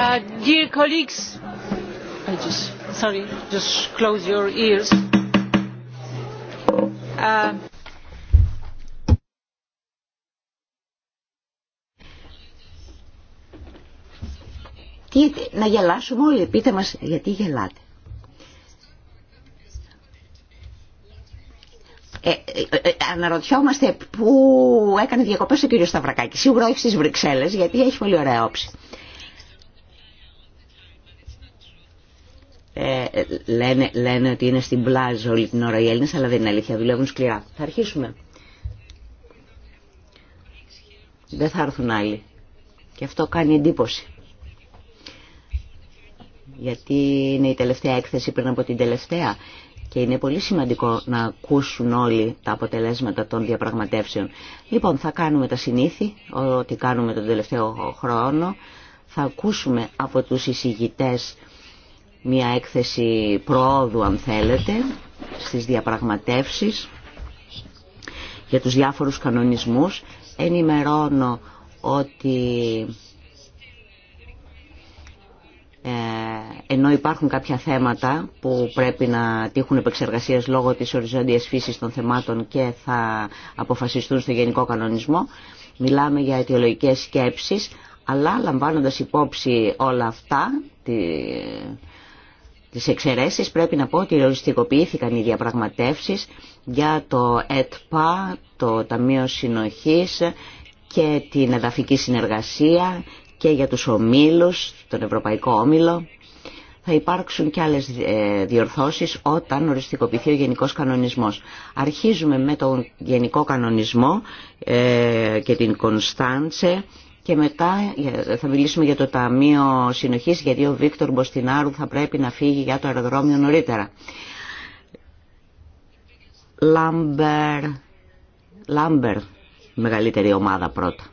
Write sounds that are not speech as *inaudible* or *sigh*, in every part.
Uh, dear colleagues, Τι, να γελάσουμε όλοι, πείτε μας γιατί γελάτε. Ε, ε, ε, αναρωτιόμαστε πού έκανε διακοπές ο κύριος Σταυρακάκη. Σίγουρα όχι στις Βρυξέλλες γιατί έχει πολύ ωραία όψη. λένε, λένε ότι είναι στην πλάζ όλη την ώρα οι Έλληνε, αλλά δεν είναι αλήθεια, δουλεύουν σκληρά. Θα αρχίσουμε. Δεν θα έρθουν άλλοι. Και αυτό κάνει εντύπωση. Γιατί είναι η τελευταία έκθεση πριν από την τελευταία. Και είναι πολύ σημαντικό να ακούσουν όλοι τα αποτελέσματα των διαπραγματεύσεων. Λοιπόν, θα κάνουμε τα συνήθη, ό,τι κάνουμε τον τελευταίο χρόνο. Θα ακούσουμε από τους εισηγητές μια έκθεση πρόοδου αν θέλετε στις διαπραγματεύσεις για τους διάφορους κανονισμούς ενημερώνω ότι ε, ενώ υπάρχουν κάποια θέματα που πρέπει να τύχουν επεξεργασίες λόγω της οριζόντιας φύσης των θεμάτων και θα αποφασιστούν στο γενικό κανονισμό, μιλάμε για αιτιολογικές σκέψεις, αλλά λαμβάνοντας υπόψη όλα αυτά, τις εξαιρέσεις πρέπει να πω ότι οριστικοποιήθηκαν οι διαπραγματεύσεις για το ΕΤΠΑ, το Ταμείο Συνοχής και την εδαφική συνεργασία και για τους ομίλους, τον Ευρωπαϊκό Όμιλο. Θα υπάρξουν και άλλες ε, διορθώσεις όταν οριστικοποιηθεί ο Γενικός Κανονισμός. Αρχίζουμε με τον Γενικό Κανονισμό ε, και την Κωνσταντσε και μετά θα μιλήσουμε για το Ταμείο Συνοχής, γιατί ο Βίκτορ Μποστινάρου θα πρέπει να φύγει για το αεροδρόμιο νωρίτερα. Λάμπερ, Λάμπερ, μεγαλύτερη ομάδα πρώτα.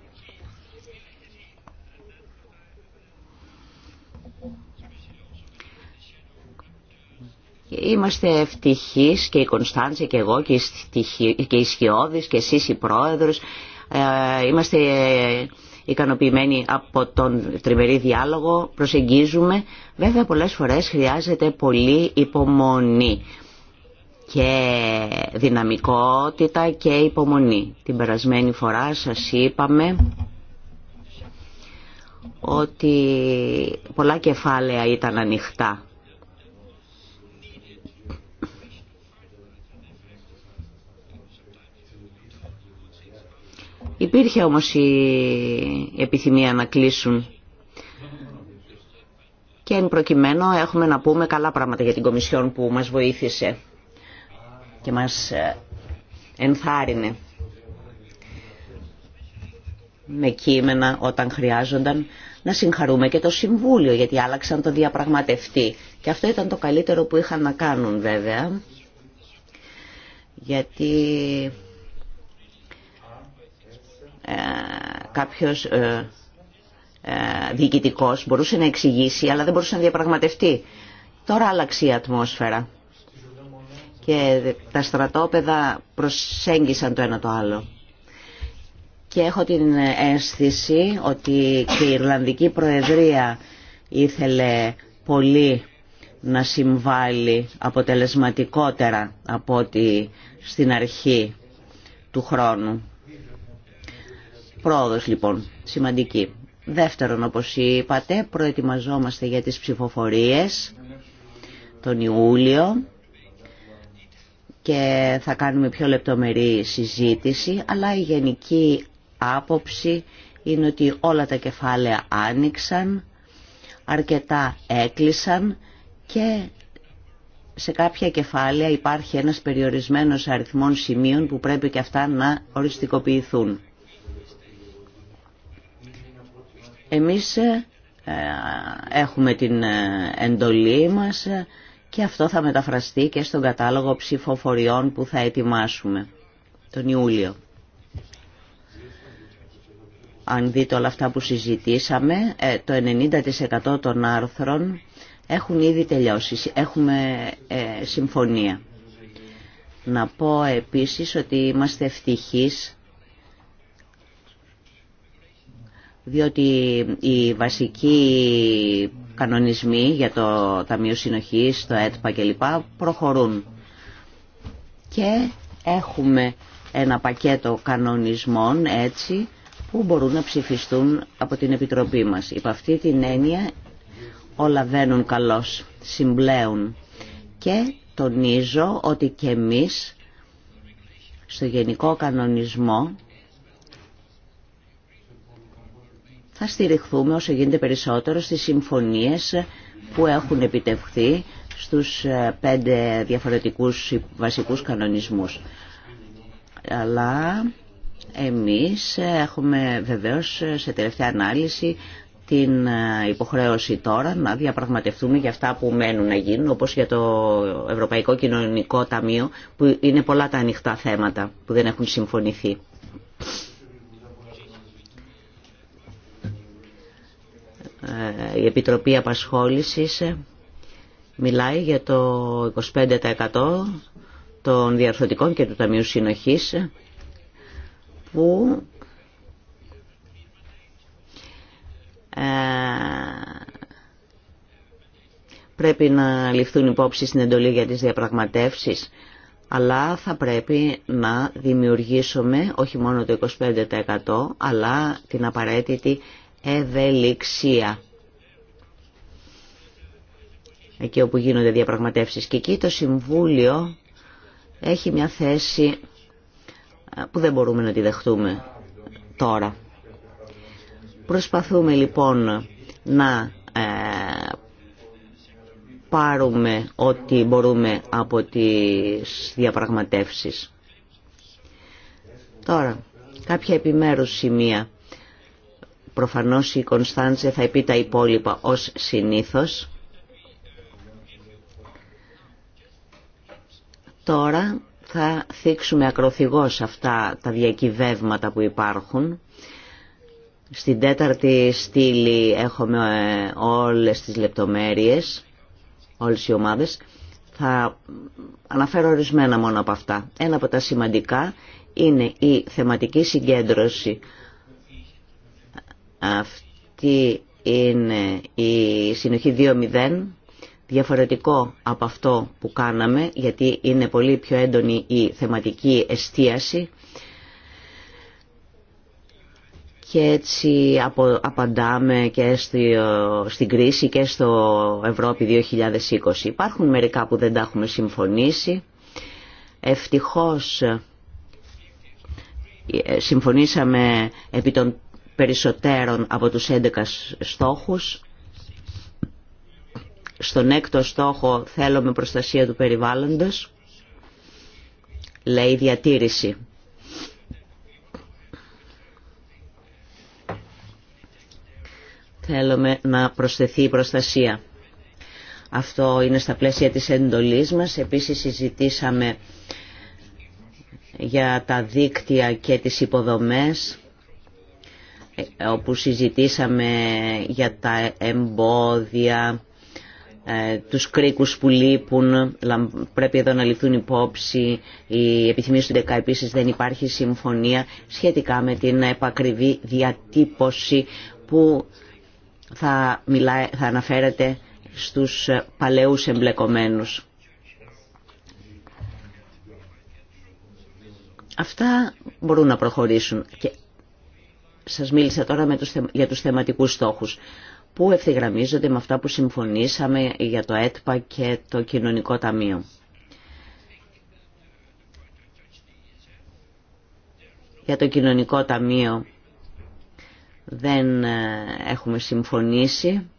Είμαστε ευτυχείς και η Κωνσταντζή και εγώ και οι Σχιώδης και εσείς οι πρόεδρος. Ε, είμαστε ικανοποιημένοι από τον τριμερή διάλογο, προσεγγίζουμε. Βέβαια πολλές φορές χρειάζεται πολύ υπομονή και δυναμικότητα και υπομονή. Την περασμένη φορά σας είπαμε ότι πολλά κεφάλαια ήταν ανοιχτά Υπήρχε όμως η επιθυμία να κλείσουν. Και εν προκειμένου έχουμε να πούμε καλά πράγματα για την Κομισιόν που μας βοήθησε και μας ε, ενθάρρυνε με κείμενα όταν χρειάζονταν να συγχαρούμε και το Συμβούλιο γιατί άλλαξαν το διαπραγματευτή και αυτό ήταν το καλύτερο που είχαν να κάνουν βέβαια γιατί ε, κάποιος ε, ε, διοικητικός μπορούσε να εξηγήσει αλλά δεν μπορούσε να διαπραγματευτεί. Τώρα άλλαξε η ατμόσφαιρα και τα στρατόπεδα προσέγγισαν το ένα το άλλο. Και έχω την αίσθηση ότι και η Ιρλανδική Προεδρία ήθελε πολύ να συμβάλλει αποτελεσματικότερα από ότι στην αρχή του χρόνου. Πρόοδος λοιπόν, σημαντική. Δεύτερον, όπως είπατε, προετοιμαζόμαστε για τις ψηφοφορίες τον Ιούλιο και θα κάνουμε πιο λεπτομερή συζήτηση, αλλά η γενική άποψη είναι ότι όλα τα κεφάλαια άνοιξαν, αρκετά έκλεισαν και σε κάποια κεφάλαια υπάρχει ένας περιορισμένος αριθμών σημείων που πρέπει και αυτά να οριστικοποιηθούν. Εμείς ε, έχουμε την ε, εντολή μας και αυτό θα μεταφραστεί και στον κατάλογο ψηφοφοριών που θα ετοιμάσουμε τον Ιούλιο. Αν δείτε όλα αυτά που συζητήσαμε, ε, το 90% των άρθρων έχουν ήδη τελειώσει, έχουμε συμφωνία. Να πω επίσης ότι είμαστε ευτυχείς διότι οι βασικοί κανονισμοί για το Ταμείο Συνοχής, το ΕΤΠΑ κλπ. προχωρούν. Και έχουμε ένα πακέτο κανονισμών έτσι που μπορούν να ψηφιστούν από την Επιτροπή μας. Υπ' αυτή την έννοια όλα βαίνουν καλώς, συμπλέουν. Και τονίζω ότι και εμείς στο γενικό κανονισμό θα στηριχθούμε όσο γίνεται περισσότερο στις συμφωνίες που έχουν επιτευχθεί στους ε, πέντε διαφορετικούς βασικούς κανονισμούς. Αλλά εμείς έχουμε βεβαίως ε, σε τελευταία ανάλυση την ε, υποχρέωση τώρα να διαπραγματευτούμε για αυτά που μένουν να γίνουν, όπως για το Ευρωπαϊκό Κοινωνικό Ταμείο, που είναι πολλά τα ανοιχτά θέματα που δεν έχουν συμφωνηθεί. η Επιτροπή Απασχόλησης μιλάει για το 25% των διαρθωτικών και του Ταμείου Συνοχής που ε, πρέπει να ληφθούν υπόψη στην εντολή για τις διαπραγματεύσεις αλλά θα πρέπει να δημιουργήσουμε όχι μόνο το 25% αλλά την απαραίτητη ευελιξία εκεί όπου γίνονται διαπραγματεύσεις. Και εκεί το Συμβούλιο έχει μια θέση ε, που δεν μπορούμε να τη δεχτούμε τώρα. Προσπαθούμε λοιπόν να ε, πάρουμε ό,τι μπορούμε από τις διαπραγματεύσεις. Τώρα, κάποια επιμέρους σημεία. Προφανώς η Κωνσταντζε θα επί τα υπόλοιπα ως συνήθως. Τώρα θα θίξουμε ακροθυγώς αυτά τα διακυβεύματα που υπάρχουν. Στην τέταρτη στήλη έχουμε ε, όλες τις λεπτομέρειες, όλες οι ομάδες. Θα αναφέρω ορισμένα μόνο από αυτά. Ένα από τα σημαντικά είναι η θεματική συγκέντρωση. Αυτή είναι η συνοχή 2.0 διαφορετικό από αυτό που κάναμε, γιατί είναι πολύ πιο έντονη η θεματική εστίαση και έτσι απαντάμε και στην κρίση και στο Ευρώπη 2020. Υπάρχουν μερικά που δεν τα έχουμε συμφωνήσει. Ευτυχώς ε, συμφωνήσαμε επί των περισσότερων από τους 11 στόχους στον έκτο στόχο θέλουμε προστασία του περιβάλλοντος, λέει διατήρηση. Θέλουμε να προσθεθεί η προστασία. Αυτό είναι στα πλαίσια της εντολής μας. Επίσης συζητήσαμε για τα δίκτυα και τις υποδομές ε, όπου συζητήσαμε για τα εμπόδια ε, τους κρίκους που λείπουν, πρέπει εδώ να ληφθούν υπόψη, η επιθυμία του ΔΕΚΑ επίσης δεν υπάρχει συμφωνία σχετικά με την επακριβή διατύπωση που θα, μιλά, θα αναφέρεται στους παλαιούς εμπλεκομένους. Αυτά μπορούν να προχωρήσουν. Και σας μίλησα τώρα τους, για τους θεματικούς στόχους που ευθυγραμμίζονται με αυτά που συμφωνήσαμε για το ΕΤΠΑ και το Κοινωνικό Ταμείο. Για το Κοινωνικό Ταμείο δεν ε, έχουμε συμφωνήσει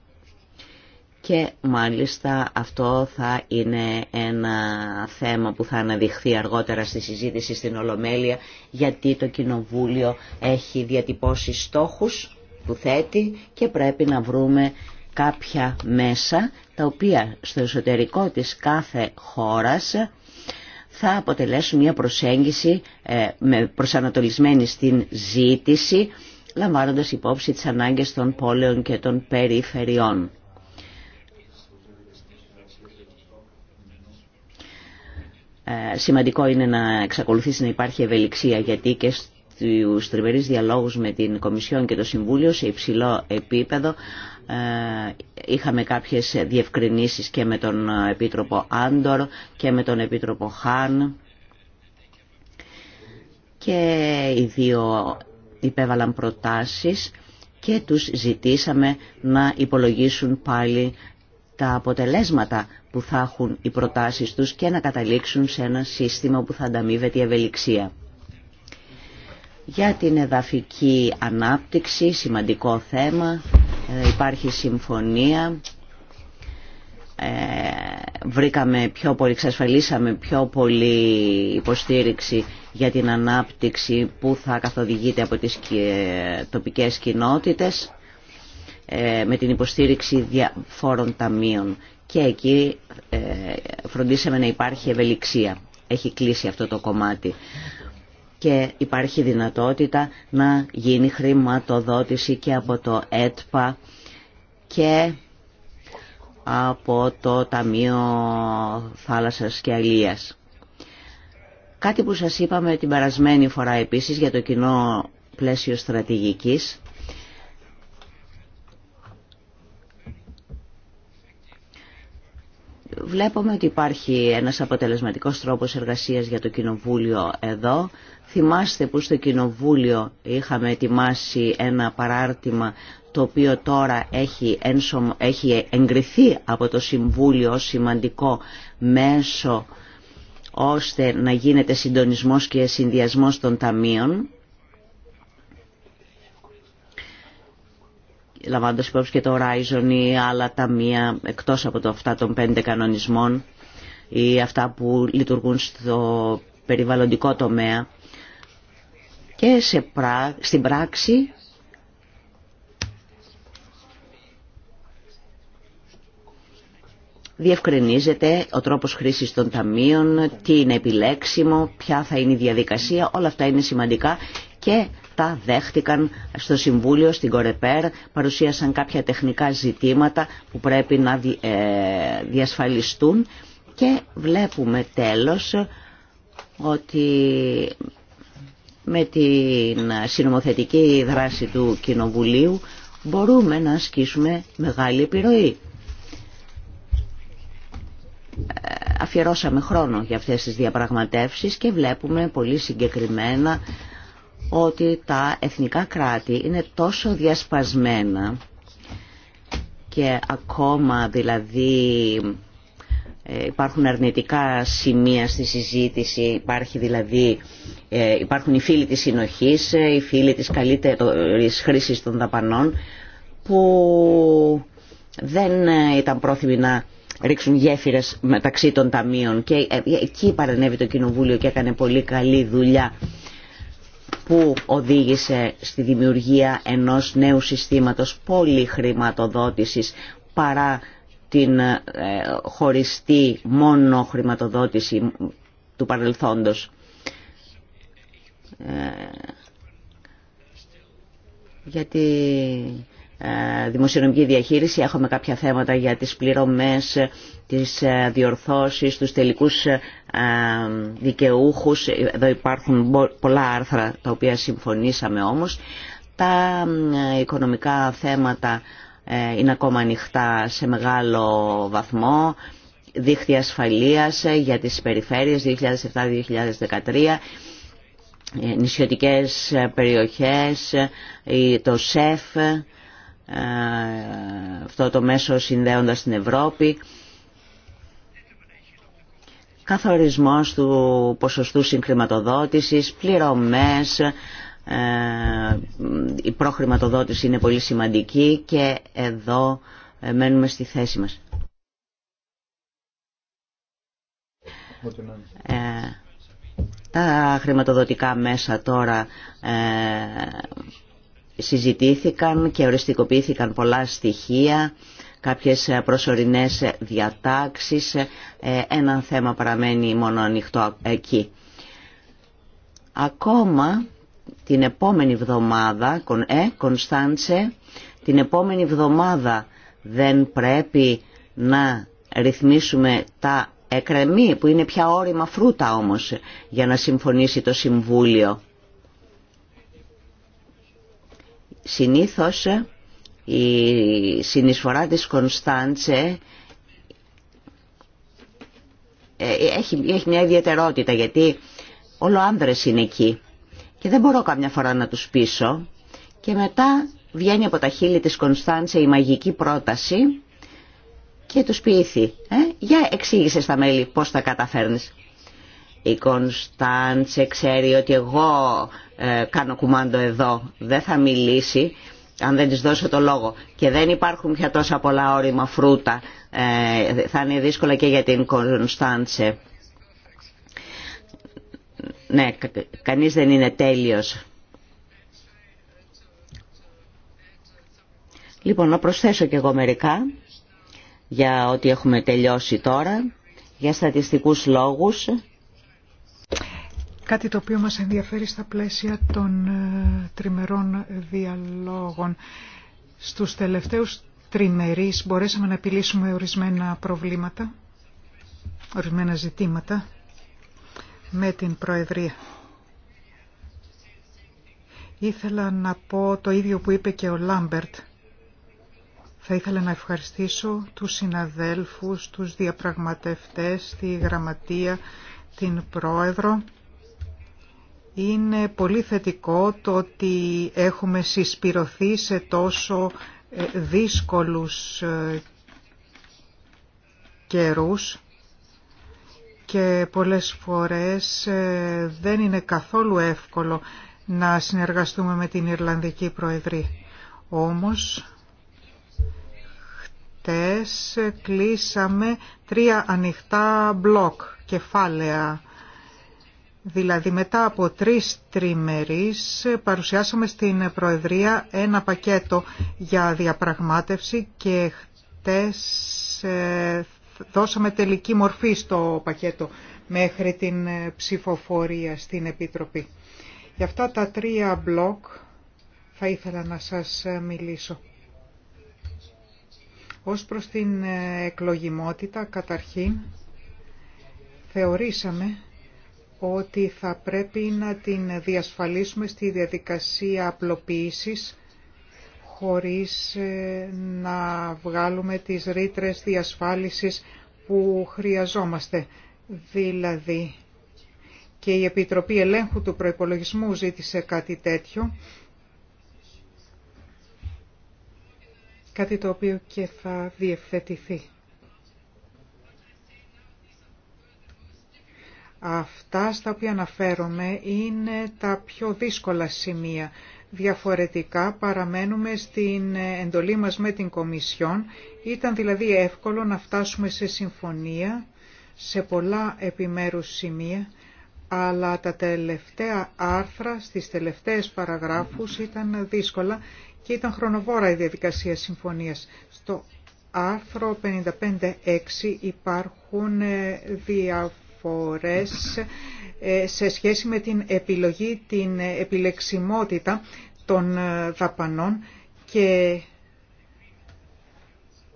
και μάλιστα αυτό θα είναι ένα θέμα που θα αναδειχθεί αργότερα στη συζήτηση στην Ολομέλεια γιατί το Κοινοβούλιο έχει διατυπώσει στόχους που και πρέπει να βρούμε κάποια μέσα τα οποία στο εσωτερικό της κάθε χώρας θα αποτελέσουν μια προσέγγιση ε, με προσανατολισμένη στην ζήτηση λαμβάνοντας υπόψη τις ανάγκες των πόλεων και των περιφερειών. Ε, σημαντικό είναι να εξακολουθήσει να υπάρχει ευελιξία γιατί και του τριμερείς διαλόγους με την Κομισιόν και το Συμβούλιο σε υψηλό επίπεδο ε, είχαμε κάποιες διευκρινήσεις και με τον Επίτροπο Άντορ και με τον Επίτροπο Χάν και οι δύο υπέβαλαν προτάσεις και τους ζητήσαμε να υπολογίσουν πάλι τα αποτελέσματα που θα έχουν οι προτάσεις τους και να καταλήξουν σε ένα σύστημα που θα ανταμείβεται η ευελιξία. Για την εδαφική ανάπτυξη, σημαντικό θέμα, ε, υπάρχει συμφωνία. Ε, βρήκαμε πιο πολύ, εξασφαλίσαμε πιο πολύ υποστήριξη για την ανάπτυξη που θα καθοδηγείται από τις τοπικές κοινότητες ε, με την υποστήριξη διαφόρων ταμείων και εκεί ε, φροντίσαμε να υπάρχει ευελιξία. Έχει κλείσει αυτό το κομμάτι και υπάρχει δυνατότητα να γίνει χρηματοδότηση και από το ΕΤΠΑ και από το Ταμείο Θάλασσας και Αλίας. Κάτι που σας είπαμε την περασμένη φορά επίσης για το κοινό πλαίσιο στρατηγικής. Βλέπουμε ότι υπάρχει ένας αποτελεσματικός τρόπος εργασίας για το Κοινοβούλιο εδώ. Θυμάστε που στο Κοινοβούλιο είχαμε ετοιμάσει ένα παράρτημα το οποίο τώρα έχει, έχει εγκριθεί από το Συμβούλιο ως σημαντικό μέσο ώστε να γίνεται συντονισμός και συνδυασμός των ταμείων λαμβάνοντα υπόψη και το Horizon ή άλλα ταμεία εκτός από το αυτά των πέντε κανονισμών ή αυτά που λειτουργούν στο περιβαλλοντικό τομέα και σε στην πράξη διευκρινίζεται ο τρόπος χρήσης των ταμείων, τι είναι επιλέξιμο, ποια θα είναι η διαδικασία, όλα αυτά είναι σημαντικά και τα δέχτηκαν στο Συμβούλιο, στην Κορεπέρ, παρουσίασαν κάποια τεχνικά ζητήματα που πρέπει να ε, διασφαλιστούν και βλέπουμε τέλος ότι με την συνομοθετική δράση του Κοινοβουλίου μπορούμε να ασκήσουμε μεγάλη επιρροή. Ε, αφιερώσαμε χρόνο για αυτές τις διαπραγματεύσεις και βλέπουμε πολύ συγκεκριμένα ότι τα εθνικά κράτη είναι τόσο διασπασμένα και ακόμα δηλαδή ε, υπάρχουν αρνητικά σημεία στη συζήτηση, υπάρχει δηλαδή, ε, υπάρχουν οι φίλοι της συνοχής, ε, οι φίλοι της καλύτερης χρήσης των δαπανών που δεν ήταν πρόθυμοι να ρίξουν γέφυρες μεταξύ των ταμείων και εκεί παρενέβη το Κοινοβούλιο και έκανε πολύ καλή δουλειά που οδήγησε στη δημιουργία ενός νέου συστήματος πολυχρηματοδότησης παρά την ε, χωριστή μόνο χρηματοδότηση του παρελθόντος. Ε, γιατί ε, δημοσιονομική διαχείριση. Έχουμε κάποια θέματα για τις πληρωμές, τις διορθώσεις, τους τελικούς δικαιούχους. Εδώ υπάρχουν πολλά άρθρα τα οποία συμφωνήσαμε όμως. Τα οικονομικά θέματα ε, είναι ακόμα ανοιχτά σε μεγάλο βαθμό δίχτυα ασφαλείας ε, για τις περιφέρειες 2007-2013 ε, νησιωτικές περιοχές, το ΣΕΦ, αυτό το μέσο συνδέοντας την Ευρώπη, καθορισμός του ποσοστού συγκριματοδότησης, πληρωμές, ε, η προχρηματοδότηση είναι πολύ σημαντική και εδώ ε, μένουμε στη θέση μας. Ε, τα χρηματοδοτικά μέσα τώρα ε, συζητήθηκαν και οριστικοποιήθηκαν πολλά στοιχεία, κάποιες προσωρινές διατάξεις, ε, ένα θέμα παραμένει μόνο ανοιχτό εκεί. Ακόμα την επόμενη εβδομάδα, ε, την επόμενη εβδομάδα δεν πρέπει να ρυθμίσουμε τα εκρεμή που είναι πια όρημα φρούτα όμως για να συμφωνήσει το Συμβούλιο. Συνήθως η συνεισφορά της Κωνσταντσε ε, έχει, έχει μια ιδιαιτερότητα γιατί όλο άνδρες είναι εκεί και δεν μπορώ καμιά φορά να τους πείσω και μετά βγαίνει από τα χείλη της Κωνσταντσε η μαγική πρόταση και τους ποιήθη. Ε, για εξήγησε στα μέλη πώς θα καταφέρνεις. Η Κωνσταντσε ξέρει ότι εγώ ε, κάνω κουμάντο εδώ, δεν θα μιλήσει αν δεν της δώσω το λόγο. Και δεν υπάρχουν πια τόσα πολλά όρημα φρούτα, ε, θα είναι δύσκολα και για την Κωνσταντσε ναι, κανείς δεν είναι τέλειος. Λοιπόν, να προσθέσω και εγώ μερικά για ότι έχουμε τελειώσει τώρα, για στατιστικούς λόγους. Κάτι το οποίο μας ενδιαφέρει στα πλαίσια των ε, τριμερών διαλόγων. Στους τελευταίους τριμερείς μπορέσαμε να επιλύσουμε ορισμένα προβλήματα, ορισμένα ζητήματα με την Προεδρία. Ήθελα να πω το ίδιο που είπε και ο Λάμπερτ. Θα ήθελα να ευχαριστήσω τους συναδέλφους, τους διαπραγματευτές, τη γραμματεία, την Πρόεδρο. Είναι πολύ θετικό το ότι έχουμε συσπηρωθεί σε τόσο ε, δύσκολους ε, καιρούς και πολλές φορές ε, δεν είναι καθόλου εύκολο να συνεργαστούμε με την Ιρλανδική Προεδρή. Όμως, χτες κλείσαμε τρία ανοιχτά μπλοκ, κεφάλαια. Δηλαδή μετά από τρεις τριμερείς παρουσιάσαμε στην Προεδρία ένα πακέτο για διαπραγμάτευση και χτες ε, δώσαμε τελική μορφή στο πακέτο μέχρι την ε, ψηφοφορία στην Επίτροπη. Για αυτά τα τρία μπλοκ θα ήθελα να σας ε, μιλήσω. Ως προς την ε, εκλογιμότητα, καταρχήν, θεωρήσαμε ότι θα πρέπει να την διασφαλίσουμε στη διαδικασία απλοποίησης χωρίς ε, να βγάλουμε τις ρήτρε διασφάλισης που χρειαζόμαστε. Δηλαδή, και η Επιτροπή Ελέγχου του Προϋπολογισμού ζήτησε κάτι τέτοιο, κάτι το οποίο και θα διευθετηθεί. Αυτά στα οποία αναφέρομαι είναι τα πιο δύσκολα σημεία Διαφορετικά παραμένουμε στην εντολή μας με την Κομισιόν. Ήταν δηλαδή εύκολο να φτάσουμε σε συμφωνία σε πολλά επιμέρους σημεία, αλλά τα τελευταία άρθρα στις τελευταίες παραγράφους ήταν δύσκολα και ήταν χρονοβόρα η διαδικασία συμφωνίας. Στο άρθρο 55.6 υπάρχουν ε, διαφορετικά φορές ε, σε σχέση με την επιλογή, την επιλεξιμότητα των ε, δαπανών και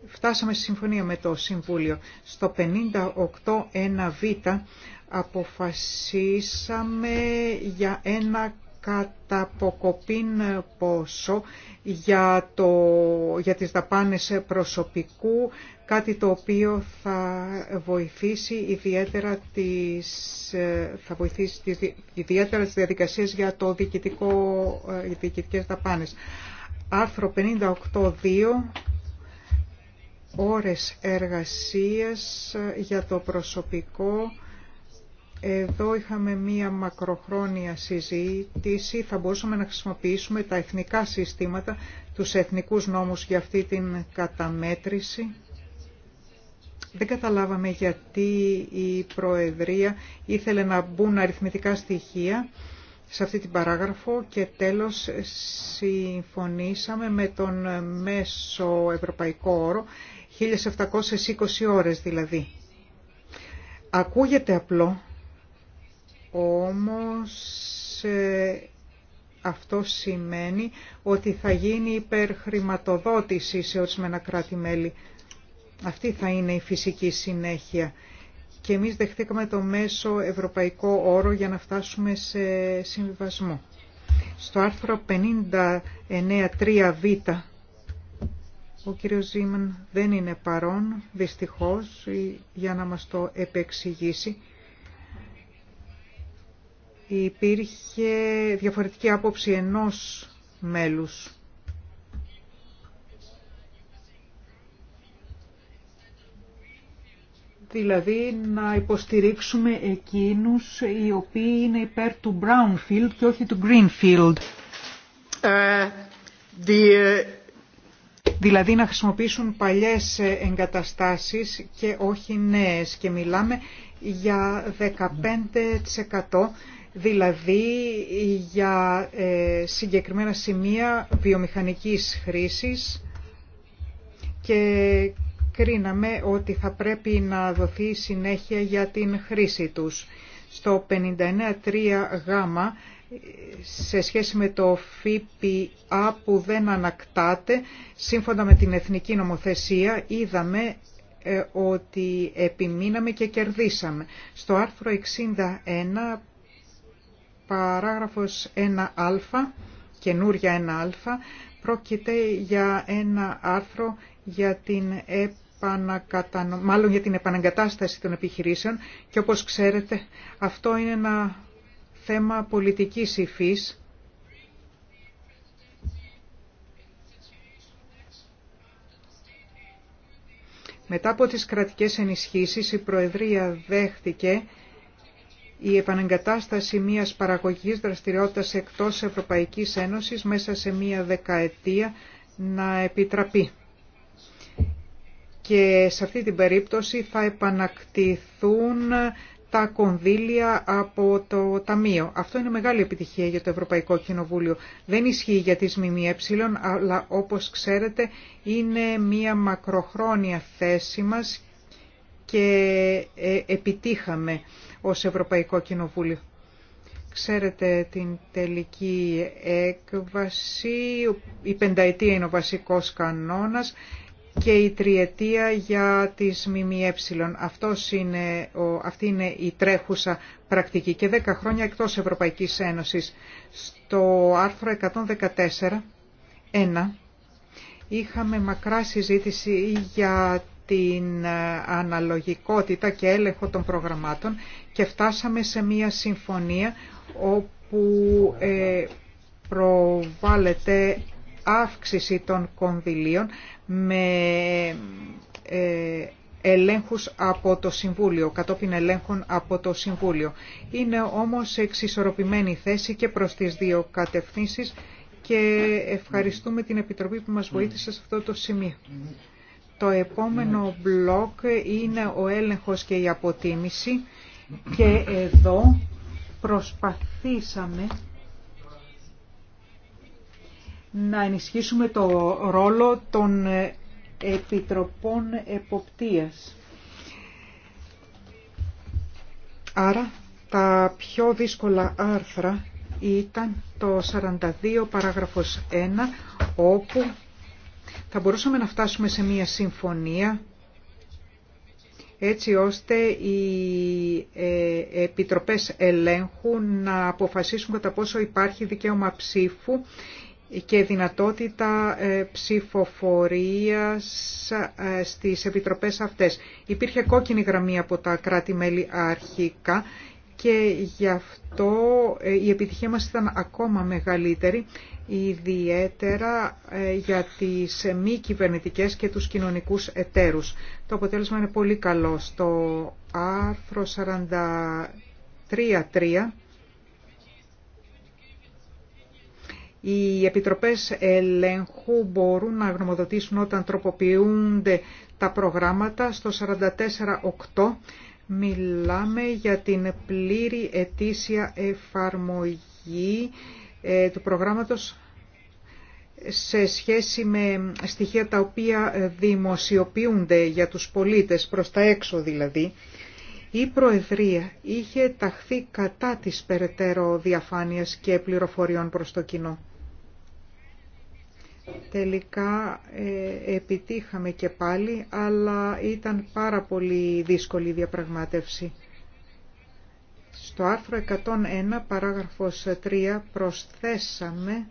φτάσαμε στη συμφωνία με το Συμβούλιο. Στο 58.1β αποφασίσαμε για ένα καταποκοπήν πόσο για, το, για τις δαπάνες προσωπικού, κάτι το οποίο θα βοηθήσει ιδιαίτερα τις, ε, θα βοηθήσει τις, διαδικασίες για το διοικητικό, ε, οι διοικητικές δαπάνες. Άρθρο 58.2 ώρες εργασίας για το προσωπικό εδώ είχαμε μία μακροχρόνια συζήτηση, θα μπορούσαμε να χρησιμοποιήσουμε τα εθνικά συστήματα, τους εθνικούς νόμους για αυτή την καταμέτρηση. Δεν καταλάβαμε γιατί η Προεδρία ήθελε να μπουν αριθμητικά στοιχεία σε αυτή την παράγραφο και τέλος συμφωνήσαμε με τον μέσο ευρωπαϊκό όρο 1720 ώρες δηλαδή. Ακούγεται απλό, όμως ε, αυτό σημαίνει ότι θα γίνει υπερχρηματοδότηση σε ορισμένα κράτη-μέλη. Αυτή θα είναι η φυσική συνέχεια. Και εμείς δεχτήκαμε το μέσο ευρωπαϊκό όρο για να φτάσουμε σε συμβιβασμό. Στο άρθρο 59.3β ο κύριος Ζήμαν δεν είναι παρόν, δυστυχώς, για να μας το επεξηγήσει υπήρχε διαφορετική άποψη ενός μέλους. δηλαδή να υποστηρίξουμε εκείνους οι οποίοι είναι υπέρ του brownfield και όχι του greenfield. Ε, ε, δηλαδή να χρησιμοποιήσουν παλιές εγκαταστάσεις και όχι νέες και μιλάμε για 15% δηλαδή για ε, συγκεκριμένα σημεία βιομηχανικής χρήσης και κρίναμε ότι θα πρέπει να δοθεί συνέχεια για την χρήση τους. Στο 59.3 γάμα σε σχέση με το ΦΠΑ που δεν ανακτάται, σύμφωνα με την Εθνική Νομοθεσία, είδαμε ε, ότι επιμείναμε και κερδίσαμε. Στο άρθρο 61 παράγραφος 1α, καινούρια 1α, πρόκειται για ένα άρθρο για την επανακατανο... μάλλον για την επαναγκατάσταση των επιχειρήσεων και όπως ξέρετε αυτό είναι ένα θέμα πολιτικής υφής Μετά από τις κρατικές ενισχύσεις η Προεδρία δέχτηκε η επανεγκατάσταση μιας παραγωγικής δραστηριότητας εκτός Ευρωπαϊκής Ένωσης μέσα σε μία δεκαετία να επιτραπεί. Και σε αυτή την περίπτωση θα επανακτηθούν τα κονδύλια από το Ταμείο. Αυτό είναι μεγάλη επιτυχία για το Ευρωπαϊκό Κοινοβούλιο. Δεν ισχύει για τις ΜΜΕ, αλλά όπως ξέρετε είναι μία μακροχρόνια θέση μας και ε, επιτύχαμε ως Ευρωπαϊκό Κοινοβούλιο. Ξέρετε την τελική έκβαση, η πενταετία είναι ο βασικός κανόνας και η τριετία για τις ΜΜΕ. Αυτός είναι, αυτή είναι η τρέχουσα πρακτική και 10 χρόνια εκτός Ευρωπαϊκής Ένωσης. Στο άρθρο 114, είχαμε μακρά συζήτηση για την ε, αναλογικότητα και έλεγχο των προγραμμάτων και φτάσαμε σε μία συμφωνία όπου ε, προβάλλεται αύξηση των κονδυλίων με ε, ελέγχους από το Συμβούλιο, κατόπιν ελέγχων από το Συμβούλιο. Είναι όμως εξισορροπημένη θέση και προς τις δύο κατευθύνσεις και ευχαριστούμε την Επιτροπή που μας ναι. βοήθησε σε αυτό το σημείο. Ναι. Το επόμενο μπλοκ είναι ο έλεγχος και η αποτίμηση και εδώ προσπαθήσαμε να ενισχύσουμε το ρόλο των επιτροπών εποπτείας. Άρα τα πιο δύσκολα άρθρα ήταν το 42 παράγραφος 1 όπου θα μπορούσαμε να φτάσουμε σε μία συμφωνία έτσι ώστε οι ε, επιτροπές ελέγχου να αποφασίσουν κατά πόσο υπάρχει δικαίωμα ψήφου και δυνατότητα ε, ψηφοφορίας ε, στις επιτροπές αυτές. Υπήρχε κόκκινη γραμμή από τα κράτη-μέλη αρχικά και γι' αυτό η επιτυχία μας ήταν ακόμα μεγαλύτερη ιδιαίτερα ε, για τις μη κυβερνητικέ και τους κοινωνικούς εταίρους. Το αποτέλεσμα είναι πολύ καλό. Στο άρθρο 43.3 οι επιτροπές ελέγχου μπορούν να γνωμοδοτήσουν όταν τροποποιούνται τα προγράμματα. Στο 44.8 μιλάμε για την πλήρη ετήσια εφαρμογή ε, του προγράμματος σε σχέση με στοιχεία τα οποία δημοσιοποιούνται για τους πολίτες προς τα έξω δηλαδή, η Προεδρία είχε ταχθεί κατά της περαιτέρω διαφάνειας και πληροφοριών προς το κοινό. Τελικά ε, επιτύχαμε και πάλι, αλλά ήταν πάρα πολύ δύσκολη η διαπραγμάτευση. Στο άρθρο 101 παράγραφος 3 προσθέσαμε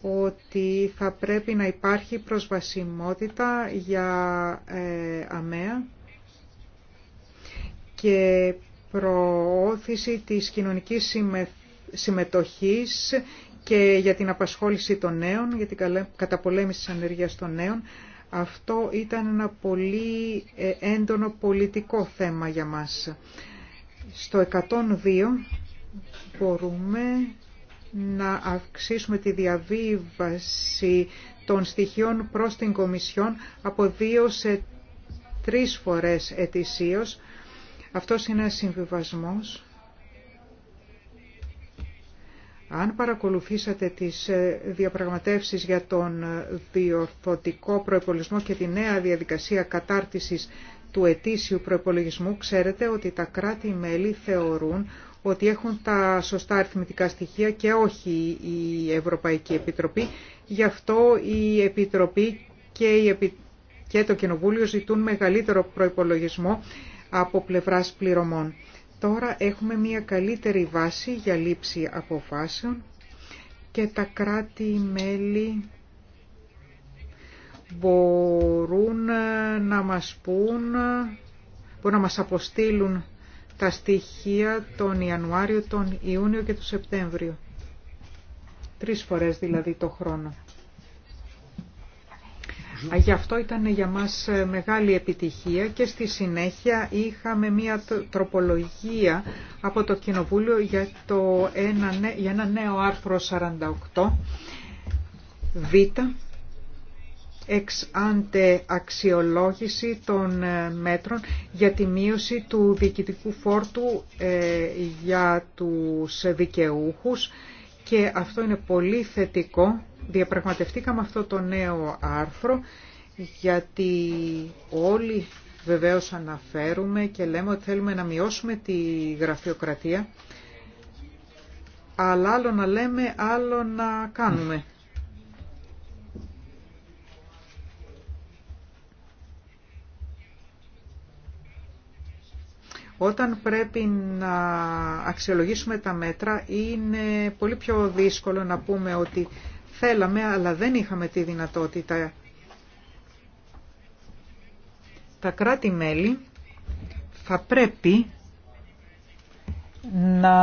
ότι θα πρέπει να υπάρχει προσβασιμότητα για ε, αμαία και προώθηση της κοινωνικής συμμετοχής και για την απασχόληση των νέων, για την καταπολέμηση της ανεργίας των νέων. Αυτό ήταν ένα πολύ ε, έντονο πολιτικό θέμα για μας. Στο 102 μπορούμε να αυξήσουμε τη διαβίβαση των στοιχείων προς την Κομισιόν από δύο σε τρεις φορές ετησίως. Αυτό είναι συμβιβασμός. Αν παρακολουθήσατε τις ε, διαπραγματεύσεις για τον ε, διορθωτικό προϋπολισμό και τη νέα διαδικασία κατάρτισης του ετήσιου προϋπολογισμού ξέρετε ότι τα κράτη-μέλη θεωρούν ότι έχουν τα σωστά αριθμητικά στοιχεία και όχι η Ευρωπαϊκή Επιτροπή. Γι' αυτό η Επιτροπή και, η και το Κοινοβούλιο ζητούν μεγαλύτερο προϋπολογισμό από πλευράς πληρωμών. Τώρα έχουμε μια καλύτερη βάση για λήψη αποφάσεων και τα κράτη-μέλη μπορούν ε, να μας πούν, ε, μπορούν να μας αποστείλουν τα στοιχεία τον Ιανουάριο, τον Ιούνιο και τον Σεπτέμβριο. Τρεις φορές δηλαδή το χρόνο. Γι' αυτό ήταν για μας ε, μεγάλη επιτυχία και στη συνέχεια είχαμε μία τροπολογία από το Κοινοβούλιο για, το ένα, για ένα νέο άρθρο 48 Β εξάντε αξιολόγηση των ε, μέτρων για τη μείωση του διοικητικού φόρτου ε, για τους δικαιούχους και αυτό είναι πολύ θετικό. Διαπραγματευτήκαμε αυτό το νέο άρθρο γιατί όλοι βεβαίως αναφέρουμε και λέμε ότι θέλουμε να μειώσουμε τη γραφειοκρατία αλλά άλλο να λέμε, άλλο να κάνουμε. Όταν πρέπει να αξιολογήσουμε τα μέτρα είναι πολύ πιο δύσκολο να πούμε ότι θέλαμε αλλά δεν είχαμε τη δυνατότητα. Τα κράτη-μέλη θα πρέπει να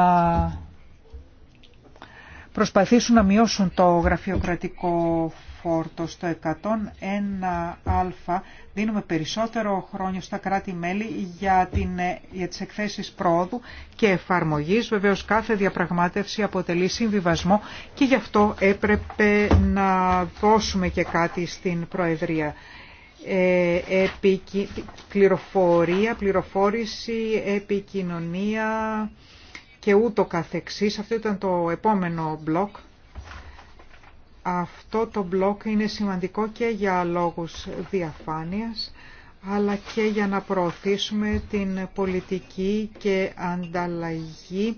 προσπαθήσουν να μειώσουν το γραφειοκρατικό φόρτο. Στο 101α δίνουμε περισσότερο χρόνο στα κράτη-μέλη για, την, για τις εκθέσεις πρόοδου και εφαρμογής. Βεβαίως κάθε διαπραγμάτευση αποτελεί συμβιβασμό και γι' αυτό έπρεπε να δώσουμε και κάτι στην Προεδρία. Ε, πληροφορία, πληροφόρηση, επικοινωνία και ούτω καθεξής. Αυτό ήταν το επόμενο μπλοκ αυτό το μπλοκ είναι σημαντικό και για λόγους διαφάνειας, αλλά και για να προωθήσουμε την πολιτική και ανταλλαγή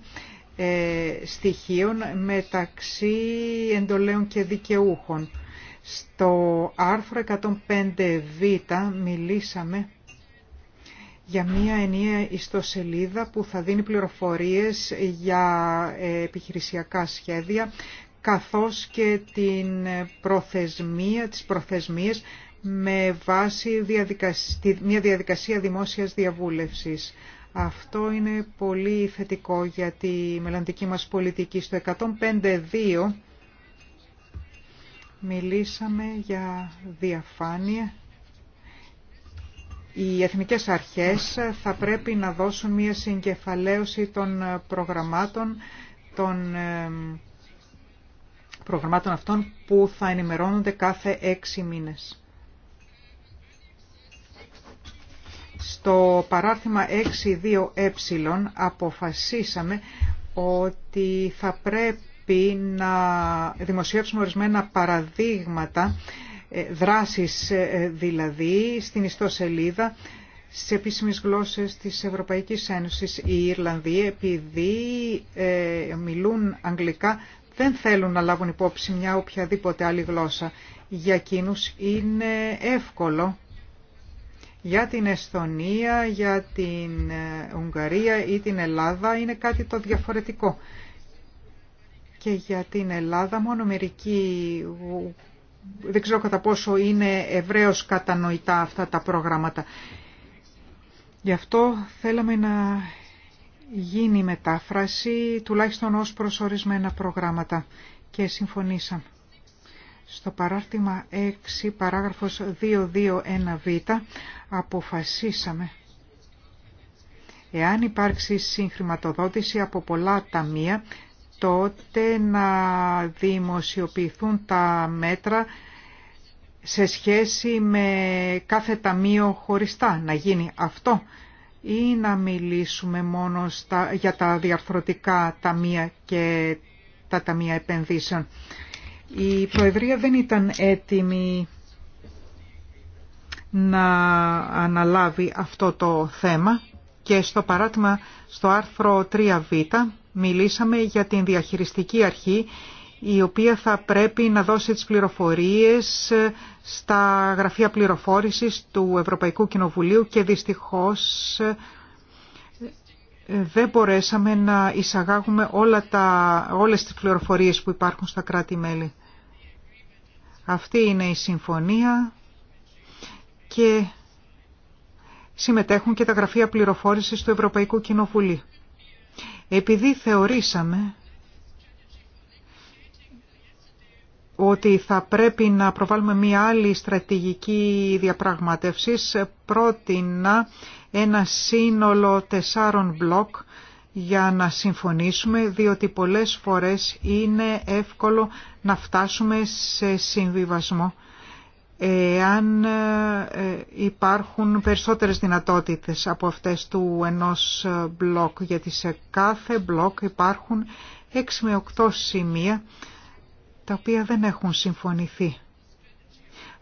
ε, στοιχείων μεταξύ εντολέων και δικαιούχων. Στο άρθρο 105β μιλήσαμε για μία ενιαία ιστοσελίδα που θα δίνει πληροφορίες για ε, επιχειρησιακά σχέδια, καθώς και την προθεσμία, τις προθεσμίες με βάση μια διαδικασία δημόσιας διαβούλευσης. Αυτό είναι πολύ θετικό για τη μελλοντική μας πολιτική. Στο 105.2 μιλήσαμε για διαφάνεια. Οι εθνικές αρχές θα πρέπει να δώσουν μια συγκεφαλαίωση των προγραμμάτων, των ε, προγραμμάτων αυτών που θα ενημερώνονται κάθε έξι μήνες. Στο παράρτημα 6.2ε αποφασίσαμε ότι θα πρέπει να δημοσιεύσουμε ορισμένα παραδείγματα ε, δράσης, ε, ε, δηλαδή στην ιστοσελίδα στις επίσημες γλώσσες της Ευρωπαϊκής Ένωσης. Οι Ιρλανδοί επειδή μιλούν αγγλικά δεν θέλουν να λάβουν υπόψη μια οποιαδήποτε άλλη γλώσσα. Για εκείνους είναι εύκολο για την Εσθονία, για την ε, Ουγγαρία ή την Ελλάδα είναι κάτι το διαφορετικό. Και για την Ελλάδα μόνο μερικοί, δεν ξέρω κατά πόσο είναι ευρέως κατανοητά αυτά τα προγράμματα. Γι' αυτό θέλαμε να γίνει μετάφραση τουλάχιστον ως προσωρισμένα προγράμματα και συμφωνήσαμε. Στο παράρτημα 6, παράγραφος 221β, αποφασίσαμε εάν υπάρξει συγχρηματοδότηση από πολλά ταμεία, τότε να δημοσιοποιηθούν τα μέτρα σε σχέση με κάθε ταμείο χωριστά. Να γίνει αυτό ή να μιλήσουμε μόνο στα, για τα διαρθρωτικά ταμεία και τα ταμεία επενδύσεων. Η Προεδρία δεν ήταν έτοιμη να αναλάβει αυτό το θέμα και στο παράδειγμα στο άρθρο 3β μιλήσαμε για την διαχειριστική αρχή η οποία θα πρέπει να δώσει τις πληροφορίες ε, στα γραφεία πληροφόρησης του Ευρωπαϊκού Κοινοβουλίου και δυστυχώς ε, δεν μπορέσαμε να εισαγάγουμε όλα τα, όλες τις πληροφορίες που υπάρχουν στα κράτη-μέλη. Αυτή είναι η συμφωνία και συμμετέχουν και τα γραφεία πληροφόρησης του Ευρωπαϊκού Κοινοβουλίου. Επειδή θεωρήσαμε ότι θα πρέπει να προβάλλουμε μια άλλη στρατηγική διαπραγματεύσεις. Πρότεινα ένα σύνολο τεσσάρων μπλοκ για να συμφωνήσουμε, διότι πολλές φορές είναι εύκολο να φτάσουμε σε συμβιβασμό εάν ε, υπάρχουν περισσότερες δυνατότητες από αυτές του ενός ε, μπλοκ, γιατί σε κάθε μπλοκ υπάρχουν 6 με 8 σημεία τα οποία δεν έχουν συμφωνηθεί.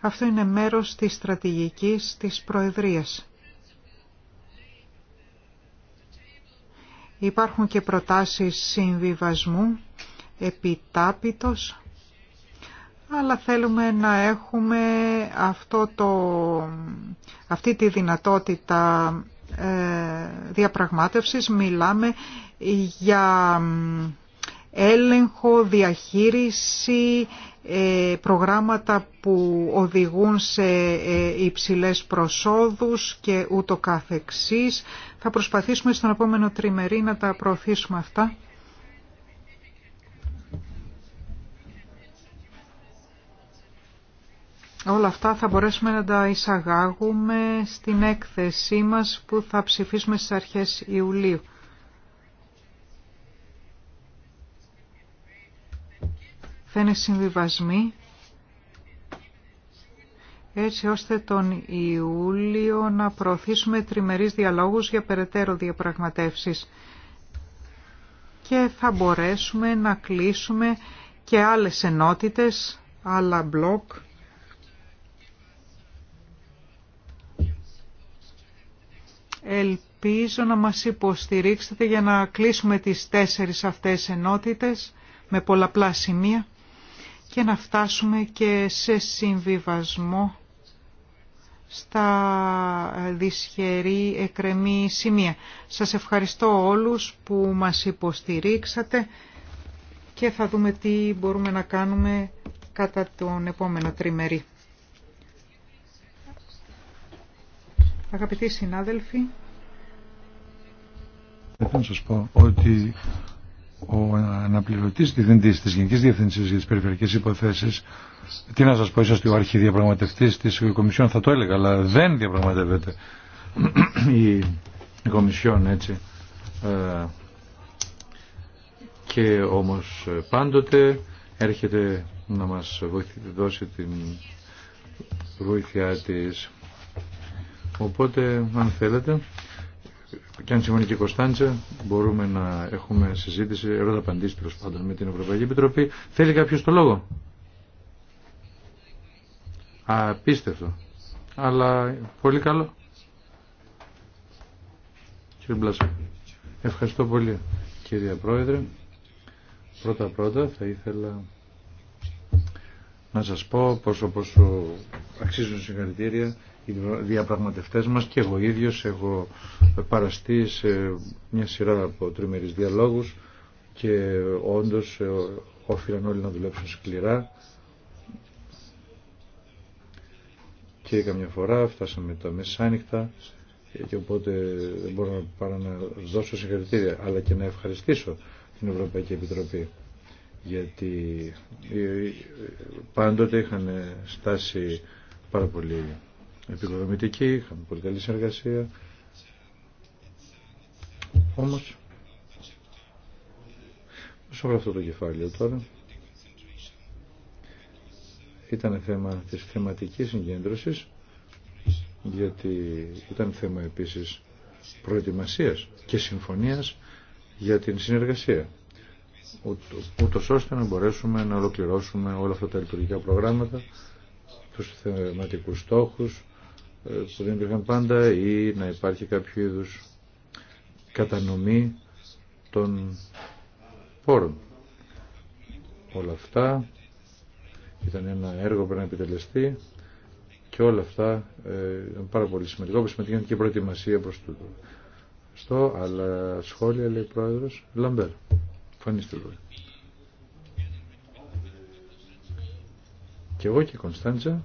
Αυτό είναι μέρος της στρατηγικής της Προεδρίας. Υπάρχουν και προτάσεις συμβιβασμού, επιτάπητος, αλλά θέλουμε να έχουμε αυτό το, αυτή τη δυνατότητα ε, διαπραγμάτευσης. Μιλάμε για έλεγχο, διαχείριση, ε, προγράμματα που οδηγούν σε ε, υψηλές προσόδους και ούτω καθεξής. Θα προσπαθήσουμε στον επόμενο τριμερή να τα προωθήσουμε αυτά. Όλα αυτά θα μπορέσουμε να τα εισαγάγουμε στην έκθεσή μας που θα ψηφίσουμε στις αρχές Ιουλίου. θα είναι συμβιβασμοί έτσι ώστε τον Ιούλιο να προωθήσουμε τριμερείς διαλόγους για περαιτέρω διαπραγματεύσεις και θα μπορέσουμε να κλείσουμε και άλλες ενότητες, άλλα μπλοκ Ελπίζω να μας υποστηρίξετε για να κλείσουμε τις τέσσερις αυτές ενότητες με πολλαπλά σημεία και να φτάσουμε και σε συμβιβασμό στα δυσχερή εκρεμή σημεία. Σας ευχαριστώ όλους που μας υποστηρίξατε και θα δούμε τι μπορούμε να κάνουμε κατά τον επόμενο τριμερή. Αγαπητοί συνάδελφοι, θα σας πω ότι ο αναπληρωτής διευθυντής της Γενικής Διευθυνσής για τις Περιφερειακές Υποθέσεις τι να σας πω, είσαστε ο αρχιδιαπραγματευτής της Κομισιόν, θα το έλεγα, αλλά δεν διαπραγματεύεται η Κομισιόν, έτσι. Ε, και όμως πάντοτε έρχεται να μας δώσει την βοήθειά της. Οπότε, αν θέλετε, και αν συμφωνεί και η Κωνσταντζα μπορούμε να έχουμε συζήτηση, ερώτα απαντήσει τέλο πάντων με την Ευρωπαϊκή Επιτροπή. Θέλει κάποιο το λόγο. Απίστευτο. Αλλά πολύ καλό. Μπλάσο. Μπλάσα, ευχαριστώ πολύ κύριε Πρόεδρε. Πρώτα-πρώτα θα ήθελα να σας πω πόσο, πόσο αξίζουν συγχαρητήρια οι διαπραγματευτές μας και εγώ ίδιος έχω παραστεί σε μια σειρά από τριμερείς διαλόγους και όντως ε, όφυλαν όλοι να δουλέψουν σκληρά και καμιά φορά φτάσαμε τα μεσάνυχτα και οπότε δεν μπορώ παρά να δώσω συγχαρητήρια αλλά και να ευχαριστήσω την Ευρωπαϊκή Επιτροπή γιατί ε, ε, πάντοτε είχαν στάσει πάρα πολύ επικοδομητικοί, είχαν πολύ καλή συνεργασία. Όμως, όσο αυτό το κεφάλαιο τώρα, ήταν θέμα της θεματικής συγκέντρωσης, γιατί ήταν θέμα επίσης προετοιμασίας και συμφωνίας για την συνεργασία ούτω ώστε να μπορέσουμε να ολοκληρώσουμε όλα αυτά τα λειτουργικά προγράμματα, του θεματικού στόχους ε, που δεν υπήρχαν πάντα ή να υπάρχει κάποιο είδου κατανομή των πόρων. Όλα αυτά ήταν ένα έργο που πρέπει να επιτελεστεί και όλα αυτά είναι πάρα πολύ σημαντικό, που συμμετείχαν και η προετοιμασία προς τούτο. Στο, αλλά σχόλια λέει ο Πρόεδρος Λαμπέρ εμφανίστε εδώ. Και εγώ και η Κωνσταντζα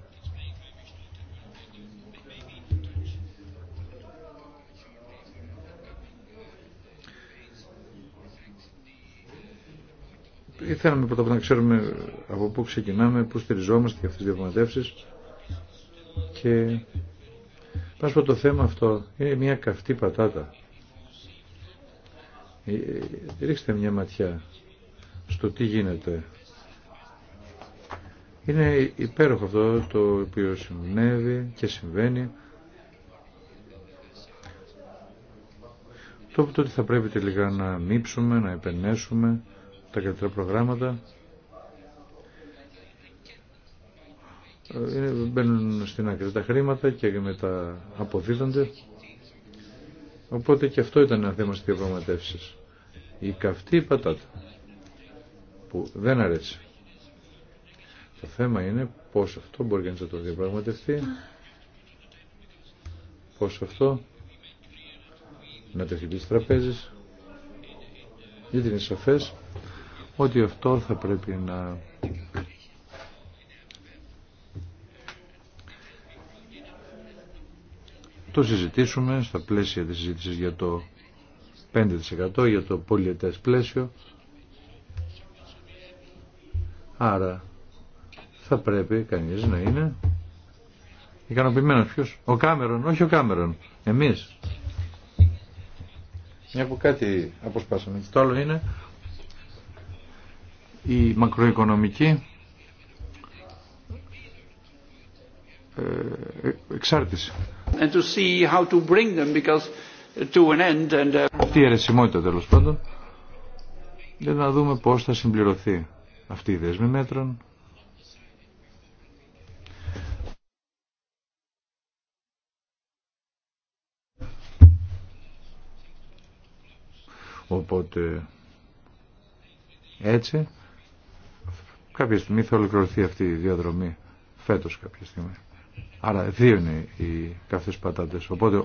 Ήθελαμε πρώτα να ξέρουμε από πού ξεκινάμε, πού στηριζόμαστε για αυτές τις διαπραγματεύσεις και πάνω το θέμα αυτό είναι μια καυτή πατάτα. Ε, ρίξτε μια ματιά στο τι γίνεται. Είναι υπέροχο αυτό το οποίο συμβαίνει και συμβαίνει. Το, το ότι θα πρέπει τελικά να μήψουμε, να επενέσουμε τα καλύτερα προγράμματα. Είναι, μπαίνουν στην άκρη τα χρήματα και μετά αποδίδονται. Οπότε και αυτό ήταν ένα θέμα στις διαπραγματεύσεις η καυτή πατάτα που δεν αρέσει. Το θέμα είναι πώς αυτό μπορεί να το διαπραγματευτεί, πώς αυτό να το χειριστεί τραπέζες, γιατί είναι σαφές ότι αυτό θα πρέπει να το συζητήσουμε στα πλαίσια της συζήτησης για το 5% για το πολιετές πλαίσιο. Άρα θα πρέπει κανείς να είναι ικανοποιημένος ποιος. Ο Κάμερον, όχι ο Κάμερον. Εμείς. Μια που κάτι αποσπάσαμε. Το άλλο είναι η μακροοικονομική ε, εξάρτηση. And to see how to bring them because to an end and uh, αυτή η αιρεσιμότητα τέλος πάντων για να δούμε πώς θα συμπληρωθεί αυτή η δέσμη μέτρων. Οπότε έτσι κάποια στιγμή θα ολοκληρωθεί αυτή η διαδρομή φέτος κάποια στιγμή. Άρα δύο είναι οι καυτές πατάτες. Οπότε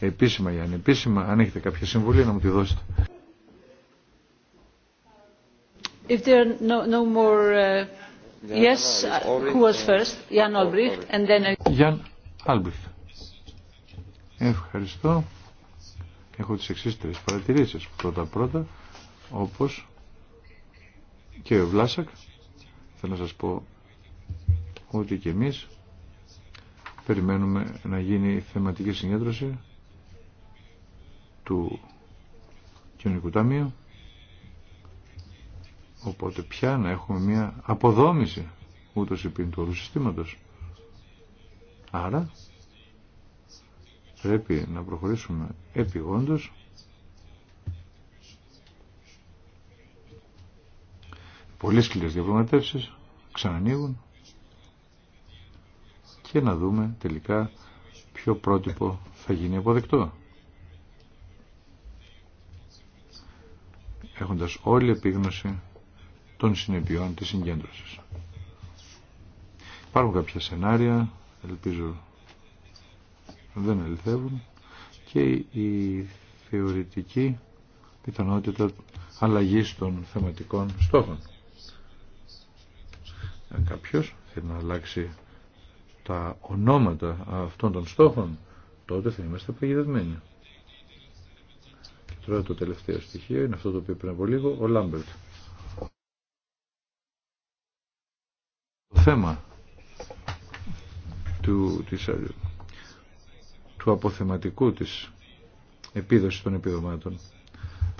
επίσημα ή Επίσημα, Αν έχετε κάποια συμβουλή να μου τη δώσετε. If there no, more, uh, yes, uh, who was first? Uh, Jan Albrecht, and then. Jan Ευχαριστώ. Έχω τις εξής τρεις παρατηρήσεις. Πρώτα-πρώτα, όπως και ο Βλάσακ, θέλω να σας πω ότι και εμείς περιμένουμε να γίνει θεματική συγκέντρωση του Κοινωνικού Ταμείου. Οπότε πια να έχουμε μια αποδόμηση ούτως υπήν του όλου συστήματος. Άρα πρέπει να προχωρήσουμε επιγόντως Πολύ σκληρές διαπραγματεύσεις ξανανοίγουν και να δούμε τελικά ποιο πρότυπο θα γίνει αποδεκτό. έχοντας όλη επίγνωση των συνεπειών της συγκέντρωσης. Υπάρχουν κάποια σενάρια, ελπίζω δεν ελθεύουν και η θεωρητική πιθανότητα αλλαγής των θεματικών στόχων. Αν ε, κάποιος θέλει να αλλάξει τα ονόματα αυτών των στόχων, τότε θα είμαστε παγιδευμένοι. Τώρα το τελευταίο στοιχείο είναι αυτό το οποίο πριν από λίγο ο Λάμπερτ. Το θέμα του, της, ε, του αποθεματικού της επίδοσης των επιδομάτων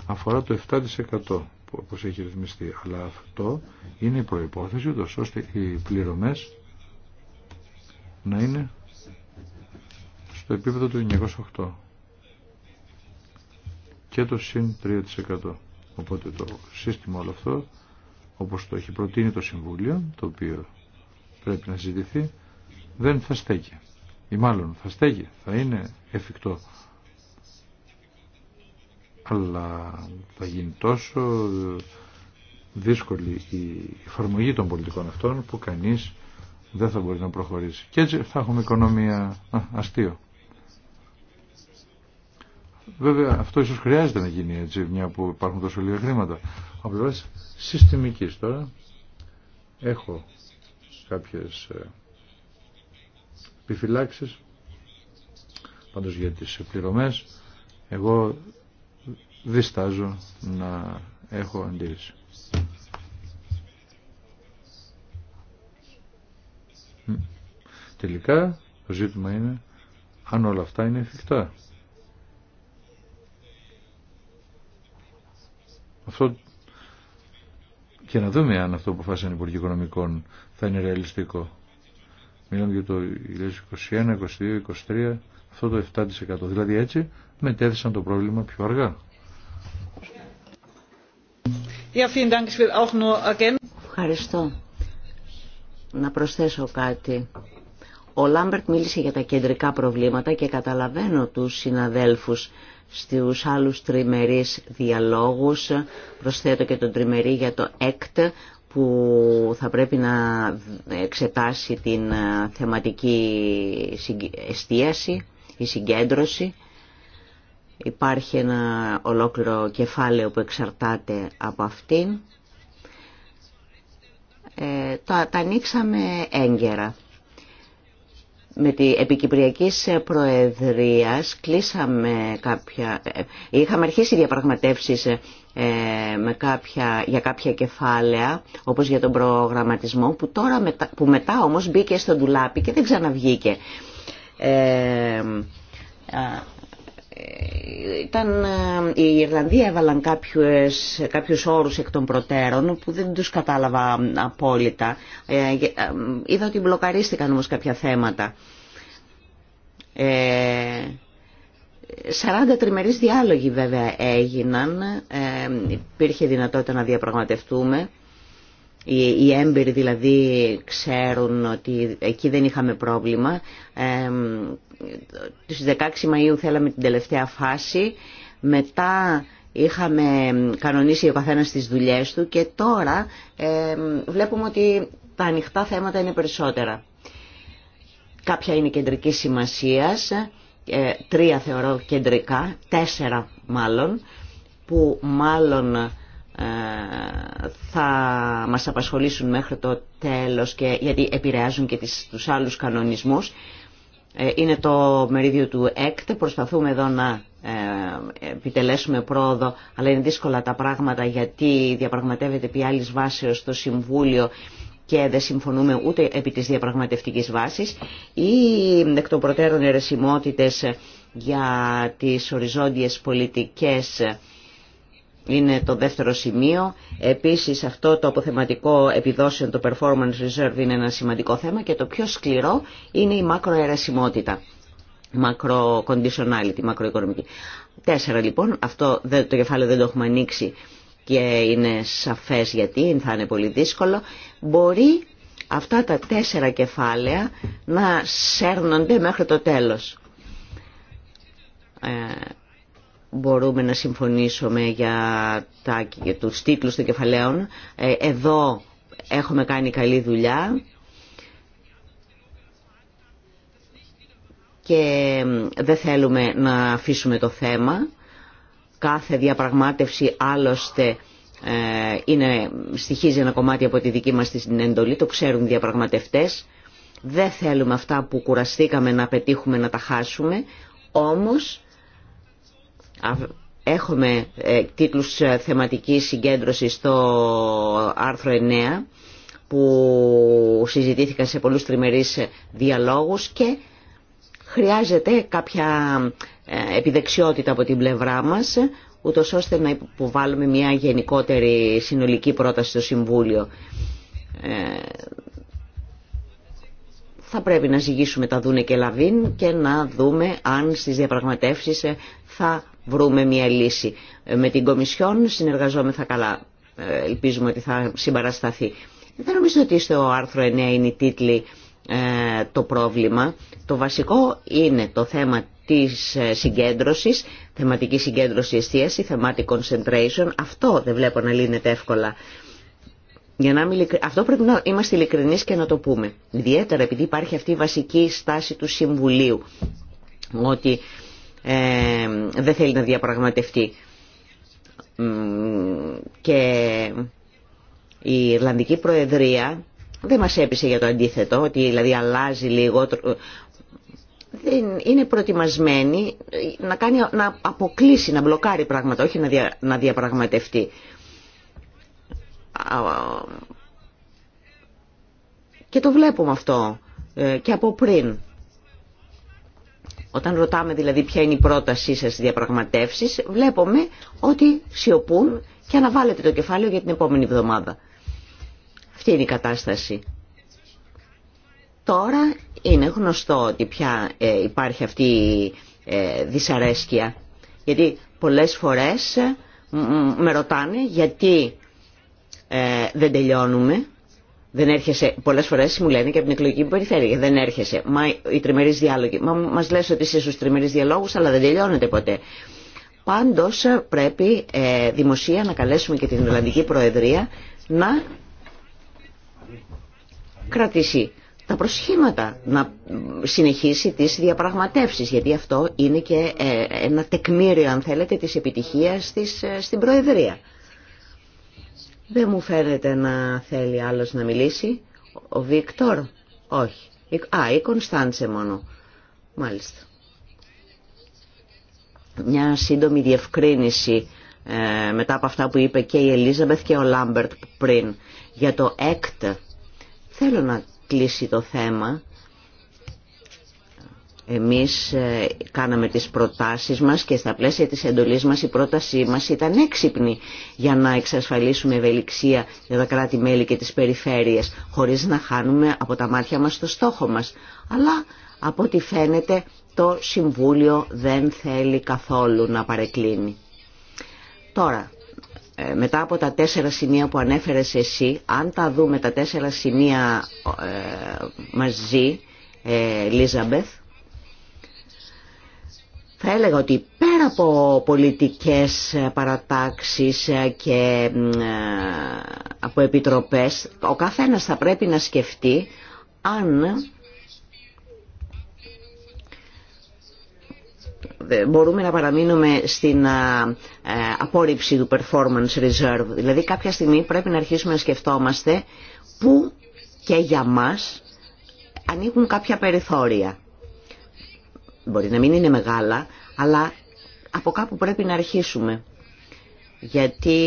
αφορά το 7% που όπως έχει ρυθμιστεί. Αλλά αυτό είναι η προϋπόθεση ούτως ώστε οι πληρωμές να είναι στο επίπεδο του 1908 και το συν 3%. Οπότε το σύστημα όλο αυτό, όπως το έχει προτείνει το Συμβούλιο, το οποίο πρέπει να ζητηθεί δεν θα στέκει. Ή μάλλον θα στέκει, θα είναι εφικτό. Αλλά θα γίνει τόσο δύσκολη η εφαρμογή των πολιτικών αυτών που κανείς δεν θα μπορεί να προχωρήσει. Και έτσι θα έχουμε οικονομία αστείο. Βέβαια αυτό ίσως χρειάζεται να γίνει έτσι μια που υπάρχουν τόσο λίγα χρήματα. Από πλευρά συστημικής τώρα έχω κάποιες ε, επιφυλάξεις πάντως για τις πληρωμές εγώ διστάζω να έχω αντίρρηση. Τελικά το ζήτημα είναι αν όλα αυτά είναι εφικτά. Αυτό και να δούμε αν αυτό που αποφάσισαν οι Υπουργοί Οικονομικών θα είναι ρεαλιστικό. Μιλάμε για το 2021, 2022, 2023, αυτό το 7%. Δηλαδή έτσι μετέθεσαν το πρόβλημα πιο αργά. Ευχαριστώ. Να προσθέσω κάτι. Ο Λάμπερτ μίλησε για τα κεντρικά προβλήματα και καταλαβαίνω τους συναδέλφους στους άλλους τριμερείς διαλόγους. Προσθέτω και τον τριμερή για το ΕΚΤ που θα πρέπει να εξετάσει την ε, θεματική εστίαση, η συγκέντρωση. Υπάρχει ένα ολόκληρο κεφάλαιο που εξαρτάται από αυτήν. Ε, τα, τα ανοίξαμε έγκαιρα με την επικυπριακή προεδρία κλείσαμε κάποια... Είχαμε αρχίσει διαπραγματεύσεις ε, με κάποια, για κάποια κεφάλαια, όπως για τον προγραμματισμό, που, τώρα, που μετά όμως μπήκε στο ντουλάπι και δεν ξαναβγήκε. Ε, ήταν, οι ε, Ιρλανδοί έβαλαν κάποιους, κάποιους όρους εκ των προτέρων που δεν τους κατάλαβα απόλυτα. Ε, ε, είδα ότι μπλοκαρίστηκαν όμως κάποια θέματα. 40 τριμερείς διάλογοι βέβαια έγιναν, υπήρχε δυνατότητα να διαπραγματευτούμε οι έμπειροι δηλαδή ξέρουν ότι εκεί δεν είχαμε πρόβλημα. Ε, 16 Μαΐου θέλαμε την τελευταία φάση, μετά είχαμε κανονίσει ο καθένα τις δουλειές του και τώρα ε, βλέπουμε ότι τα ανοιχτά θέματα είναι περισσότερα. Κάποια είναι κεντρική σημασίας, ε, τρία θεωρώ κεντρικά, τέσσερα μάλλον, που μάλλον θα μας απασχολήσουν μέχρι το τέλος και, γιατί επηρεάζουν και τις, τους άλλους κανονισμούς. Ε, είναι το μερίδιο του ΕΚΤ, προσπαθούμε εδώ να ε, επιτελέσουμε πρόοδο, αλλά είναι δύσκολα τα πράγματα γιατί διαπραγματεύεται επί άλλης βάσεως το Συμβούλιο και δεν συμφωνούμε ούτε επί της διαπραγματευτικής βάσης. ή εκ των προτέρων ερεσιμότητες για τις οριζόντιες πολιτικές είναι το δεύτερο σημείο. Επίσης αυτό το αποθεματικό επιδόσεων, το performance reserve είναι ένα σημαντικό θέμα και το πιο σκληρό είναι η μακροαιρεσιμότητα. μακροκοντισιονάλιτη, μακροοικονομική. Τέσσερα λοιπόν, αυτό το κεφάλαιο δεν το έχουμε ανοίξει και είναι σαφές γιατί, θα είναι πολύ δύσκολο. Μπορεί αυτά τα τέσσερα κεφάλαια να σέρνονται μέχρι το τέλος. Ε, μπορούμε να συμφωνήσουμε για, τα, για τους τίτλους των κεφαλαίων. Ε, εδώ έχουμε κάνει καλή δουλειά. Και δεν θέλουμε να αφήσουμε το θέμα. Κάθε διαπραγμάτευση άλλωστε ε, είναι, στοιχίζει ένα κομμάτι από τη δική μας την εντολή, το ξέρουν οι διαπραγματευτές. Δεν θέλουμε αυτά που κουραστήκαμε να πετύχουμε να τα χάσουμε, όμως Έχουμε ε, τίτλους ε, θεματικής συγκέντρωσης στο άρθρο 9 που συζητήθηκαν σε πολλούς τριμερείς διαλόγους και χρειάζεται κάποια ε, επιδεξιότητα από την πλευρά μας ούτως ώστε να υποβάλουμε μια γενικότερη συνολική πρόταση στο Συμβούλιο. Θα πρέπει να ζυγίσουμε τα Δούνε και Λαβίν και να δούμε αν στις διαπραγματεύσεις θα βρούμε μια λύση. Ε, με την Κομισιόν συνεργαζόμεθα καλά. Ε, ελπίζουμε ότι θα συμπαρασταθεί. Δεν νομίζω ότι στο άρθρο 9 είναι η τίτλη ε, το πρόβλημα. Το βασικό είναι το θέμα της συγκέντρωσης, θεματική συγκέντρωση εστίαση, thematic concentration. Αυτό δεν βλέπω να λύνεται εύκολα. Για Αυτό πρέπει να είμαστε ειλικρινεί και να το πούμε. Ιδιαίτερα επειδή υπάρχει αυτή η βασική στάση του Συμβουλίου ότι ε, δεν θέλει να διαπραγματευτεί. Και η Ιρλανδική Προεδρία δεν μας έπεισε για το αντίθετο, ότι δηλαδή αλλάζει λίγο, είναι προετοιμασμένη να, κάνει, να αποκλείσει, να μπλοκάρει πράγματα, όχι να, να διαπραγματευτεί. Και το βλέπουμε αυτό ε, και από πριν. Όταν ρωτάμε δηλαδή ποια είναι η πρότασή σας στις διαπραγματεύσεις, βλέπουμε ότι σιωπούν και αναβάλλεται το κεφάλαιο για την επόμενη εβδομάδα. Αυτή είναι η κατάσταση. Τώρα είναι γνωστό ότι πια ε, υπάρχει αυτή η ε, δυσαρέσκεια. Γιατί πολλές φορές με ρωτάνε γιατί ε, δεν τελειώνουμε δεν έρχεσαι, πολλές φορές μου λένε και από την εκλογική μου περιφέρεια, δεν έρχεσαι. Μα οι τριμερεί διάλογοι, μα μας λε ότι είσαι στου τριμερεί διαλόγους, αλλά δεν τελειώνεται ποτέ. Πάντως ε, πρέπει ε, δημοσία να καλέσουμε και την Ολλανδική Προεδρία να κρατήσει τα προσχήματα, να συνεχίσει τις διαπραγματεύσεις, γιατί αυτό είναι και ε, ένα τεκμήριο, αν θέλετε, της επιτυχίας της, στην Προεδρία. Δεν μου φαίνεται να θέλει άλλος να μιλήσει. Ο Βίκτορ, όχι. Α, η Κωνσταντσε μόνο. Μάλιστα. Μια σύντομη διευκρίνηση ε, μετά από αυτά που είπε και η Ελίζαμπεθ και ο Λάμπερτ πριν για το ΕΚΤ. Θέλω να κλείσει το θέμα εμείς ε, κάναμε τις προτάσεις μας και στα πλαίσια της εντολής μας η πρότασή μας ήταν έξυπνη για να εξασφαλίσουμε ευελιξία για τα κράτη-μέλη και τις περιφέρειες χωρίς να χάνουμε από τα μάτια μας το στόχο μας. Αλλά από ό,τι φαίνεται το Συμβούλιο δεν θέλει καθόλου να παρεκκλίνει. Τώρα, ε, μετά από τα τέσσερα σημεία που ανέφερες εσύ, αν τα δούμε τα τέσσερα σημεία ε, μαζί, Ελίζαμπεθ, θα έλεγα ότι πέρα από πολιτικές παρατάξεις και από επιτροπές, ο καθένας θα πρέπει να σκεφτεί αν μπορούμε να παραμείνουμε στην ε, απόρριψη του performance reserve. Δηλαδή κάποια στιγμή πρέπει να αρχίσουμε να σκεφτόμαστε που και για μας ανοίγουν κάποια περιθώρια. Μπορεί να μην είναι μεγάλα, αλλά από κάπου πρέπει να αρχίσουμε. Γιατί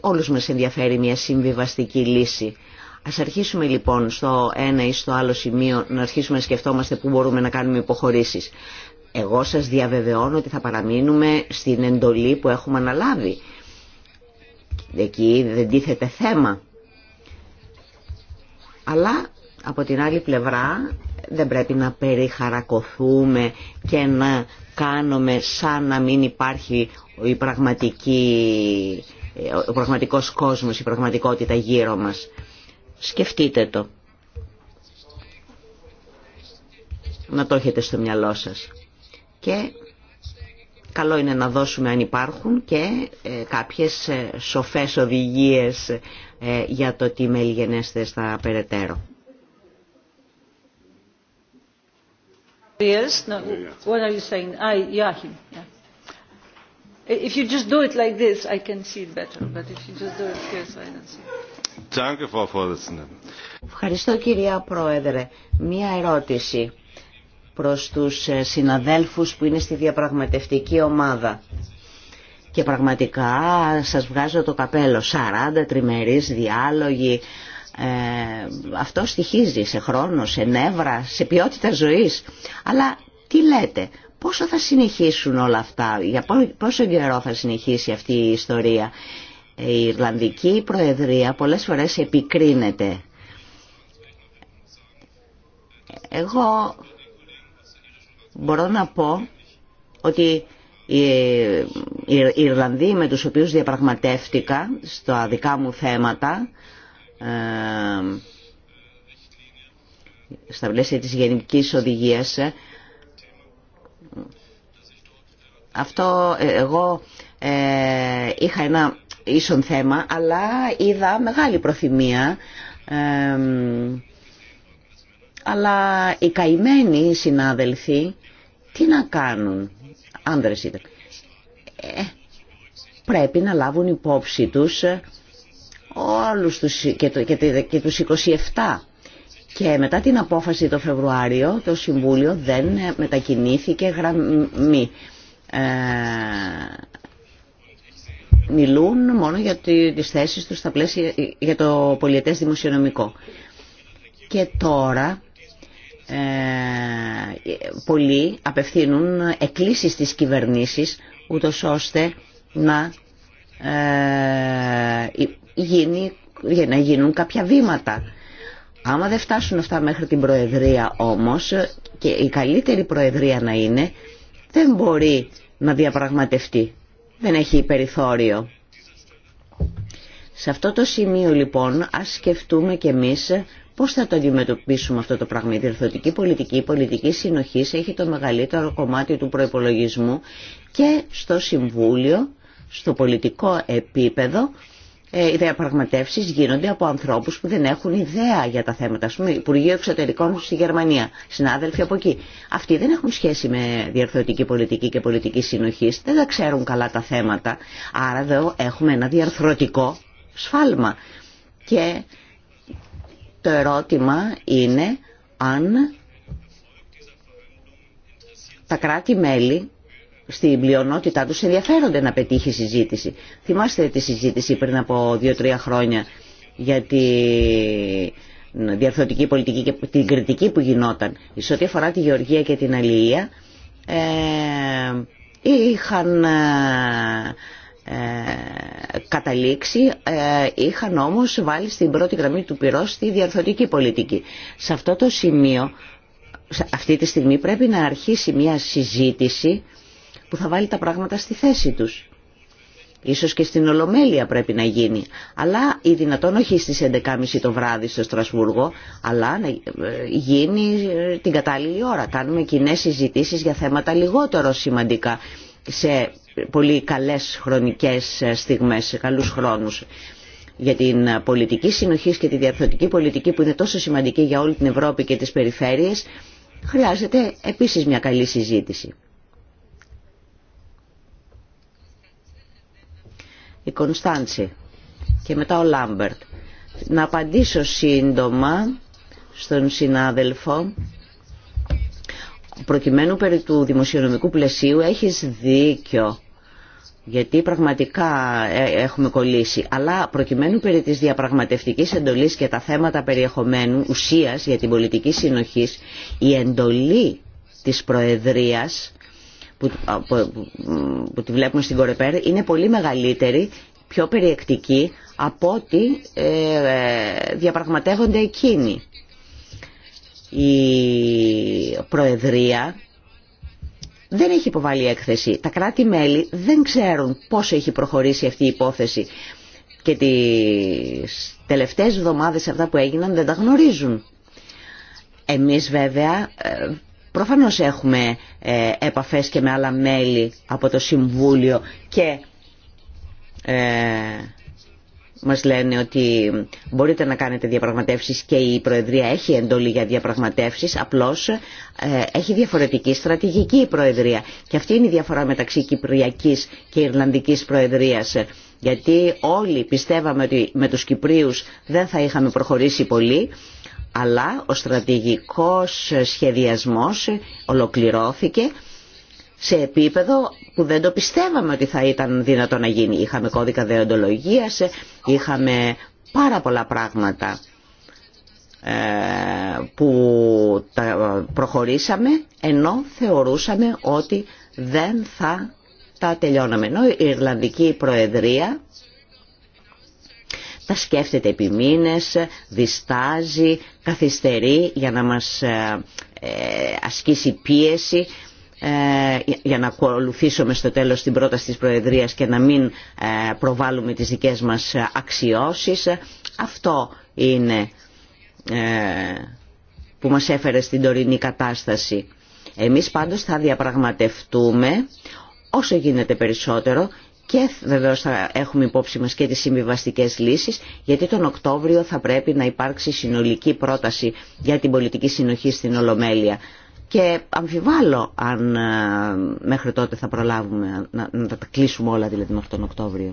όλους μας ενδιαφέρει μια συμβιβαστική λύση. Ας αρχίσουμε λοιπόν στο ένα ή στο άλλο σημείο να αρχίσουμε να σκεφτόμαστε πού μπορούμε να κάνουμε υποχωρήσεις. Εγώ σας διαβεβαιώνω ότι θα παραμείνουμε στην εντολή που έχουμε αναλάβει. Εκεί δεν τίθεται θέμα. Αλλά από την άλλη πλευρά δεν πρέπει να περιχαρακωθούμε και να κάνουμε σαν να μην υπάρχει η πραγματική, ο πραγματικός κόσμος, η πραγματικότητα γύρω μας. Σκεφτείτε το. Να το έχετε στο μυαλό σας. Και καλό είναι να δώσουμε αν υπάρχουν και ε, κάποιες ε, σοφές οδηγίες ε, για το τι μελγενέστε στα περαιτέρω. Pierce? No. What are you saying? I, Joachim. Yeah. If you just do it like this, I can see it better. But if you just do it here, I don't see. Danke, Frau Vorsitzende. Ευχαριστώ κυρία Πρόεδρε. Μία ερώτηση προς τους ε, συναδέλφους που είναι στη διαπραγματευτική ομάδα. Και πραγματικά σας βγάζω το καπέλο. 40 τριμερείς διάλογοι ε, αυτό στοιχίζει σε χρόνο, σε νεύρα, σε ποιότητα ζωής. Αλλά τι λέτε, πόσο θα συνεχίσουν όλα αυτά, για πόσο καιρό θα συνεχίσει αυτή η ιστορία. Ε, η Ιρλανδική Προεδρία πολλές φορές επικρίνεται. Εγώ μπορώ να πω ότι οι Ιρλανδοί με τους οποίους διαπραγματεύτηκα στα δικά μου θέματα ε, στα πλαίσια της γενικής οδηγίας ε, αυτό ε, εγώ είχα ένα ίσον θέμα αλλά είδα μεγάλη προθυμία αλλά οι καημένοι συνάδελφοι τι να κάνουν άνδρες ήταν ε, πρέπει να λάβουν υπόψη τους όλους τους, και, το, 27. Και μετά την απόφαση το Φεβρουάριο το Συμβούλιο δεν ε, μετακινήθηκε γραμμή. Ε, μιλούν μόνο για τις θέσεις τους στα πλαίσια για το πολιετές δημοσιονομικό. Και τώρα ε, πολλοί απευθύνουν εκκλήσεις στις κυβερνήσεις ούτως ώστε να ε, γίνει, για να γίνουν κάποια βήματα. Άμα δεν φτάσουν αυτά μέχρι την Προεδρία όμως, και η καλύτερη Προεδρία να είναι, δεν μπορεί να διαπραγματευτεί. Δεν έχει περιθώριο. Σε αυτό το σημείο λοιπόν ας σκεφτούμε κι εμείς πώς θα το αντιμετωπίσουμε αυτό το πράγμα. Η πολιτική, η πολιτική συνοχή έχει το μεγαλύτερο κομμάτι του προϋπολογισμού και στο Συμβούλιο, στο πολιτικό επίπεδο, ε, οι διαπραγματεύσει γίνονται από ανθρώπους που δεν έχουν ιδέα για τα θέματα. α πούμε, Υπουργείο Εξωτερικών στη Γερμανία, συνάδελφοι από εκεί. Αυτοί δεν έχουν σχέση με διαρθρωτική πολιτική και πολιτική συνοχή, δεν τα ξέρουν καλά τα θέματα. Άρα εδώ έχουμε ένα διαρθρωτικό σφάλμα. Και το ερώτημα είναι αν τα κράτη-μέλη στην πλειονότητά τους ενδιαφέρονται να πετύχει συζήτηση. Θυμάστε τη συζήτηση πριν από δύο-τρία χρόνια για τη διαρθρωτική πολιτική και την κριτική που γινόταν σε ό,τι αφορά τη γεωργία και την αλληλεία ε, είχαν ε, ε καταλήξει ε, είχαν όμως βάλει στην πρώτη γραμμή του πυρός τη διαρθωτική πολιτική. Σε αυτό το σημείο αυτή τη στιγμή πρέπει να αρχίσει μια συζήτηση που θα βάλει τα πράγματα στη θέση τους. Ίσως και στην Ολομέλεια πρέπει να γίνει. Αλλά ή δυνατόν όχι στις 11.30 το βράδυ στο Στρασβούργο, αλλά να ε, γίνει ε, την κατάλληλη ώρα. Κάνουμε κοινέ συζητήσει για θέματα λιγότερο σημαντικά σε πολύ καλές χρονικές ε, στιγμές, σε καλούς χρόνους για την πολιτική συνοχή και τη διαρθρωτική πολιτική που είναι τόσο σημαντική για όλη την Ευρώπη και τις περιφέρειες, χρειάζεται επίσης μια καλή συζήτηση. η Κωνσταντσή και μετά ο Λάμπερτ. Να απαντήσω σύντομα στον συνάδελφο προκειμένου περί του δημοσιονομικού πλαισίου έχεις δίκιο γιατί πραγματικά ε, έχουμε κολλήσει αλλά προκειμένου περί της διαπραγματευτικής εντολής και τα θέματα περιεχομένου ουσίας για την πολιτική συνοχής η εντολή της Προεδρίας που, τη βλέπουμε στην Κορεπέρ είναι πολύ μεγαλύτερη, πιο περιεκτική από ό,τι ε, ε, διαπραγματεύονται εκείνοι. Η Προεδρία δεν έχει υποβάλει έκθεση. Τα κράτη-μέλη δεν ξέρουν πόσο έχει προχωρήσει αυτή η υπόθεση και τις τελευταίες εβδομάδες αυτά που έγιναν δεν τα γνωρίζουν. Εμείς βέβαια ε, Προφανώς έχουμε ε, επαφές και με άλλα μέλη από το Συμβούλιο και ε, μας λένε ότι μπορείτε να κάνετε διαπραγματεύσεις και η Προεδρία έχει εντολή για διαπραγματεύσεις, απλώς ε, έχει διαφορετική στρατηγική η Προεδρία. Και αυτή είναι η διαφορά μεταξύ Κυπριακής και Ιρλανδικής Προεδρίας. Γιατί όλοι πιστεύαμε ότι με τους Κυπρίους δεν θα είχαμε προχωρήσει πολύ αλλά ο στρατηγικός σχεδιασμός ολοκληρώθηκε σε επίπεδο που δεν το πιστεύαμε ότι θα ήταν δυνατό να γίνει. Είχαμε κώδικα δεοντολογίας, είχαμε πάρα πολλά πράγματα ε, που προχωρήσαμε ενώ θεωρούσαμε ότι δεν θα τα τελειώναμε. Ενώ η Ιρλανδική Προεδρία τα σκέφτεται επί μήνες, διστάζει, καθυστερεί για να μας ε, ε, ασκήσει πίεση ε, για να ακολουθήσουμε στο τέλος την πρόταση της Προεδρίας και να μην προβάλλουμε τις δικές μας αξιώσεις. Αυτό είναι που μας έφερε στην τωρινή κατάσταση. Εμείς πάντως θα διαπραγματευτούμε όσο γίνεται περισσότερο και βεβαίως θα έχουμε υπόψη μας και τις συμβιβαστικέ λύσεις γιατί τον Οκτώβριο θα πρέπει να υπάρξει συνολική πρόταση για την πολιτική συνοχή στην Ολομέλεια και αμφιβάλλω αν ε, μέχρι τότε θα προλάβουμε να, να τα κλείσουμε όλα δηλαδή μέχρι τον Οκτώβριο.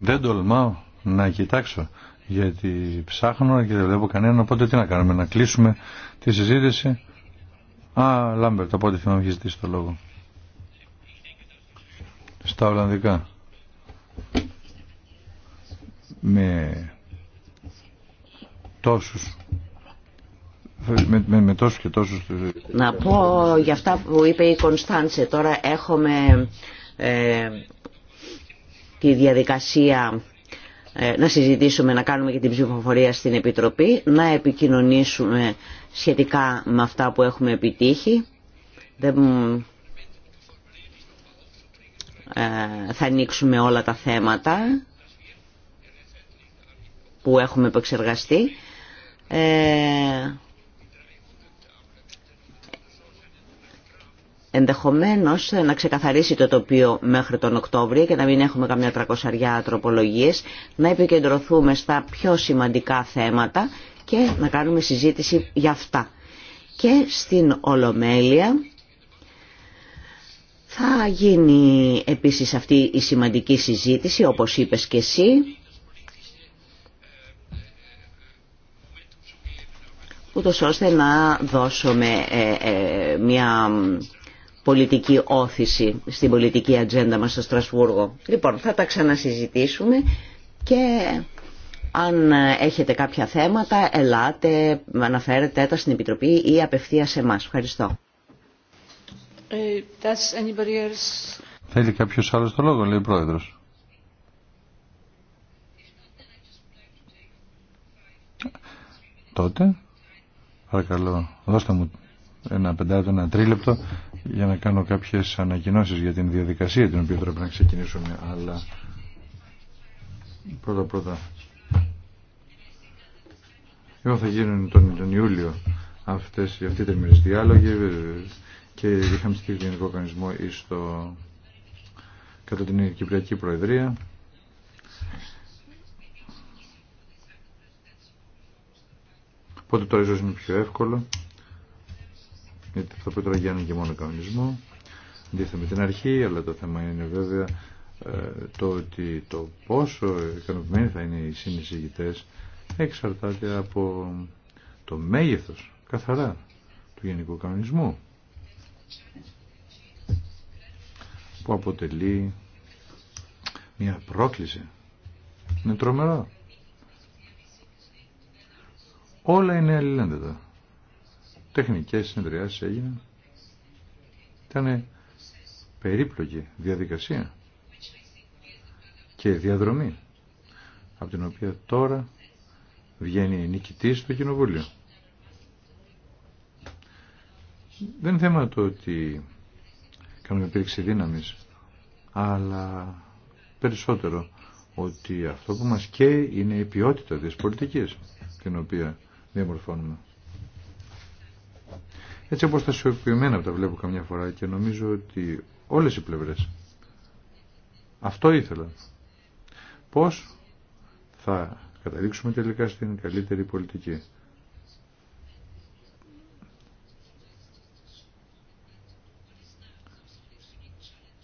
Δεν τολμάω να κοιτάξω γιατί ψάχνω και δεν βλέπω κανέναν οπότε τι να κάνουμε να κλείσουμε τη συζήτηση. Α, Λάμπερτ, από ό,τι θυμάμαι ζητήσει το λόγο στα Ολλανδικά. Με τόσους με, με, τόσους και τόσους Να πω για αυτά που είπε η Κωνσταντσε τώρα έχουμε ε, τη διαδικασία ε, να συζητήσουμε, να κάνουμε και την ψηφοφορία στην Επιτροπή να επικοινωνήσουμε σχετικά με αυτά που έχουμε επιτύχει δεν ε, θα ανοίξουμε όλα τα θέματα που έχουμε επεξεργαστεί. Ε, ενδεχομένως να ξεκαθαρίσει το τοπίο μέχρι τον Οκτώβριο και να μην έχουμε καμιά τρακοσαριά τροπολογίες, να επικεντρωθούμε στα πιο σημαντικά θέματα και να κάνουμε συζήτηση για αυτά. Και στην Ολομέλεια θα γίνει επίσης αυτή η σημαντική συζήτηση, όπως είπες και εσύ. ούτως ώστε να δώσουμε ε, ε, μια πολιτική όθηση στην πολιτική ατζέντα μας στο Στρασβούργο. Λοιπόν, θα τα ξανασυζητήσουμε και αν έχετε κάποια θέματα, ελάτε, αναφέρετε τα στην Επιτροπή ή απευθεία σε εμάς. Ευχαριστώ. Θέλει κάποιος άλλος το λόγο, λέει ο Πρόεδρος. Τότε, παρακαλώ, δώστε μου ένα πεντάλεπτο, ένα τρίλεπτο για να κάνω κάποιες ανακοινώσεις για την διαδικασία την οποία πρέπει να ξεκινήσουμε, αλλά πρώτα-πρώτα. Εγώ θα γίνουν τον, τον Ιούλιο αυτές, αυτή οι τερμινές διάλογοι, και είχαμε στείλει Γενικό Οργανισμό στο... κατά την Κυπριακή Προεδρία. Οπότε τώρα ίσως είναι πιο εύκολο, γιατί αυτό που τώρα και μόνο κανονισμό, αντίθετα με την αρχή, αλλά το θέμα είναι βέβαια ε, το ότι το πόσο ικανοποιημένοι θα είναι οι συνεισηγητές εξαρτάται από το μέγεθος καθαρά του γενικού κανονισμού που αποτελεί μια πρόκληση. Είναι τρομερό. Όλα είναι αλληλένδετα. Τεχνικές συνεδριάσεις έγιναν. Ήταν περίπλοκη διαδικασία και διαδρομή από την οποία τώρα βγαίνει η νικητής στο κοινοβούλιο. Δεν είναι θέμα το ότι κάνουμε υπήρξη δύναμη, αλλά περισσότερο ότι αυτό που μας καίει είναι η ποιότητα της πολιτικής την οποία διαμορφώνουμε. Έτσι όπως τα σιωπημένα τα βλέπω καμιά φορά και νομίζω ότι όλες οι πλευρές αυτό ήθελα. Πώς θα καταλήξουμε τελικά στην καλύτερη πολιτική.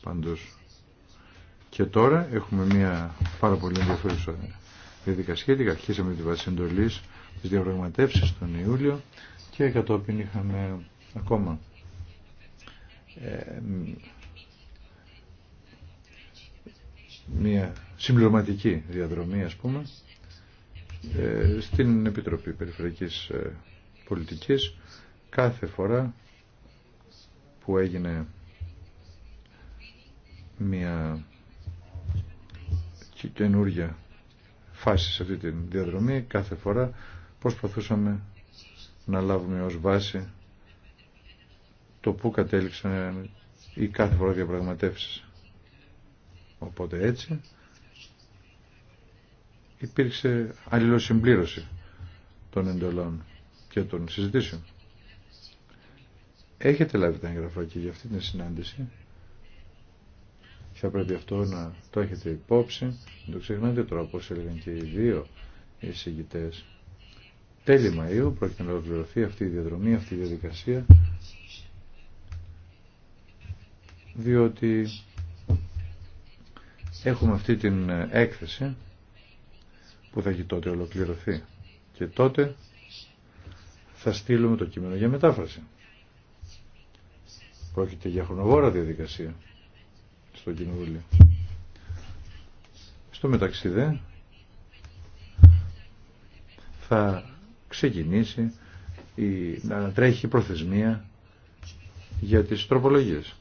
πάντως. Και τώρα έχουμε μια πάρα πολύ ενδιαφέρουσα διαδικασία. Αρχίσαμε τη βάση εντολή τη διαπραγματεύσει τον Ιούλιο και κατόπιν είχαμε ακόμα ε, μια συμπληρωματική διαδρομή ας πούμε ε, στην Επιτροπή Περιφερειακής ε, Πολιτικής κάθε φορά που έγινε μια καινούργια φάση σε αυτή τη διαδρομή κάθε φορά προσπαθούσαμε να λάβουμε ως βάση το που κατέληξαν οι κάθε φορά διαπραγματεύσεις. Οπότε έτσι υπήρξε αλληλοσυμπλήρωση των εντολών και των συζητήσεων. Έχετε λάβει τα εγγραφάκια για αυτή την συνάντηση θα πρέπει αυτό να το έχετε υπόψη, να το ξεχνάτε τώρα, όπως έλεγαν και οι δύο εισηγητές. Τέλη Μαΐου πρόκειται να ολοκληρωθεί αυτή η διαδρομή, αυτή η διαδικασία, διότι έχουμε αυτή την έκθεση που θα έχει τότε ολοκληρωθεί και τότε θα στείλουμε το κείμενο για μετάφραση. Πρόκειται για χρονοβόρα διαδικασία στο Κοινοβούλιο. Στο μεταξύ δε θα ξεκινήσει η, να τρέχει προθεσμία για τις τροπολογίες.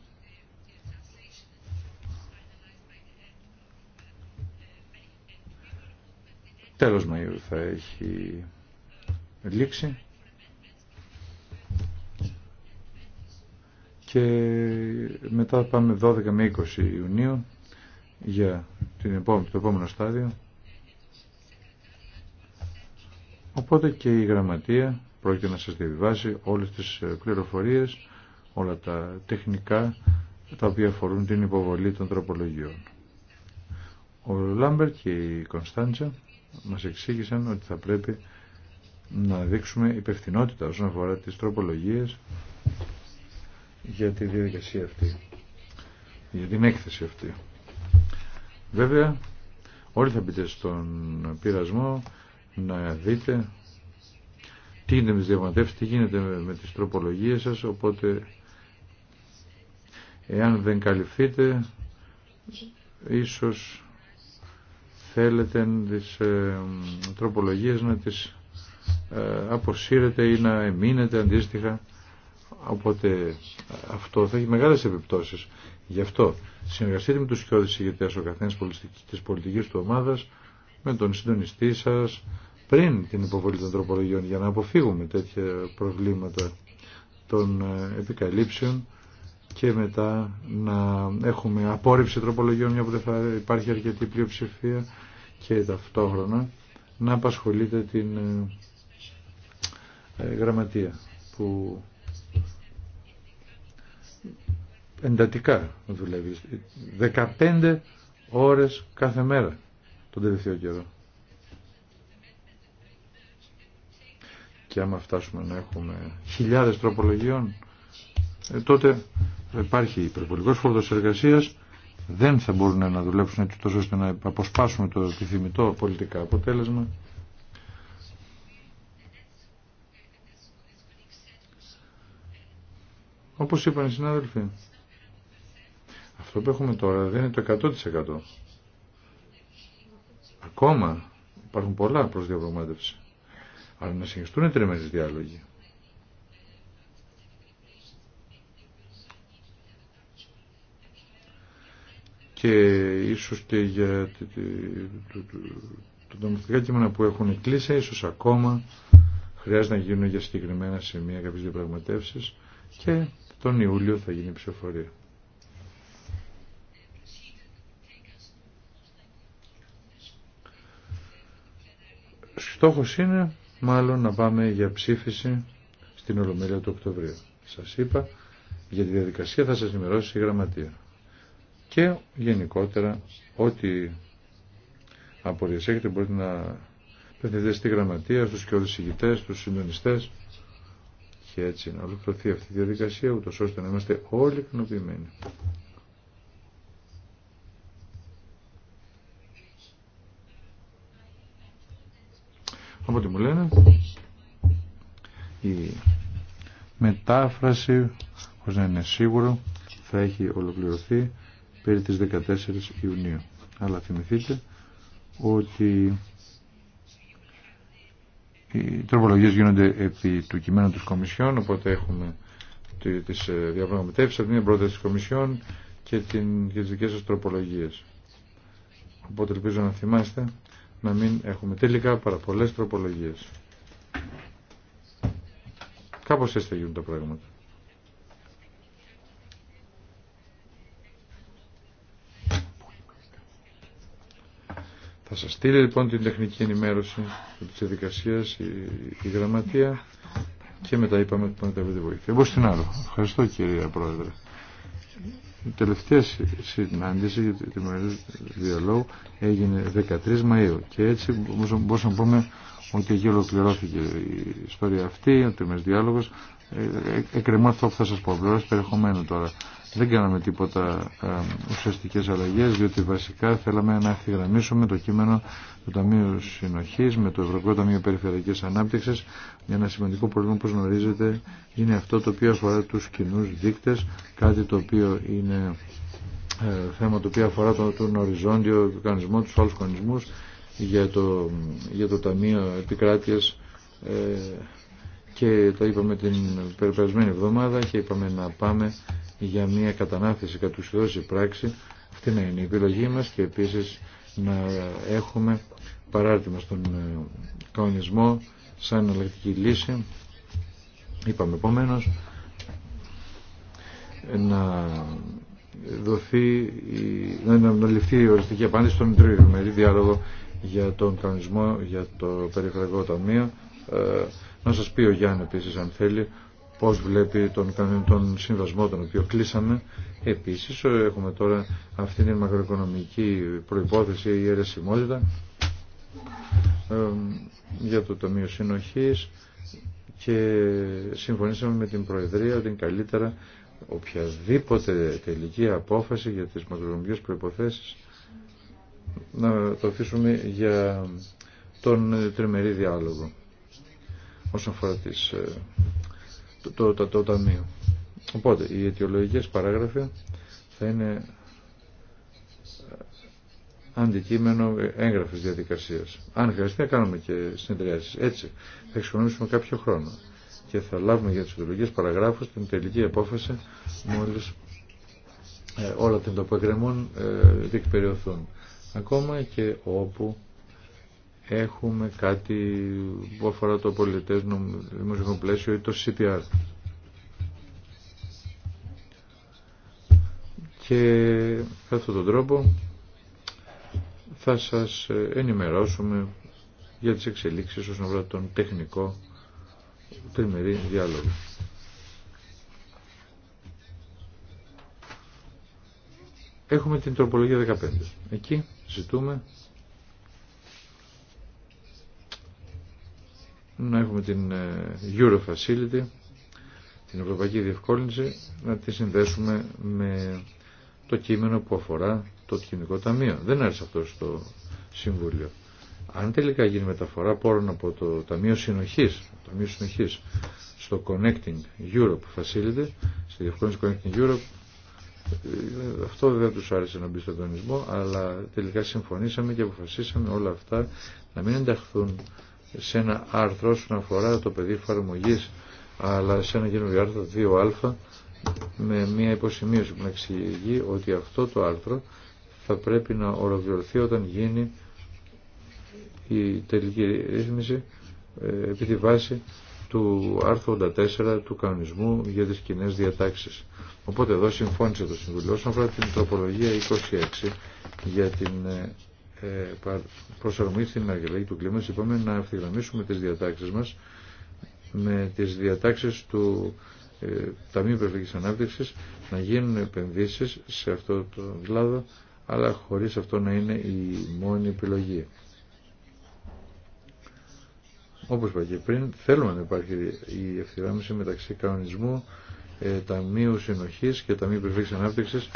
Τέλος Μαΐου θα έχει λήξει και μετά πάμε 12 με 20 Ιουνίου για την επόμενη, το επόμενο στάδιο. Οπότε και η γραμματεία πρόκειται να σας διαβιβάσει όλες τις ε, πληροφορίες, όλα τα τεχνικά τα οποία αφορούν την υποβολή των τροπολογιών. Ο Λάμπερ και η Κωνσταντζα μας εξήγησαν ότι θα πρέπει να δείξουμε υπευθυνότητα όσον αφορά τις τροπολογίες για τη διαδικασία αυτή, για την έκθεση αυτή. Βέβαια, όλοι θα μπείτε στον πειρασμό να δείτε τι γίνεται με τις τι γίνεται με τις τροπολογίες σας, οπότε εάν δεν καλυφθείτε, ίσως θέλετε τις ε, τροπολογίες να τις ε, αποσύρετε ή να εμείνετε αντίστοιχα Οπότε αυτό θα έχει μεγάλες επιπτώσεις. Γι' αυτό συνεργαστείτε με τους σκιώδεις ηγετές ο καθένας της πολιτικής του ομάδας, με τον συντονιστή σας, πριν την υποβολή των τροπολογιών για να αποφύγουμε τέτοια προβλήματα των ε, επικαλύψεων και μετά να έχουμε απόρριψη τροπολογιών γιατί δεν θα υπάρχει αρκετή πλειοψηφία και ταυτόχρονα να απασχολείται την ε, ε, γραμματεία που εντατικά δουλεύει. 15 ώρες κάθε μέρα τον τελευταίο καιρό. Και άμα φτάσουμε να έχουμε χιλιάδες τροπολογιών, ε, τότε υπάρχει υπερβολικός φόρτος εργασίας, δεν θα μπορούν να δουλέψουν έτσι τόσο ώστε να αποσπάσουμε το επιθυμητό πολιτικά αποτέλεσμα. Όπως είπαν οι συνάδελφοι, αυτό που έχουμε τώρα δεν είναι το 100%. Ακόμα υπάρχουν πολλά προς διαπραγμάτευση. Αλλά να συγχυστούν οι διάλογοι. και ίσως και για τα νομιστικά κείμενα που έχουν κλείσει, ίσως ακόμα χρειάζεται να γίνουν για συγκεκριμένα σημεία κάποιες διαπραγματεύσεις και τον Ιούλιο θα γίνει η ψηφοφορία. Στόχος είναι μάλλον να πάμε για ψήφιση στην Ολομέλεια του Οκτωβρίου. Σας είπα, για τη διαδικασία θα σας ενημερώσει η Γραμματεία. Και γενικότερα, ό,τι απορίες έχετε μπορείτε να πεθυνθείτε στη Γραμματεία, στους και στους συντονιστές και έτσι να ολοκληρωθεί αυτή η διαδικασία, ούτως ώστε να είμαστε όλοι ικανοποιημένοι. από τι μου λένε η μετάφραση χωρίς να είναι σίγουρο θα έχει ολοκληρωθεί περί τις 14 Ιουνίου αλλά θυμηθείτε ότι οι τροπολογίες γίνονται επί του κειμένου της Κομισιόν οπότε έχουμε τις ε, διαπραγματεύσεις από την πρόταση της Κομισιόν και, την, και τις δικές τροπολογίες οπότε ελπίζω να θυμάστε να μην έχουμε τελικά παρά πολλές τροπολογίες. Κάπως έτσι θα γίνουν τα πράγματα. Θα σας στείλει λοιπόν την τεχνική ενημέρωση της διαδικασία η, γραμματεία και μετά είπαμε ότι πάνε τα βοήθεια. Εγώ στην άλλο. Ευχαριστώ κυρία Πρόεδρε. Η τελευταία συνάντηση για τη διαλόγου έγινε 13 Μαΐου και έτσι μπορούσαμε να πούμε ότι εκεί ολοκληρώθηκε η ιστορία αυτή, ο τριμερή διάλογος, ε, ε, εκκρεμώ αυτό που θα σας πω, απλώς, περιεχομένου τώρα. Δεν κάναμε τίποτα ε, ουσιαστικές αλλαγές, διότι βασικά θέλαμε να ευθυγραμμίσουμε το κείμενο του Ταμείου Συνοχής με το Ευρωπαϊκό Ταμείο Περιφερειακής Ανάπτυξης. Ένα σημαντικό πρόβλημα, όπως γνωρίζετε, είναι αυτό το οποίο αφορά τους κοινού δείκτες, κάτι το οποίο είναι ε, θέμα το οποίο αφορά τον, τον οριζόντιο κανονισμό, τους άλλους κανονισμούς για το, για το Ταμείο Επικράτειας και τα είπαμε την περασμένη εβδομάδα και είπαμε να πάμε για μια κατανάθεση κατ' σε πράξη. Αυτή να είναι η επιλογή μας και επίσης να έχουμε παράρτημα στον ε, κανονισμό σαν εναλλακτική λύση. Είπαμε επομένω να δοθεί, να, να ληφθεί η οριστική απάντηση στον τρίτο, διάλογο για τον κανονισμό για το περιφερειακό ταμείο ε, να σας πει ο Γιάννη επίσης αν θέλει πώς βλέπει τον, τον συμβασμό τον οποίο κλείσαμε. Επίσης ε, έχουμε τώρα αυτή την μακροοικονομική προϋπόθεση η αιρεσιμότητα ε, για το Ταμείο Συνοχής και συμφωνήσαμε με την Προεδρία ότι καλύτερα οποιαδήποτε τελική απόφαση για τις μακροοικονομικές προϋποθέσεις να το αφήσουμε για τον τριμερή διάλογο όσον αφορά τις, ε, το, το, το, το ταμείο. Οπότε, οι αιτιολογικές παράγραφοι θα είναι ε, αντικείμενο έγγραφης διαδικασίας. Αν χρειαστεί να κάνουμε και συνεδριάσεις. Έτσι θα εξοικονομήσουμε κάποιο χρόνο και θα λάβουμε για τις αιτιολογικές παραγράφους την τελική απόφαση μόλις ε, όλα τα που ε, διεκπεριωθούν. Ακόμα και όπου έχουμε κάτι που αφορά το πολιτές δημοσιογραφικό πλαίσιο ή το CPR. Και με αυτόν τον τρόπο θα σας ενημερώσουμε για τις εξελίξεις όσον αφορά τον τεχνικό τριμερή διάλογο. Έχουμε την τροπολογία 15. Εκεί ζητούμε να έχουμε την ε, Euro Facility, την Ευρωπαϊκή Διευκόλυνση, να τη συνδέσουμε με το κείμενο που αφορά το Κοινικό Ταμείο. Δεν άρεσε αυτό στο Συμβούλιο. Αν τελικά γίνει μεταφορά πόρων από το Ταμείο Συνοχής, το Ταμείο Συνοχής στο Connecting Europe Facility, στη διευκόλυνση Connecting Europe, ε, αυτό δεν τους άρεσε να μπει στον τονισμό, αλλά τελικά συμφωνήσαμε και αποφασίσαμε όλα αυτά να μην ενταχθούν σε ένα άρθρο όσον αφορά το παιδί εφαρμογή, αλλά σε ενα καινουργιο καινούριο άρθρο 2α με μια υποσημείωση που να εξηγεί ότι αυτό το άρθρο θα πρέπει να ολοκληρωθεί όταν γίνει η τελική ρύθμιση ε, επί τη βάση του άρθρου 84 του κανονισμού για τις κοινέ διατάξεις. Οπότε εδώ συμφώνησε το Συμβουλίο όσον αφορά την τροπολογία 26 για την ε, ε, προσαρμογή στην αλλαγή του κλίματος είπαμε να ευθυγραμμίσουμε τις διατάξεις μας με τις διατάξεις του ε, Ταμείου Περιφερειακής Ανάπτυξης να γίνουν επενδύσεις σε αυτό το κλάδο αλλά χωρίς αυτό να είναι η μόνη επιλογή. Όπως είπα και πριν, θέλουμε να υπάρχει η ευθυγράμμιση μεταξύ κανονισμού, ε, Ταμείου Συνοχής και Ταμείου Περιφερειακής Ανάπτυξης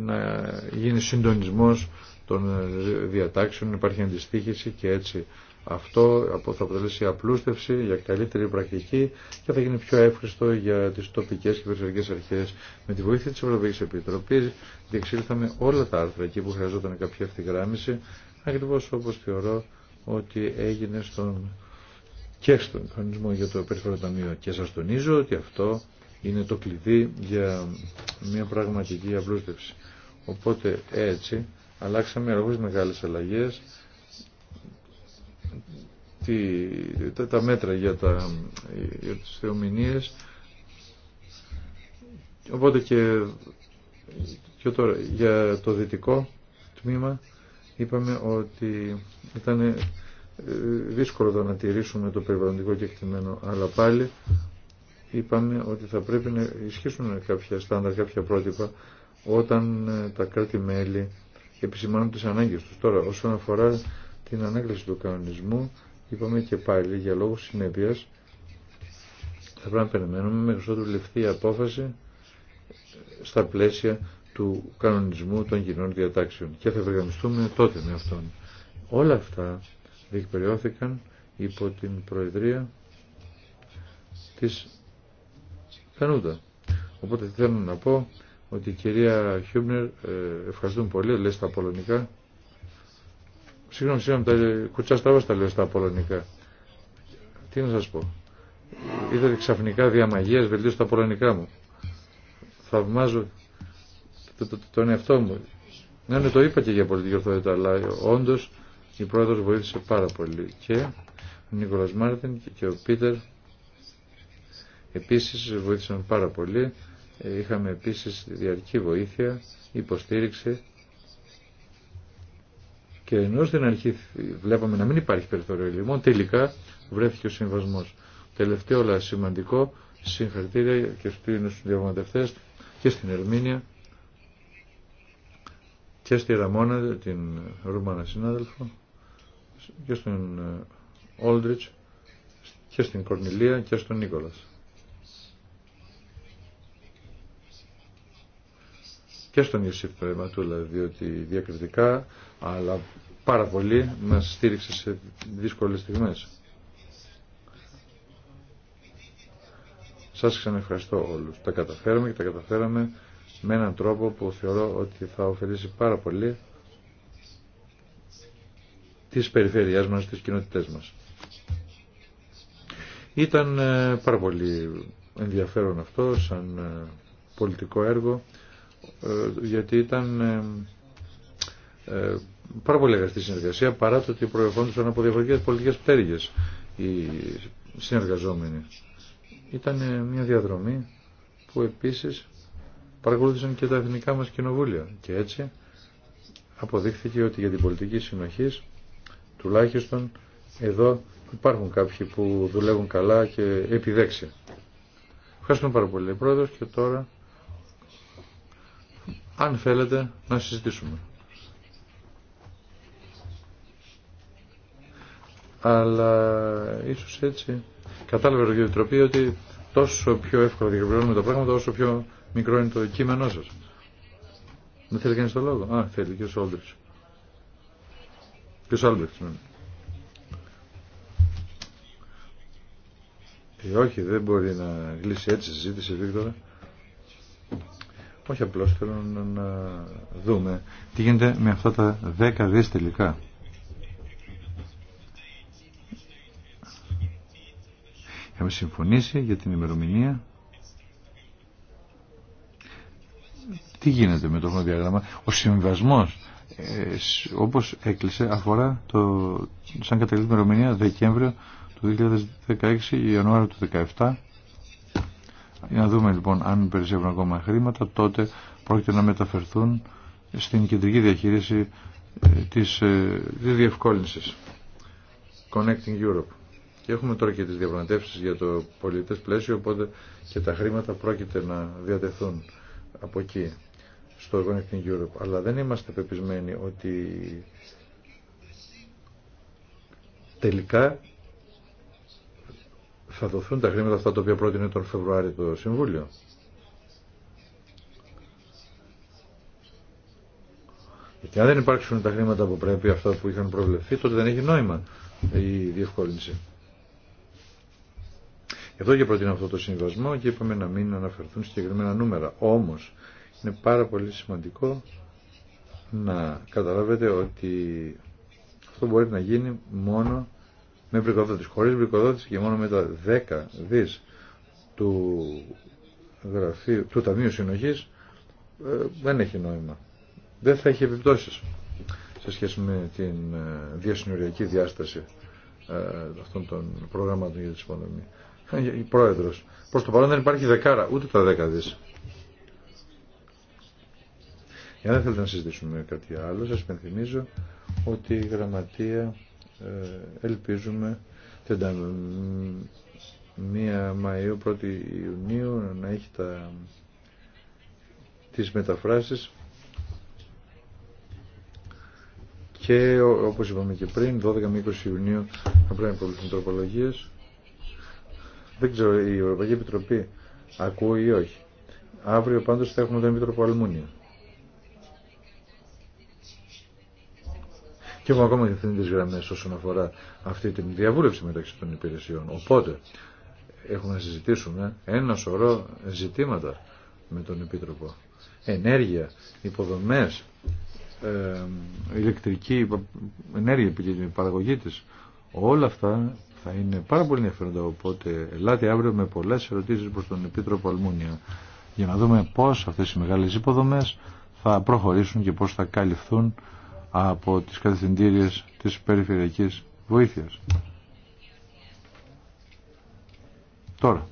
να γίνει συντονισμός των ε, διατάξεων, υπάρχει αντιστοίχηση και έτσι αυτό θα αποτελέσει απλούστευση για καλύτερη πρακτική και θα γίνει πιο εύχριστο για τις τοπικές και περιφερειακές αρχές. Με τη βοήθεια της Ευρωπαϊκής Επιτροπής διεξήλθαμε όλα τα άρθρα εκεί που χρειαζόταν κάποια ευθυγράμμιση, ακριβώ όπως θεωρώ ότι έγινε στον και στον κανονισμό για το Περιφερειακό Ταμείο. Και σας τονίζω ότι αυτό είναι το κλειδί για μια πραγματική απλούστευση. Οπότε έτσι αλλάξαμε αργούς μεγάλες αλλαγές τι, τα, τα, μέτρα για, τα, για τις θεομηνίες οπότε και, και τώρα για το δυτικό τμήμα είπαμε ότι ήταν ε, δύσκολο να τηρήσουμε το περιβαλλοντικό κεκτημένο αλλά πάλι είπαμε ότι θα πρέπει να ισχύσουν κάποια στάνταρ, κάποια πρότυπα όταν ε, τα κράτη-μέλη και επισημάνουν τις ανάγκες τους. Τώρα, όσον αφορά την ανάγκληση του κανονισμού, είπαμε και πάλι για λόγους συνέπειας, θα πρέπει να περιμένουμε μέχρι ότου ληφθεί απόφαση στα πλαίσια του κανονισμού των κοινών διατάξεων και θα ευεργαμιστούμε τότε με αυτόν. Όλα αυτά διεκπεριώθηκαν υπό την Προεδρία της Κανούτα. Οπότε θέλω να πω ότι η κυρία Χιούμνερ, ε, ευχαριστούμε πολύ, λέει στα πολωνικά. Συγγνώμη, συγγνώμη, τα κουτσά στραβά τα λέω στα πολωνικά. Τι να σας πω. Είδατε ξαφνικά διαμαγείας βελτίωσε στα πολωνικά μου. Θαυμάζω τον εαυτό μου. Να ναι, το είπα και για πολιτική ορθότητα, αλλά όντω η πρόεδρο βοήθησε πάρα πολύ. Και ο Νίκολα Μάρτιν και ο Πίτερ επίση βοήθησαν πάρα πολύ. Είχαμε επίσης διαρκή βοήθεια, υποστήριξη και ενώ στην αρχή βλέπαμε να μην υπάρχει περιθώριο λιμών, τελικά βρέθηκε ο συμβασμός. Τελευταίο αλλά σημαντικό, συγχαρητήρια και στους διαπραγματευτές και στην Ερμήνια και στη Ραμόνα, την Ρουμάνα συνάδελφο, και στον ε, Όλτριτς και στην Κορνιλία και στον Νίκολας. και στον Ιωσήφ δηλαδή διότι διακριτικά, αλλά πάρα πολύ μας στήριξε σε δύσκολες στιγμές. Σας ξαναευχαριστώ όλους. Τα καταφέραμε και τα καταφέραμε με έναν τρόπο που θεωρώ ότι θα ωφελήσει πάρα πολύ τις περιφέρειές μας, τις κοινότητές μας. Ήταν ε, πάρα πολύ ενδιαφέρον αυτό σαν ε, πολιτικό έργο. Ε, γιατί ήταν ε, ε, πάρα πολύ αγαστή συνεργασία παρά το ότι προερχόντουσαν από διαφορετικές πολιτικές πτέρυγε οι συνεργαζόμενοι. Ήταν ε, μια διαδρομή που επίσης παρακολούθησαν και τα εθνικά μας κοινοβούλια και έτσι αποδείχθηκε ότι για την πολιτική συνοχή τουλάχιστον εδώ υπάρχουν κάποιοι που δουλεύουν καλά και επιδέξια. Ευχαριστούμε πάρα πολύ πρόεδρος και τώρα αν θέλετε να συζητήσουμε. Αλλά ίσως έτσι κατάλαβε ο Επιτροπή ότι τόσο πιο εύκολα διεκπληρώνουμε τα πράγματα, όσο πιο μικρό είναι το κείμενό σας. Δεν θέλει κανείς το λόγο. Α, θέλει και ο Σόλμπριτς. Και ο ναι. ε, όχι, δεν μπορεί να γλύσει έτσι η συζήτηση, Βίκτορα. Όχι απλώ θέλω να δούμε τι γίνεται με αυτά τα δέκα δις τελικά. Έχουμε συμφωνήσει για την ημερομηνία. Τι γίνεται με το χρονοδιάγραμμα. Ο συμβασμός ε, όπως έκλεισε αφορά το, σαν κατελήτη ημερομηνία Δεκέμβριο του 2016 Ιανουάριο του 2017 για να δούμε λοιπόν αν περισσεύουν ακόμα χρήματα, τότε πρόκειται να μεταφερθούν στην κεντρική διαχείριση ε, της, ε, της διευκόλυνσης. Connecting Europe. Και έχουμε τώρα και τις διαπραγματεύσεις για το πολιτές πλαίσιο, οπότε και τα χρήματα πρόκειται να διατεθούν από εκεί, στο Connecting Europe. Αλλά δεν είμαστε πεπισμένοι ότι τελικά θα δοθούν τα χρήματα αυτά τα οποία πρότεινε τον Φεβρουάριο το Συμβούλιο. Γιατί αν δεν υπάρξουν τα χρήματα που πρέπει, αυτά που είχαν προβλεφθεί, τότε δεν έχει νόημα η διευκόλυνση. Εδώ και προτείνω αυτό το συμβασμό και είπαμε να μην αναφερθούν συγκεκριμένα νούμερα. Όμως είναι πάρα πολύ σημαντικό να καταλάβετε ότι αυτό μπορεί να γίνει μόνο με βρυκοδότηση, Χωρίς βρυκοδότηση και μόνο με τα 10 δις του, γραφείου, του Ταμείου Συνοχής ε, δεν έχει νόημα. Δεν θα έχει επιπτώσεις σε σχέση με την ε, διασυνοριακή διάσταση ε, αυτών των προγραμμάτων για τη συμφωνία. Ε, πρόεδρος. Προς το παρόν δεν υπάρχει δεκάρα, ούτε τα δέκα δις. για δεν θέλετε να συζητήσουμε κάτι άλλο, σας πενθυμίζω ότι η γραμματεία ε, ελπίζουμε Μία Μαΐου, 1η Ιουνίου να έχει τα, τις μεταφράσεις και όπως είπαμε και πριν 12 με 20 Ιουνίου θα πρέπει να προβληθούν τροπολογίες δεν ξέρω η Ευρωπαϊκή Επιτροπή ακούει ή όχι αύριο πάντως θα έχουμε τον Επίτροπο Αλμούνια και έχουμε ακόμα διευθυντικές γραμμές όσον αφορά αυτή την διαβούλευση μεταξύ των υπηρεσιών. Οπότε έχουμε να συζητήσουμε ένα σωρό ζητήματα με τον Επίτροπο. Ενέργεια, υποδομές, ε, ηλεκτρική ενέργεια και την παραγωγή της. Όλα αυτά θα είναι πάρα πολύ ενδιαφέροντα οπότε ελάτε αύριο με πολλές ερωτήσεις προς τον Επίτροπο Αλμούνια για να δούμε πώς αυτές οι μεγάλες υποδομές θα προχωρήσουν και πώς θα καλυφθούν από τις κατευθυντήριες της περιφερειακής βοήθειας. Τώρα,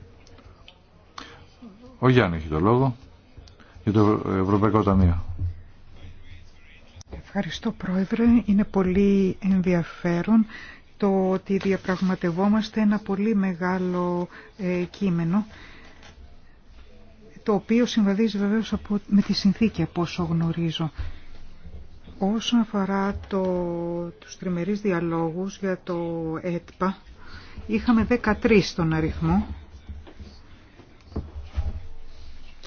ο Γιάννη έχει το λόγο για το Ευρωπαϊκό Ταμείο. Ευχαριστώ Πρόεδρε. Είναι πολύ ενδιαφέρον το ότι διαπραγματευόμαστε ένα πολύ μεγάλο ε, κείμενο το οποίο συμβαδίζει βεβαίως από, με τη συνθήκη από όσο γνωρίζω. Όσον αφορά το, τους τριμερείς διαλόγους για το ΕΤΠΑ, είχαμε 13 στον αριθμό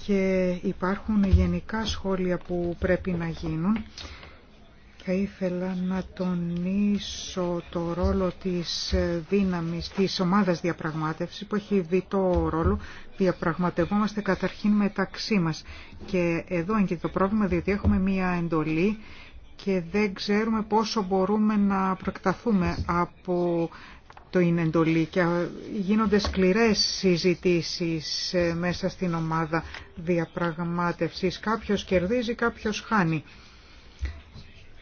και υπάρχουν γενικά σχόλια που πρέπει να γίνουν. Θα ήθελα να τονίσω το ρόλο της δύναμης, της ομάδας διαπραγμάτευσης που έχει διτό ρόλο. Διαπραγματευόμαστε καταρχήν μεταξύ μας και εδώ είναι το πρόβλημα διότι έχουμε μία εντολή και δεν ξέρουμε πόσο μπορούμε να προεκταθούμε από το είναι εντολή και γίνονται σκληρές συζητήσεις ε, μέσα στην ομάδα διαπραγμάτευσης. Κάποιος κερδίζει, κάποιος χάνει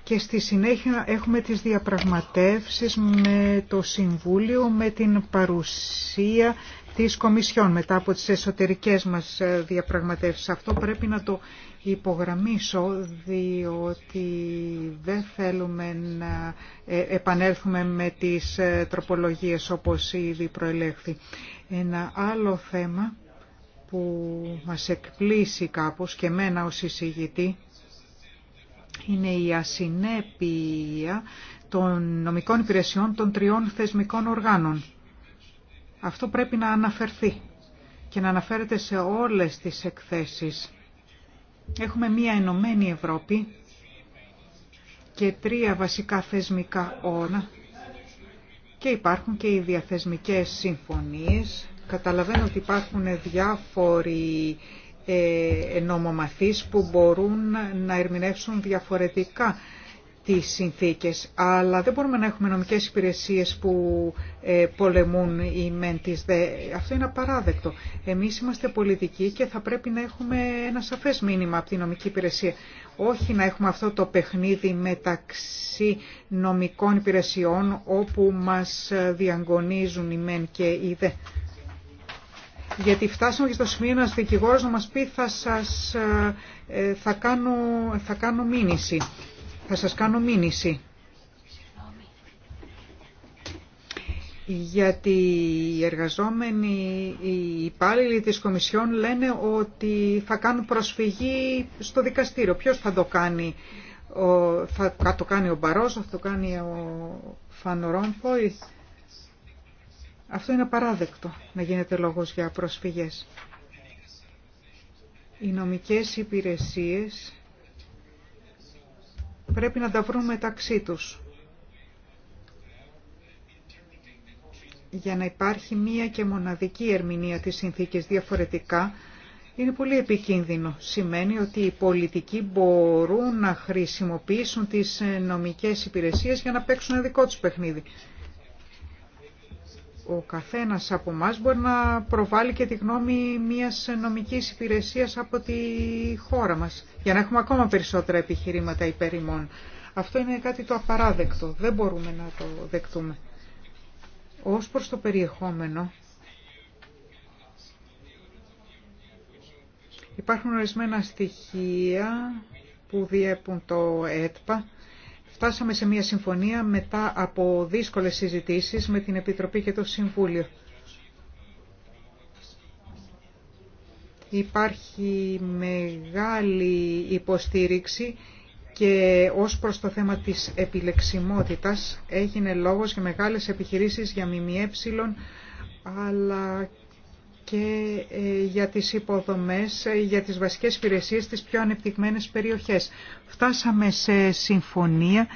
και στη συνέχεια έχουμε τις διαπραγματεύσεις με το Συμβούλιο με την παρουσία της Κομισιόν μετά από τις εσωτερικές μας ε, διαπραγματεύσεις. Αυτό πρέπει να το υπογραμμίσω διότι δεν θέλουμε να ε, επανέλθουμε με τις ε, τροπολογίες όπως ήδη προελέχθη. Ένα άλλο θέμα που μας εκπλήσει κάπως και μένα ως εισηγητή είναι η ασυνέπεια των νομικών υπηρεσιών των τριών θεσμικών οργάνων. Αυτό πρέπει να αναφερθεί και να αναφέρεται σε όλες τις εκθέσεις. Έχουμε μία ενωμένη Ευρώπη και τρία βασικά θεσμικά όνα και υπάρχουν και οι διαθεσμικές συμφωνίες. Καταλαβαίνω ότι υπάρχουν διάφοροι ε, νομομαθείς που μπορούν να ερμηνεύσουν διαφορετικά τις συνθήκες. Αλλά δεν μπορούμε να έχουμε νομικές υπηρεσίες που ε, πολεμούν οι μεν τις δε. Αυτό είναι απαράδεκτο. Εμείς είμαστε πολιτικοί και θα πρέπει να έχουμε ένα σαφές μήνυμα από τη νομική υπηρεσία. Όχι να έχουμε αυτό το παιχνίδι μεταξύ νομικών υπηρεσιών όπου μας διαγωνίζουν οι μεν και οι δε γιατί φτάσαμε και στο σημείο ένας δικηγόρος να μας πει θα σας ε, ε, θα κάνω, θα κάνω μήνυση. Θα σας κάνω μήνυση. Γιατί οι εργαζόμενοι, οι υπάλληλοι της Κομισιόν λένε ότι θα κάνουν προσφυγή στο δικαστήριο. Ποιος θα το κάνει, θα το κάνει ο Μπαρός, θα το κάνει ο Φανορόμποη. Αυτό είναι απαράδεκτο να γίνεται λόγος για προσφυγές. Οι νομικές υπηρεσίες πρέπει να τα βρουν μεταξύ τους. Για να υπάρχει μία και μοναδική ερμηνεία της συνθήκης διαφορετικά, είναι πολύ επικίνδυνο. Σημαίνει ότι οι πολιτικοί μπορούν να χρησιμοποιήσουν τις νομικές υπηρεσίες για να παίξουν δικό τους παιχνίδι ο καθένας από μας μπορεί να προβάλλει και τη γνώμη μιας νομικής υπηρεσίας από τη χώρα μας, για να έχουμε ακόμα περισσότερα επιχειρήματα υπέρ ημών. Αυτό είναι κάτι το απαράδεκτο, δεν μπορούμε να το δεκτούμε. Ως προς το περιεχόμενο, υπάρχουν ορισμένα στοιχεία που διέπουν το ΕΤΠΑ, Φτάσαμε σε μια συμφωνία μετά από δύσκολες συζητήσεις με την Επιτροπή και το Συμβούλιο. Υπάρχει μεγάλη υποστήριξη και ως προς το θέμα της επιλεξιμότητας έγινε λόγος για μεγάλες επιχειρήσεις για ΜΜΕ αλλά και ε, για τις υποδομές, ε, για τις βασικές υπηρεσίες στις πιο ανεπτυγμένες περιοχές. Φτάσαμε σε συμφωνία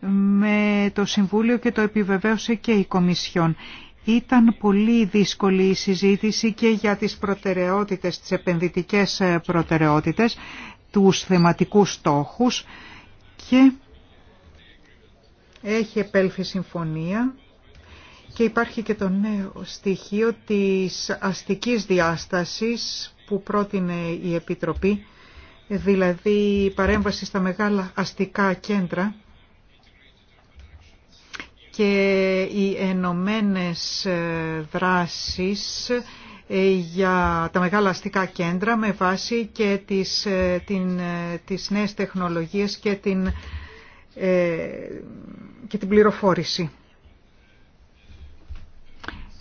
με το Συμβούλιο και το επιβεβαίωσε και η Κομισιόν. Ήταν πολύ δύσκολη η συζήτηση και για τις προτεραιότητες, τις επενδυτικές ε, προτεραιότητες, τους θεματικούς στόχους και έχει επέλθει συμφωνία και υπάρχει και το νέο στοιχείο της αστικής διάστασης που πρότεινε η Επιτροπή, δηλαδή η παρέμβαση στα μεγάλα αστικά κέντρα και οι ενωμένε ε, δράσεις ε, για τα μεγάλα αστικά κέντρα με βάση και τις, ε, την, τις νέες τεχνολογίες και την, και την πληροφόρηση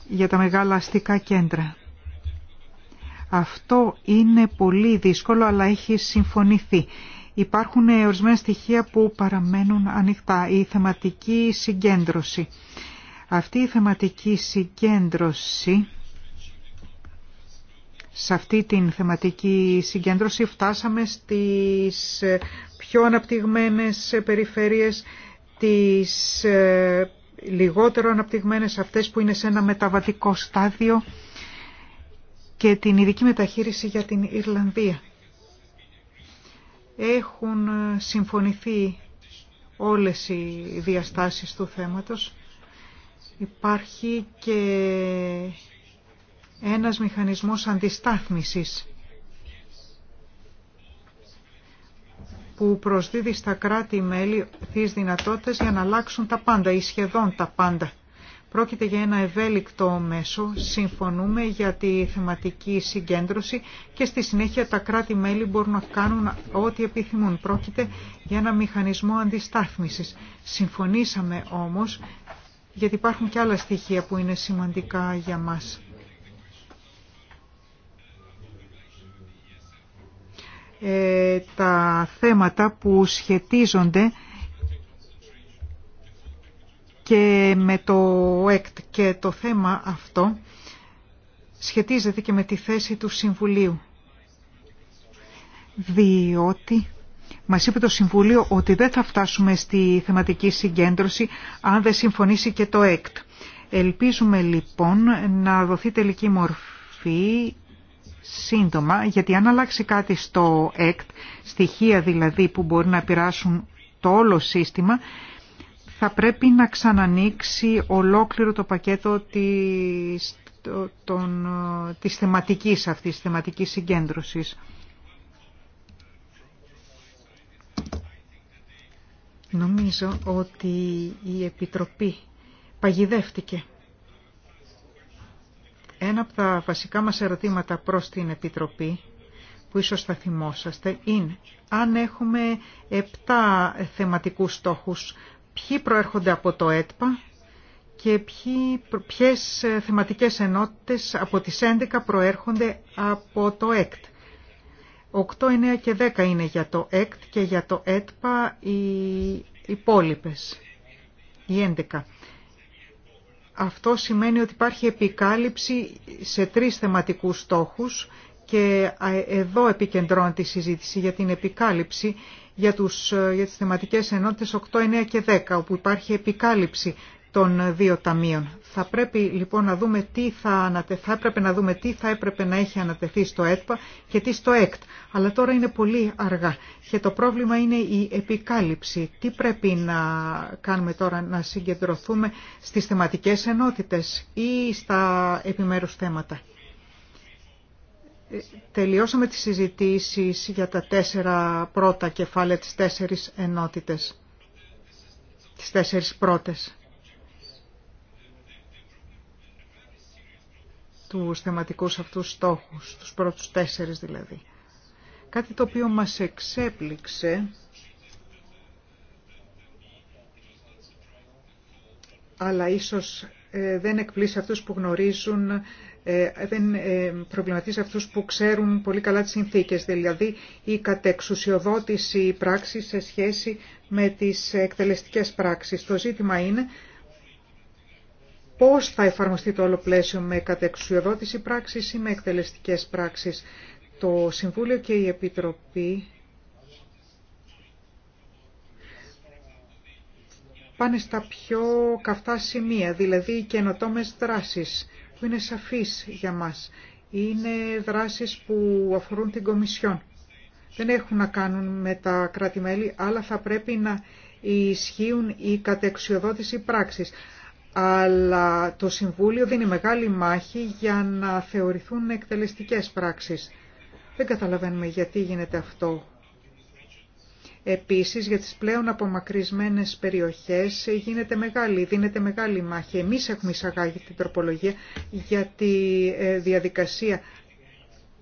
για τα μεγάλα αστικά κέντρα. Αυτό είναι πολύ δύσκολο αλλά έχει συμφωνηθεί. Υπάρχουν ορισμένα στοιχεία που παραμένουν ανοιχτά. Η θεματική συγκέντρωση. Αυτή η θεματική συγκέντρωση, σε αυτή την θεματική συγκέντρωση φτάσαμε στις πιο αναπτυγμένες περιφέρειες, τις ε, λιγότερο αναπτυγμένες, αυτές που είναι σε ένα μεταβατικό στάδιο και την ειδική μεταχείριση για την Ιρλανδία. Έχουν ε, συμφωνηθεί όλες οι διαστάσεις του θέματος. Υπάρχει και ένας μηχανισμός αντιστάθμισης που προσδίδει στα κράτη-μέλη τις δυνατότητες για να αλλάξουν τα πάντα ή σχεδόν τα πάντα. Πρόκειται για ένα ευέλικτο μέσο, συμφωνούμε για τη θεματική συγκέντρωση και στη συνέχεια τα κράτη-μέλη μπορούν να κάνουν ό,τι επιθυμούν. Πρόκειται για ένα μηχανισμό αντιστάθμισης. Συμφωνήσαμε όμως γιατί υπάρχουν και άλλα στοιχεία που είναι σημαντικά για μας. Ε, τα θέματα που σχετίζονται και με το ΕΚΤ και το θέμα αυτό σχετίζεται και με τη θέση του Συμβουλίου. Διότι μας είπε το Συμβούλιο ότι δεν θα φτάσουμε στη θεματική συγκέντρωση αν δεν συμφωνήσει και το ΕΚΤ. Ελπίζουμε λοιπόν να δοθεί τελική μορφή σύντομα, γιατί αν αλλάξει κάτι στο ΕΚΤ, στοιχεία δηλαδή που μπορεί να πειράσουν το όλο σύστημα, θα πρέπει να ξανανοίξει ολόκληρο το πακέτο της, των, της θεματικής αυτής, της θεματικής συγκέντρωσης. Νομίζω ότι η Επιτροπή παγιδεύτηκε ένα από τα βασικά μας ερωτήματα προς την Επιτροπή, που ίσως θα θυμόσαστε, είναι αν έχουμε 7 θεματικούς στόχους, ποιοι προέρχονται από το ΕΤΠΑ και ποιοι, ποιες θεματικές ενότητες από τις 11 προέρχονται από το ΕΚΤ. 8, 9 και 10 είναι για το ΕΚΤ και για το ΕΤΠΑ οι υπόλοιπες, οι 11. Αυτό σημαίνει ότι υπάρχει επικάλυψη σε τρεις θεματικούς στόχους και εδώ επικεντρώνεται η συζήτηση για την επικάλυψη για, τους, ε, για τις θεματικές ενότητες 8, 9 και 10, όπου υπάρχει επικάλυψη των δύο ταμείων. Θα πρέπει λοιπόν να δούμε τι θα, θα έπρεπε να δούμε τι θα έπρεπε να έχει ανατεθεί στο ΕΤΠΑ και τι στο ΕΚΤ. Αλλά τώρα είναι πολύ αργά και το πρόβλημα είναι η επικάλυψη. Τι πρέπει να κάνουμε τώρα, να συγκεντρωθούμε στις θεματικές ενότητες ή στα επιμέρους θέματα. Ε, τελειώσαμε τις συζητήσεις για τα τέσσερα πρώτα κεφάλαια, τις τέσσερις ενότητες, τις τέσσερις πρώτες. του θεματικού αυτού στόχους, τους πρώτους τέσσερις δηλαδή. Κάτι το οποίο μας εξέπληξε, αλλά ίσως ε, δεν εκπλήσει αυτούς που γνωρίζουν, ε, δεν ε, προβληματίζει αυτούς που ξέρουν πολύ καλά τις συνθήκες, δηλαδή η κατεξουσιοδότηση πράξη σε σχέση με τις εκτελεστικές πράξεις. Το ζήτημα είναι πώς θα εφαρμοστεί το όλο πλαίσιο με κατεξουσιοδότηση πράξης ή με εκτελεστικές πράξεις. Το Συμβούλιο και η Επιτροπή πάνε στα πιο καυτά σημεία, δηλαδή οι καινοτόμες δράσεις που είναι σαφείς για μας. Είναι δράσεις που αφορούν την Κομισιόν. Δεν έχουν να κάνουν με τα κράτη-μέλη, αλλά θα πρέπει να ισχύουν η κατεξιοδότηση πράξης αλλά το Συμβούλιο δίνει μεγάλη μάχη για να θεωρηθούν εκτελεστικές πράξεις. Δεν καταλαβαίνουμε γιατί γίνεται αυτό. Επίσης για τις πλέον απομακρυσμένες περιοχές γίνεται μεγάλη, δίνεται μεγάλη μάχη. Εμείς έχουμε εισαγάγει την τροπολογία για τη ε, διαδικασία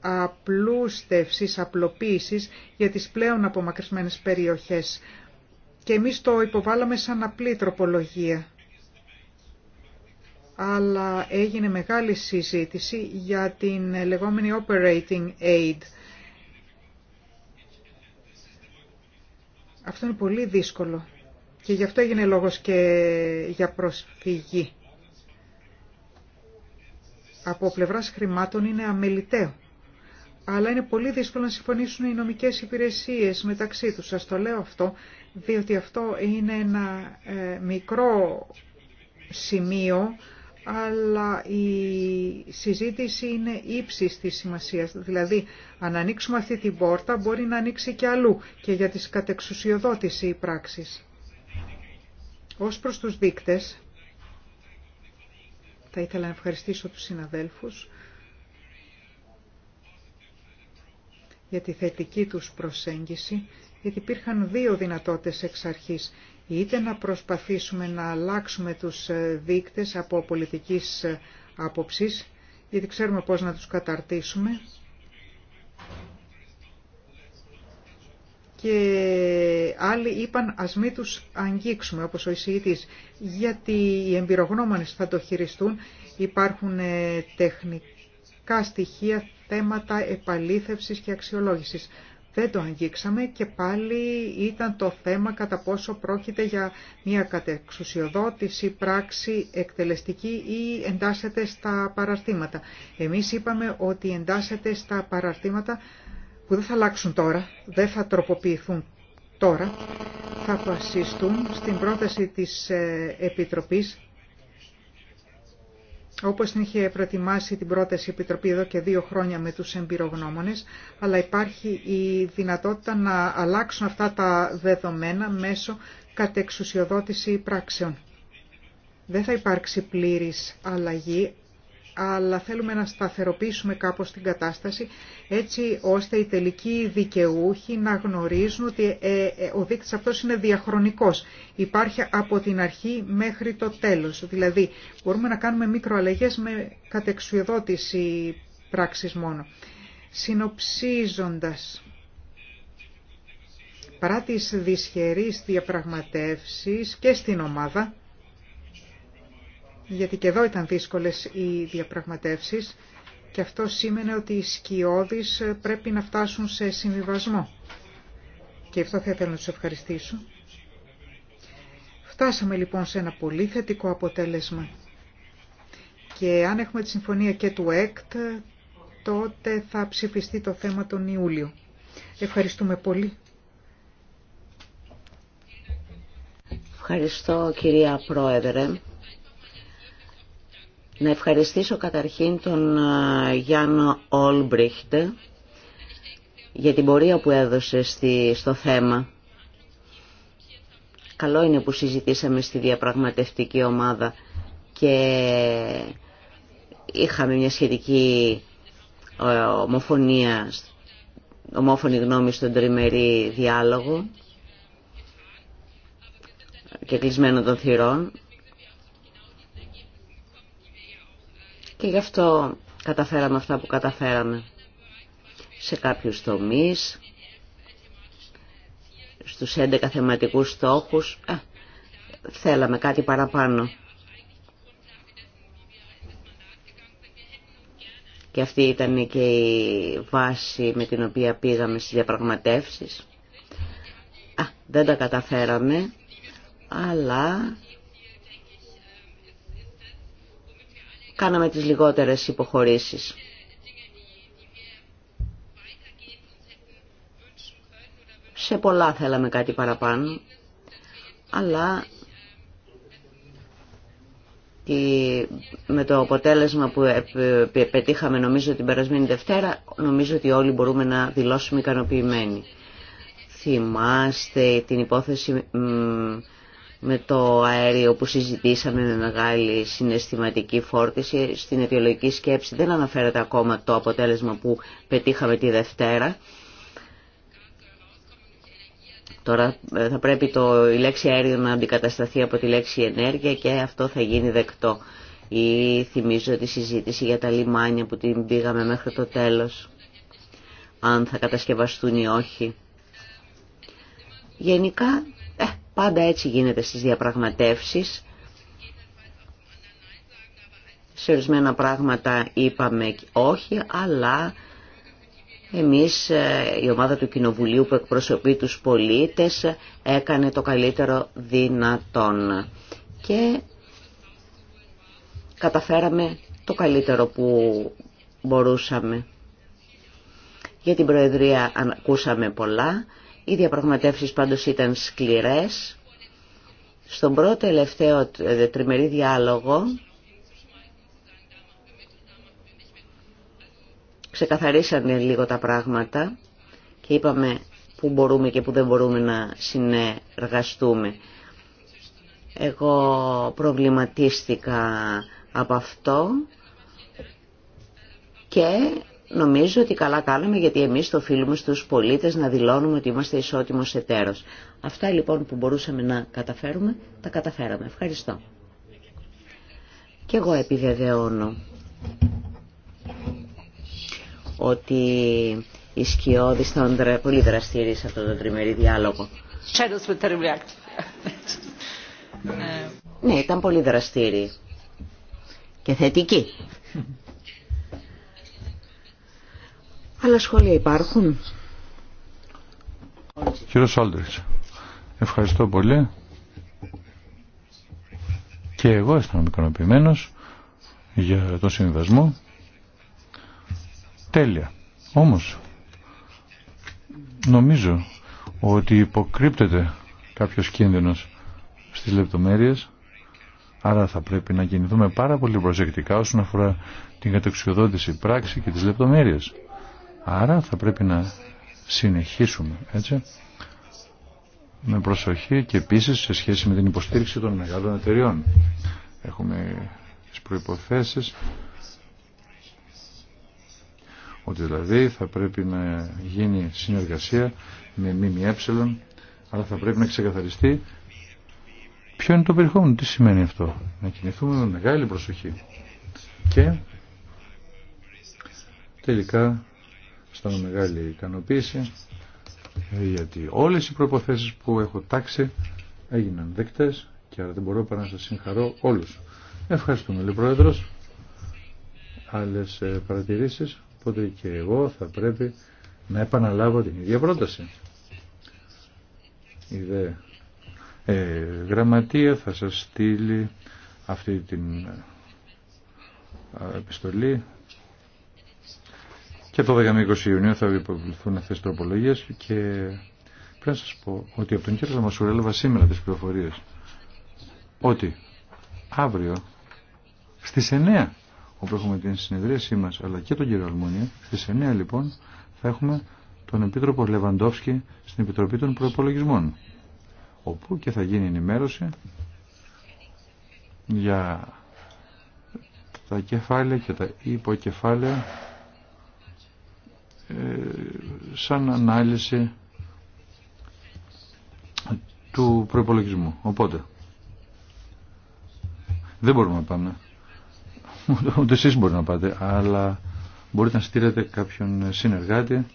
απλούστευσης, απλοποίησης για τις πλέον απομακρυσμένες περιοχές. Και εμείς το υποβάλαμε σαν απλή τροπολογία αλλά έγινε μεγάλη συζήτηση για την λεγόμενη operating aid. Αυτό είναι πολύ δύσκολο και γι' αυτό έγινε λόγος και για προσφυγή. Από πλευράς χρημάτων είναι αμεληταίο. Αλλά είναι πολύ δύσκολο να συμφωνήσουν οι νομικές υπηρεσίες μεταξύ τους. Σας το λέω αυτό, διότι αυτό είναι ένα ε, μικρό σημείο αλλά η συζήτηση είναι ύψη της σημασίας. Δηλαδή, αν ανοίξουμε αυτή την πόρτα, μπορεί να ανοίξει και αλλού και για τη κατεξουσιοδότηση πράξη. Ω προς τους δείκτε, θα ήθελα να ευχαριστήσω του συναδέλφους για τη θετική τους προσέγγιση, γιατί υπήρχαν δύο δυνατότητες εξ αρχής είτε να προσπαθήσουμε να αλλάξουμε τους ε, δείκτες από πολιτικής ε, άποψης, γιατί ξέρουμε πώς να τους καταρτήσουμε, και άλλοι είπαν ας μην τους αγγίξουμε όπως ο εισηγητής γιατί οι εμπειρογνώμονες θα το χειριστούν υπάρχουν ε, τεχνικά στοιχεία θέματα επαλήθευσης και αξιολόγησης δεν το αγγίξαμε και πάλι ήταν το θέμα κατά πόσο πρόκειται για μια κατεξουσιοδότηση, πράξη, εκτελεστική ή εντάσσεται στα παραρτήματα. Εμείς είπαμε ότι εντάσσεται στα παραρτήματα που δεν θα αλλάξουν τώρα, δεν θα τροποποιηθούν τώρα, θα βασιστούν στην πρόταση της ε, Επιτροπής όπως την είχε προετοιμάσει την πρόταση Επιτροπή εδώ και δύο χρόνια με τους εμπειρογνώμονες, αλλά υπάρχει η δυνατότητα να αλλάξουν αυτά τα δεδομένα μέσω κατεξουσιοδότηση πράξεων. Δεν θα υπάρξει πλήρης αλλαγή, αλλά θέλουμε να σταθεροποιήσουμε κάπως την κατάσταση έτσι ώστε οι τελικοί δικαιούχοι να γνωρίζουν ότι ε, ε, ο δείκτης αυτός είναι διαχρονικός. Υπάρχει από την αρχή μέχρι το τέλος. Δηλαδή μπορούμε να κάνουμε μικροαλλαγές με κατεξουδότηση πράξης μόνο. Συνοψίζοντας, παρά τις δυσχερείς διαπραγματεύσεις και στην ομάδα, γιατί και εδώ ήταν δύσκολες οι διαπραγματεύσεις και αυτό σήμαινε ότι οι σκιώδεις πρέπει να φτάσουν σε συμβιβασμό. Και αυτό θα ήθελα να τους ευχαριστήσω. Φτάσαμε λοιπόν σε ένα πολύ θετικό αποτέλεσμα. Και αν έχουμε τη συμφωνία και του ΕΚΤ, τότε θα ψηφιστεί το θέμα τον Ιούλιο. Ευχαριστούμε πολύ. Ευχαριστώ κυρία Πρόεδρε. Να ευχαριστήσω καταρχήν τον Γιάννο Όλμπριχτ για την πορεία που έδωσε στο θέμα. Καλό είναι που συζητήσαμε στη διαπραγματευτική ομάδα και είχαμε μια σχετική ε, ομοφωνία, ομόφωνη γνώμη στον τριμερή διάλογο και κλεισμένο των θυρών. Και γι' αυτό καταφέραμε αυτά που καταφέραμε. Σε κάποιους τομείς, στους 11 θεματικούς στόχους, θέλαμε κάτι παραπάνω. Και αυτή ήταν και η βάση με την οποία πήγαμε στις διαπραγματεύσεις. Α, δεν τα καταφέραμε, αλλά κάναμε τις λιγότερες υποχωρήσεις. Σε πολλά θέλαμε κάτι παραπάνω, αλλά με το αποτέλεσμα που πετύχαμε νομίζω την περασμένη Δευτέρα, νομίζω ότι όλοι μπορούμε να δηλώσουμε ικανοποιημένοι. Θυμάστε την υπόθεση με το αέριο που συζητήσαμε με μεγάλη συναισθηματική φόρτιση στην αιτιολογική σκέψη δεν αναφέρεται ακόμα το αποτέλεσμα που πετύχαμε τη Δευτέρα Τώρα ε, θα πρέπει το, η λέξη αέριο να αντικατασταθεί από τη λέξη ενέργεια και αυτό θα γίνει δεκτό. Ή θυμίζω τη συζήτηση για τα λιμάνια που την πήγαμε μέχρι το τέλος, αν θα κατασκευαστούν ή όχι. Γενικά Πάντα έτσι γίνεται στις διαπραγματεύσεις. Σε ορισμένα πράγματα είπαμε όχι, αλλά εμείς, ε, η ομάδα του Κοινοβουλίου που εκπροσωπεί τους πολίτες, έκανε το καλύτερο δυνατόν. Και καταφέραμε το καλύτερο που μπορούσαμε. Για την Προεδρία ακούσαμε πολλά. Οι διαπραγματεύσεις πάντως ήταν σκληρές. Στον πρώτο τελευταίο ε, τριμερή διάλογο ξεκαθαρίσανε λίγο τα πράγματα και είπαμε που μπορούμε και που δεν μπορούμε να συνεργαστούμε. Εγώ προβληματίστηκα από αυτό και Νομίζω ότι καλά κάναμε γιατί εμείς το οφείλουμε στους πολίτες να δηλώνουμε ότι είμαστε ισότιμος εταίρος. Αυτά λοιπόν που μπορούσαμε να καταφέρουμε, τα καταφέραμε. Ευχαριστώ. Και εγώ επιβεβαιώνω ότι οι Σκιώδη ήταν πολύ δραστήριοι σε αυτό το τριμερή διάλογο. ναι, ήταν πολύ δραστήρι και θετική. *laughs* Άλλα σχόλια υπάρχουν. Κύριο Σόλτριξ, ευχαριστώ πολύ. Και εγώ αισθάνομαι ικανοποιημένο για το συμβασμό. Τέλεια. Όμως, νομίζω ότι υποκρύπτεται κάποιος κίνδυνος στις λεπτομέρειες άρα θα πρέπει να κινηθούμε πάρα πολύ προσεκτικά όσον αφορά την κατεξιοδότηση πράξη και τις λεπτομέρειες Άρα θα πρέπει να συνεχίσουμε, έτσι, με προσοχή και επίσης σε σχέση με την υποστήριξη των μεγάλων εταιριών. Έχουμε τις προϋποθέσεις ότι δηλαδή θα πρέπει να γίνει συνεργασία με ΜΜΕ, αλλά θα πρέπει να ξεκαθαριστεί ποιο είναι το περιεχόμενο, τι σημαίνει αυτό. Να κινηθούμε με μεγάλη προσοχή. Και τελικά αισθάνω μεγάλη ικανοποίηση γιατί όλες οι προϋποθέσεις που έχω τάξει έγιναν δεκτές και άρα δεν μπορώ παρά να σας συγχαρώ όλους. Ευχαριστούμε λοιπόν Πρόεδρος. Άλλες ε, παρατηρήσεις. Οπότε και εγώ θα πρέπει να επαναλάβω την ίδια πρόταση. Η δε ε, γραμματεία θα σας στείλει αυτή την ε, επιστολή και το 12 με 20 Ιουνίου θα υποβληθούν αυτέ τι τροπολογίε και πρέπει να σα πω ότι από τον κύριο Λαμασούρα έλαβα σήμερα τι πληροφορίε ότι αύριο στις 9 όπου έχουμε την συνεδρίασή μα αλλά και τον κύριο Αλμούνια στις 9 λοιπόν θα έχουμε τον Επίτροπο Λεβαντόφσκι στην Επιτροπή των Προπολογισμών όπου και θα γίνει ενημέρωση για τα κεφάλαια και τα υποκεφάλαια ε, σαν ανάλυση του προπολογισμού. Οπότε, δεν μπορούμε να πάμε. Ούτε εσείς μπορεί να πάτε, αλλά μπορείτε να στείλετε κάποιον συνεργάτη.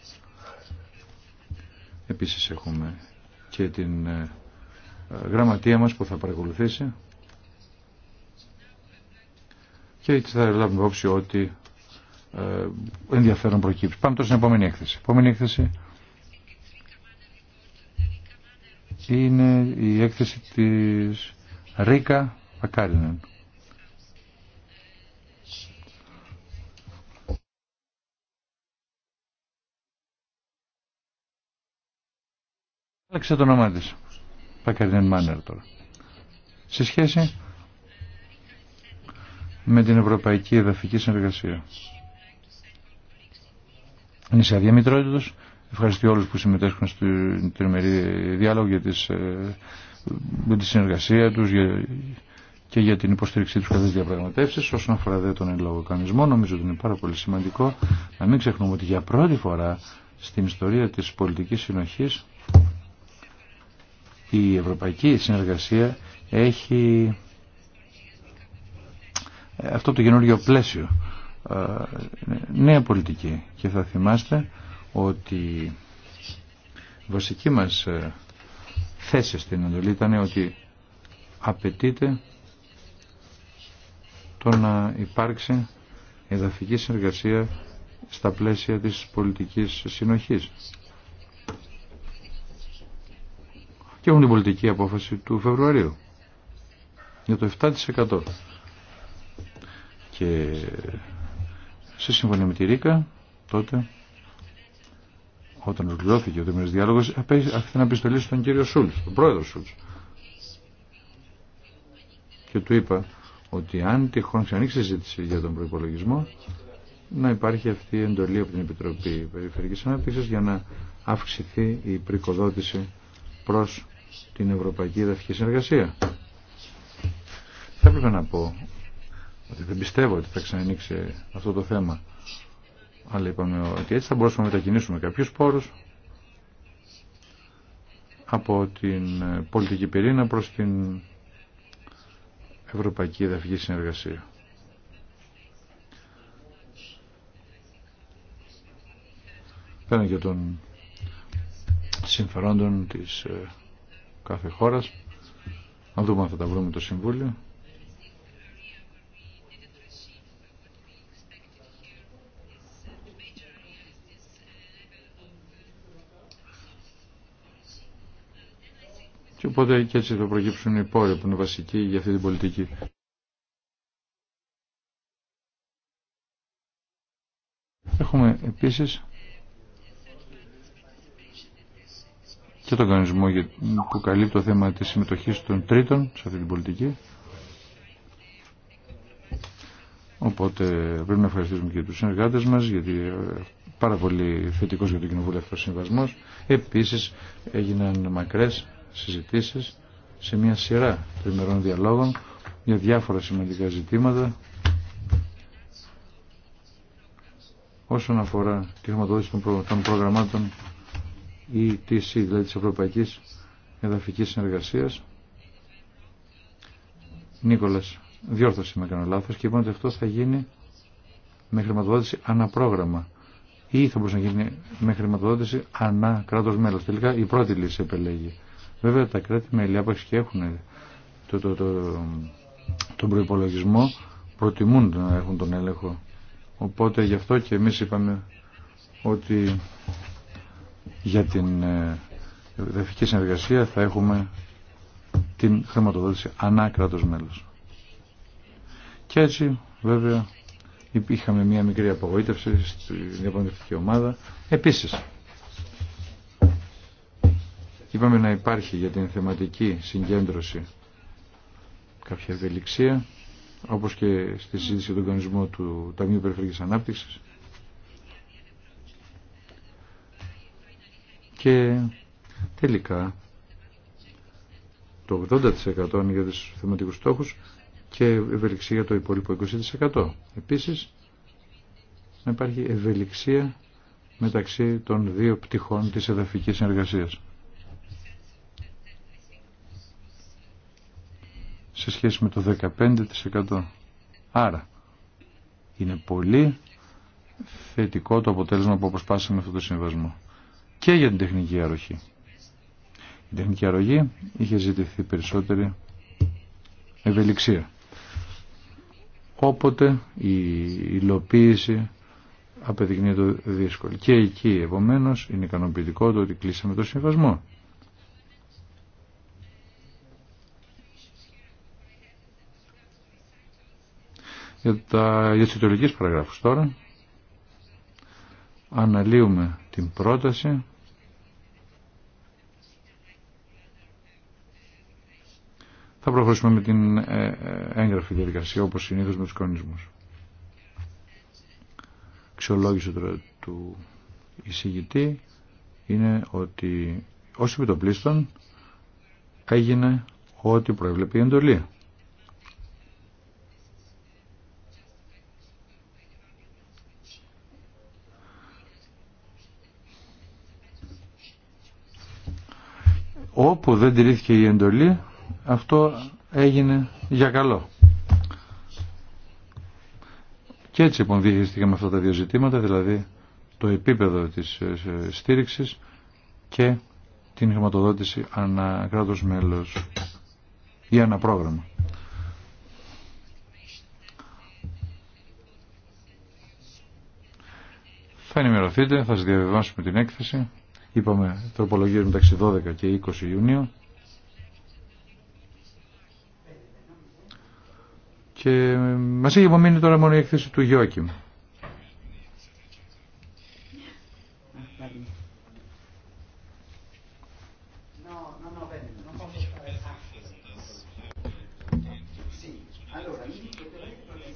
Επίσης έχουμε και την ε, γραμματεία μας που θα παρακολουθήσει και θα λάβουμε υπόψη ότι ε, ενδιαφέρον προκύψει. Πάμε τώρα στην επόμενη έκθεση. Επόμενη έκθεση είναι η έκθεση της Ρίκα Ακάρινεν. Άλλαξε το όνομά της. Πακαρινέν Μάνερ τώρα. Σε σχέση με την Ευρωπαϊκή Εδαφική Συνεργασία είναι σε αδιαμητρότητος. Ευχαριστώ όλους που συμμετέχουν στην τριμερή διάλογο για, ε, τη συνεργασία τους για, και για την υποστήριξή τους κατά διαπραγματεύσεις. Όσον αφορά δε τον εν νομίζω ότι είναι πάρα πολύ σημαντικό να μην ξεχνούμε ότι για πρώτη φορά στην ιστορία της πολιτικής συνοχής η ευρωπαϊκή συνεργασία έχει ε, αυτό το καινούργιο πλαίσιο ε, νέα πολιτική και θα θυμάστε ότι η βασική μας ε, θέση στην εντολή ήταν ότι απαιτείται το να υπάρξει εδαφική συνεργασία στα πλαίσια της πολιτικής συνοχής. Και έχουμε την πολιτική απόφαση του Φεβρουαρίου για το 7%. Και σε συμφωνία με τη Ρίκα, τότε, όταν ολοκληρώθηκε ο δεμερής διάλογος, αφήθηκε να επιστολή στον κύριο Σούλτ, τον πρόεδρο Σούλτ. Και του είπα ότι αν τυχόν η συζήτηση για τον προπολογισμό, να υπάρχει αυτή η εντολή από την Επιτροπή Περιφερειακής ανάπτυξη για να αυξηθεί η πρικοδότηση προς την Ευρωπαϊκή Εδαφική Συνεργασία. Θα έπρεπε να πω ότι δεν πιστεύω ότι θα ξανανοίξει αυτό το θέμα. Αλλά είπαμε ότι έτσι θα μπορούσαμε να μετακινήσουμε κάποιους πόρους από την πολιτική πυρήνα προς την Ευρωπαϊκή Εδαφική Συνεργασία. Πέραν και των συμφερόντων της ε, κάθε χώρας. Να δούμε αν θα τα βρούμε το Συμβούλιο. Οπότε και έτσι θα προκύψουν οι πόροι που είναι βασικοί για αυτή την πολιτική. Έχουμε επίσης και τον κανονισμό που καλύπτει το θέμα της συμμετοχής των τρίτων σε αυτή την πολιτική. Οπότε πρέπει να ευχαριστήσουμε και τους συνεργάτες μας γιατί ε, πάρα πολύ θετικός για το κοινοβούλιο αυτός ο συμβασμός. Επίσης έγιναν μακρές συζητήσεις σε μια σειρά τριμερών διαλόγων για διάφορα σημαντικά ζητήματα όσον αφορά τη χρηματοδότηση των προγραμμάτων ETC, δηλαδή της Ευρωπαϊκής Εδαφικής Συνεργασίας. Νίκολας, διόρθωση με κανενα λάθος και είπαμε ότι αυτό θα γίνει με χρηματοδότηση αναπρόγραμμα ή θα μπορούσε να γίνει με χρηματοδότηση ανά κράτος μέλος. Τελικά η πρώτη λύση επελέγει. Βέβαια τα κρατη με και έχουν το, το, το, τον προϋπολογισμό προτιμούν να έχουν τον έλεγχο. Οπότε γι' αυτό και εμείς είπαμε ότι για την ε, δευτική συνεργασία θα έχουμε την χρηματοδότηση ανά κράτος μέλος. Και έτσι βέβαια είχαμε μια μικρή απογοήτευση στην διαπαντευτική ομάδα. Επίσης, Είπαμε να υπάρχει για την θεματική συγκέντρωση κάποια ευελιξία, όπως και στη συζήτηση του οργανισμού του Ταμείου Περιφερειακής Ανάπτυξης. Και τελικά το 80% για τους θεματικούς στόχους και ευελιξία για το υπόλοιπο 20%. Επίσης, να υπάρχει ευελιξία μεταξύ των δύο πτυχών της εδαφικής συνεργασίας. σε σχέση με το 15%. Άρα, είναι πολύ θετικό το αποτέλεσμα που αποσπάσαμε αυτό το συμβασμό. Και για την τεχνική αρρωγή. Η τεχνική αρρωγή είχε ζητηθεί περισσότερη ευελιξία. Όποτε η υλοποίηση απεδεικνύεται δύσκολη. Και εκεί επομένως είναι ικανοποιητικό το ότι κλείσαμε το συμβασμό. Για, τα, για τις τώρα αναλύουμε την πρόταση θα προχωρήσουμε με την ε, ε, έγγραφη διαδικασία όπως συνήθως με τους κανονισμούς. Ξεολόγηση του εισηγητή είναι ότι ως επιτοπλίστων έγινε ό,τι προέβλεπε η εντολή. όπου δεν τηρήθηκε η εντολή αυτό έγινε για καλό. Και έτσι λοιπόν διαχειριστήκαμε αυτά τα δύο ζητήματα, δηλαδή το επίπεδο της ε, στήριξης και την χρηματοδότηση ανά κράτος μέλος ή ανά πρόγραμμα. Θα ενημερωθείτε, θα σας διαβιβάσουμε την έκθεση Είπαμε τροπολογίες μεταξύ 12 και 20 Ιουνίου. Και μας έχει απομείνει τώρα μόνο η εκθέση του Γιώκημ.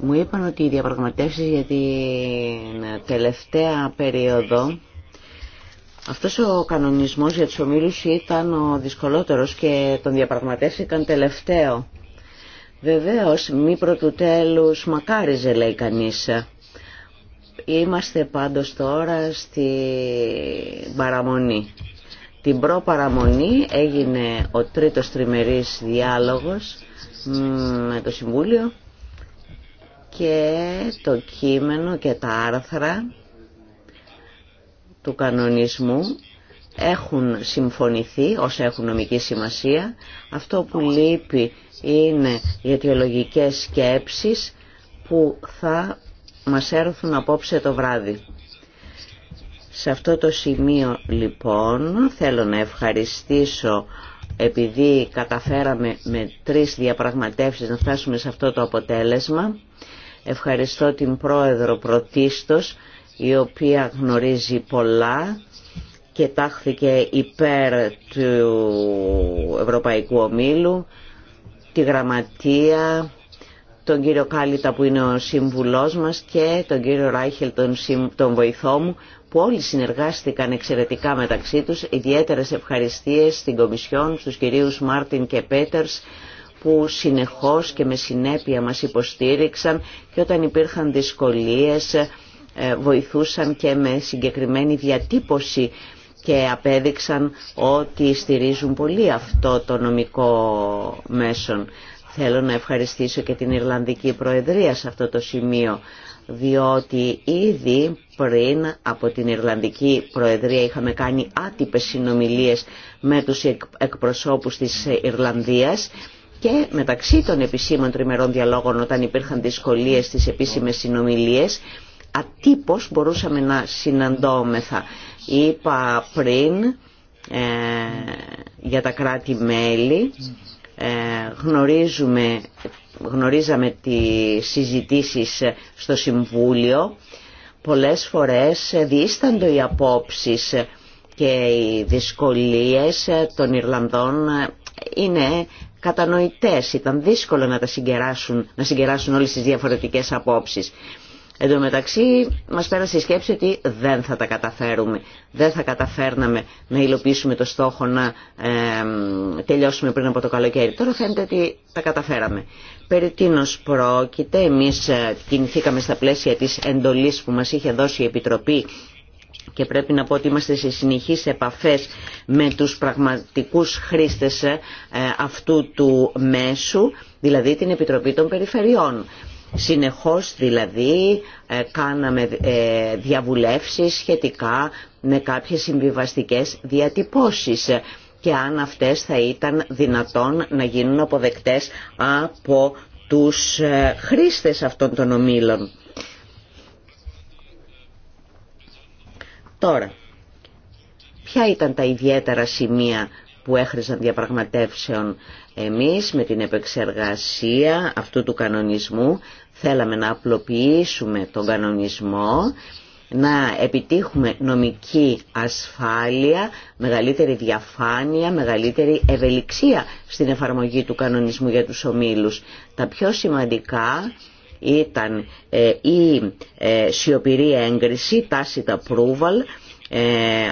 Μου είπαν ότι οι διαπραγματεύσεις για την τελευταία περίοδο αυτός ο κανονισμός για τη ομίλους ήταν ο δυσκολότερος και τον διαπραγματεύτηκαν τελευταίο. Βεβαίως, μη πρωτού τέλους μακάριζε λέει κανείς. Είμαστε πάντως τώρα στην παραμονή. Την προπαραμονή έγινε ο τρίτος τριμερής διάλογος με το Συμβούλιο και το κείμενο και τα άρθρα του κανονισμού έχουν συμφωνηθεί όσα έχουν νομική σημασία. Αυτό που λείπει είναι οι αιτιολογικές σκέψεις που θα μας έρθουν απόψε το βράδυ. Σε αυτό το σημείο λοιπόν θέλω να ευχαριστήσω επειδή καταφέραμε με τρεις διαπραγματεύσεις να φτάσουμε σε αυτό το αποτέλεσμα. Ευχαριστώ την Πρόεδρο Πρωτίστως η οποία γνωρίζει πολλά και τάχθηκε υπέρ του Ευρωπαϊκού Ομίλου, τη Γραμματεία, τον κύριο Κάλιτα που είναι ο σύμβουλός μας και τον κύριο Ράιχελ τον, βοηθό μου που όλοι συνεργάστηκαν εξαιρετικά μεταξύ τους ιδιαίτερες ευχαριστίες στην Κομισιόν, στους κυρίους Μάρτιν και Πέτερς που συνεχώς και με συνέπεια μας υποστήριξαν και όταν υπήρχαν δυσκολίες ε, βοηθούσαν και με συγκεκριμένη διατύπωση και απέδειξαν ότι στηρίζουν πολύ αυτό το νομικό μέσον. Θέλω να ευχαριστήσω και την Ιρλανδική Προεδρία σε αυτό το σημείο, διότι ήδη πριν από την Ιρλανδική Προεδρία είχαμε κάνει άτυπες συνομιλίες με τους εκπροσώπους της Ιρλανδίας και μεταξύ των επισήμων τριμερών διαλόγων όταν υπήρχαν δυσκολίες στις επίσημες συνομιλίες ατύπως μπορούσαμε να συναντώμεθα. Είπα πριν ε, για τα κράτη-μέλη, ε, γνωρίζουμε, γνωρίζαμε τις συζητήσεις στο Συμβούλιο, πολλές φορές διήσταντο οι απόψεις και οι δυσκολίες των Ιρλανδών είναι κατανοητές. Ήταν δύσκολο να τα συγκεράσουν, να συγκεράσουν όλες τις διαφορετικές απόψεις. Εν τω μεταξύ μας πέρασε η σκέψη ότι δεν θα τα καταφέρουμε. Δεν θα καταφέρναμε να υλοποιήσουμε το στόχο να ε, τελειώσουμε πριν από το καλοκαίρι. Τώρα φαίνεται ότι τα καταφέραμε. Περί τίνος πρόκειται, εμείς ε, κινηθήκαμε στα πλαίσια της εντολής που μας είχε δώσει η Επιτροπή και πρέπει να πω ότι είμαστε σε συνεχείς επαφές με τους πραγματικούς χρήστες ε, αυτού του μέσου, δηλαδή την Επιτροπή των Περιφερειών. Συνεχώς δηλαδή ε, κάναμε ε, διαβουλεύσεις σχετικά με κάποιες συμβιβαστικές διατυπώσεις και αν αυτές θα ήταν δυνατόν να γίνουν αποδεκτές από τους ε, χρήστες αυτών των ομίλων. Τώρα, ποια ήταν τα ιδιαίτερα σημεία που έχριζαν διαπραγματεύσεων εμείς με την επεξεργασία αυτού του κανονισμού θέλαμε να απλοποιήσουμε τον κανονισμό, να επιτύχουμε νομική ασφάλεια, μεγαλύτερη διαφάνεια, μεγαλύτερη ευελιξία στην εφαρμογή του κανονισμού για τους ομίλους. Τα πιο σημαντικά ήταν ε, η ε, σιωπηρή έγκριση, τα approval, ε,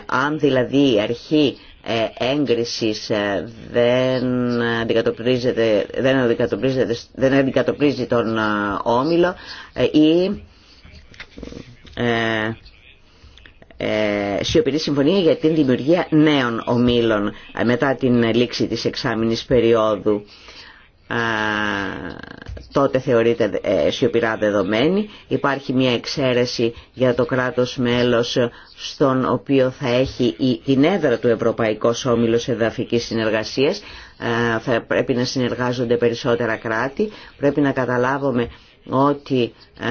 αν δηλαδή η αρχή ε, έγκρισης ε, δεν αντικατοπτρίζεται, δεν δεν τον ε, όμιλο ή σιωπηρή συμφωνία για την δημιουργία νέων ομίλων μετά την λήξη της εξάμηνης περίοδου τότε θεωρείται ε, σιωπηρά δεδομένη. Υπάρχει μια εξαίρεση για το κράτος μέλος στον οποίο θα έχει την έδρα του Ευρωπαϊκού Όμιλος Εδαφικής Συνεργασίας. Θα πρέπει να συνεργάζονται περισσότερα κράτη. Πρέπει να καταλάβουμε ότι ε,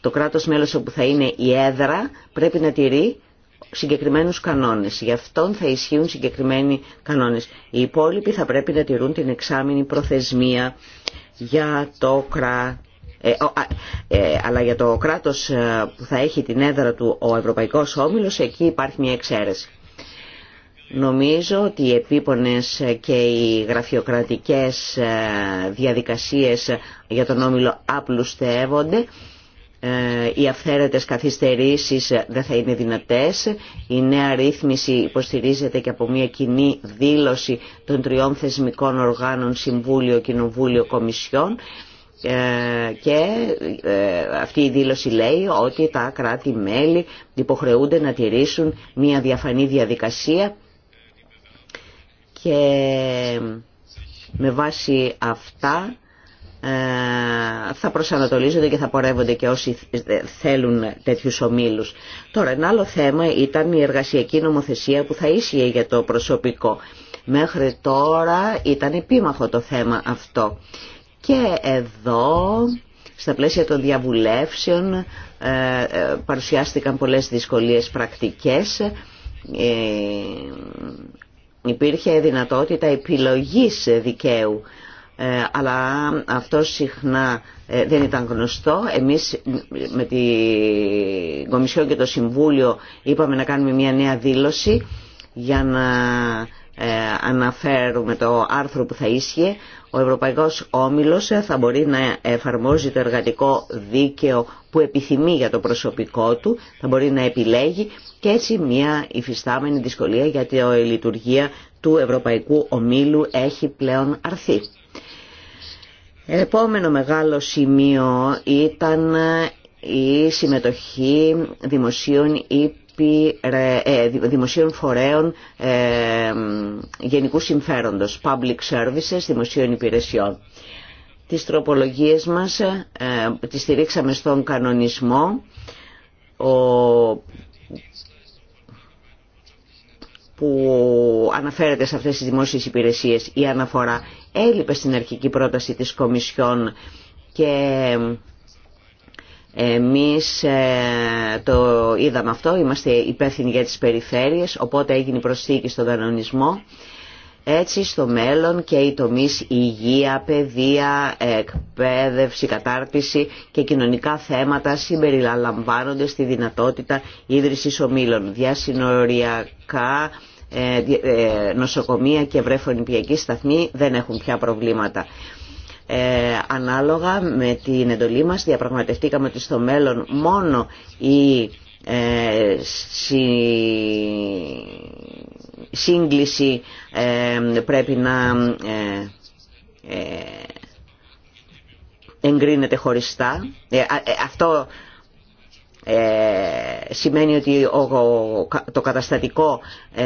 το κράτος μέλος όπου θα είναι η έδρα πρέπει να τηρεί συγκεκριμένους κανόνες. Γι' αυτόν θα ισχύουν συγκεκριμένοι κανόνες. Οι υπόλοιποι θα πρέπει να τηρούν την εξάμεινη προθεσμία για το ε, ε, αλλά για το κράτος ε, που θα έχει την έδρα του ο Ευρωπαϊκός Όμιλος εκεί υπάρχει μια εξαίρεση. Νομίζω ότι οι επίπονες και οι γραφειοκρατικές διαδικασίες για τον Όμιλο απλουστεύονται ε, οι αυθαίρετες καθυστερήσεις ε, δεν θα είναι δυνατές. Η νέα ρύθμιση υποστηρίζεται και από μια κοινή δήλωση των τριών θεσμικών οργάνων Συμβούλιο, Κοινοβούλιο, Κομισιόν ε, και αυτή η δήλωση λέει ότι τα κράτη-μέλη υποχρεούνται να τηρήσουν μια διαφανή διαδικασία και με βάση αυτά ε, θα προσανατολίζονται και θα πορεύονται και όσοι θέλουν τέτοιους ομίλους. Τώρα, ένα άλλο θέμα ήταν η εργασιακή νομοθεσία που θα ίσχυε για το προσωπικό. Μέχρι τώρα ήταν επίμαχο το θέμα αυτό. Και εδώ, στα πλαίσια των διαβουλεύσεων, ε, ε, παρουσιάστηκαν πολλές δυσκολίες πρακτικές. Υπήρχε δυνατότητα επιλογής δικαίου ε, αλλά αυτό συχνά ε, δεν ήταν γνωστό. Εμείς με την Κομισιό και το Συμβούλιο είπαμε να κάνουμε μια νέα δήλωση για να ε, αναφέρουμε το άρθρο που θα ίσχυε. Ο Ευρωπαϊκός Όμιλος θα μπορεί να εφαρμόζει το εργατικό δίκαιο που επιθυμεί για το προσωπικό του, θα μπορεί να επιλέγει και έτσι μια υφιστάμενη δυσκολία γιατί η λειτουργία του Ευρωπαϊκού Ομίλου έχει πλέον αρθεί. Επόμενο μεγάλο σημείο ήταν η συμμετοχή δημοσίων ε, δημοσίων φορέων ε, γενικού συμφέροντος, public services, δημοσίων υπηρεσιών. Τις τροπολογίες μας ε, τις στηρίξαμε στον κανονισμό που αναφέρεται σε αυτές τις δημόσιες υπηρεσίες η αναφορά έλειπε στην αρχική πρόταση της Κομισιόν και εμείς ε, το είδαμε αυτό, είμαστε υπεύθυνοι για τις περιφέρειες, οπότε έγινε προσθήκη στον κανονισμό. Έτσι στο μέλλον και οι τομείς υγεία, παιδεία, εκπαίδευση, κατάρτιση και κοινωνικά θέματα συμπεριλαμβάνονται στη δυνατότητα ίδρυσης ομίλων, Διασυνοριακά ε, ε, νοσοκομεία και βρέφονιπιακοί σταθμή δεν έχουν πια προβλήματα. Ε, ανάλογα με την εντολή μας διαπραγματευτήκαμε ότι στο μέλλον μόνο η ε, σύγκληση πρέπει να εγκρίνεται χωριστά. Αυτό ε, σημαίνει ότι το καταστατικό ε,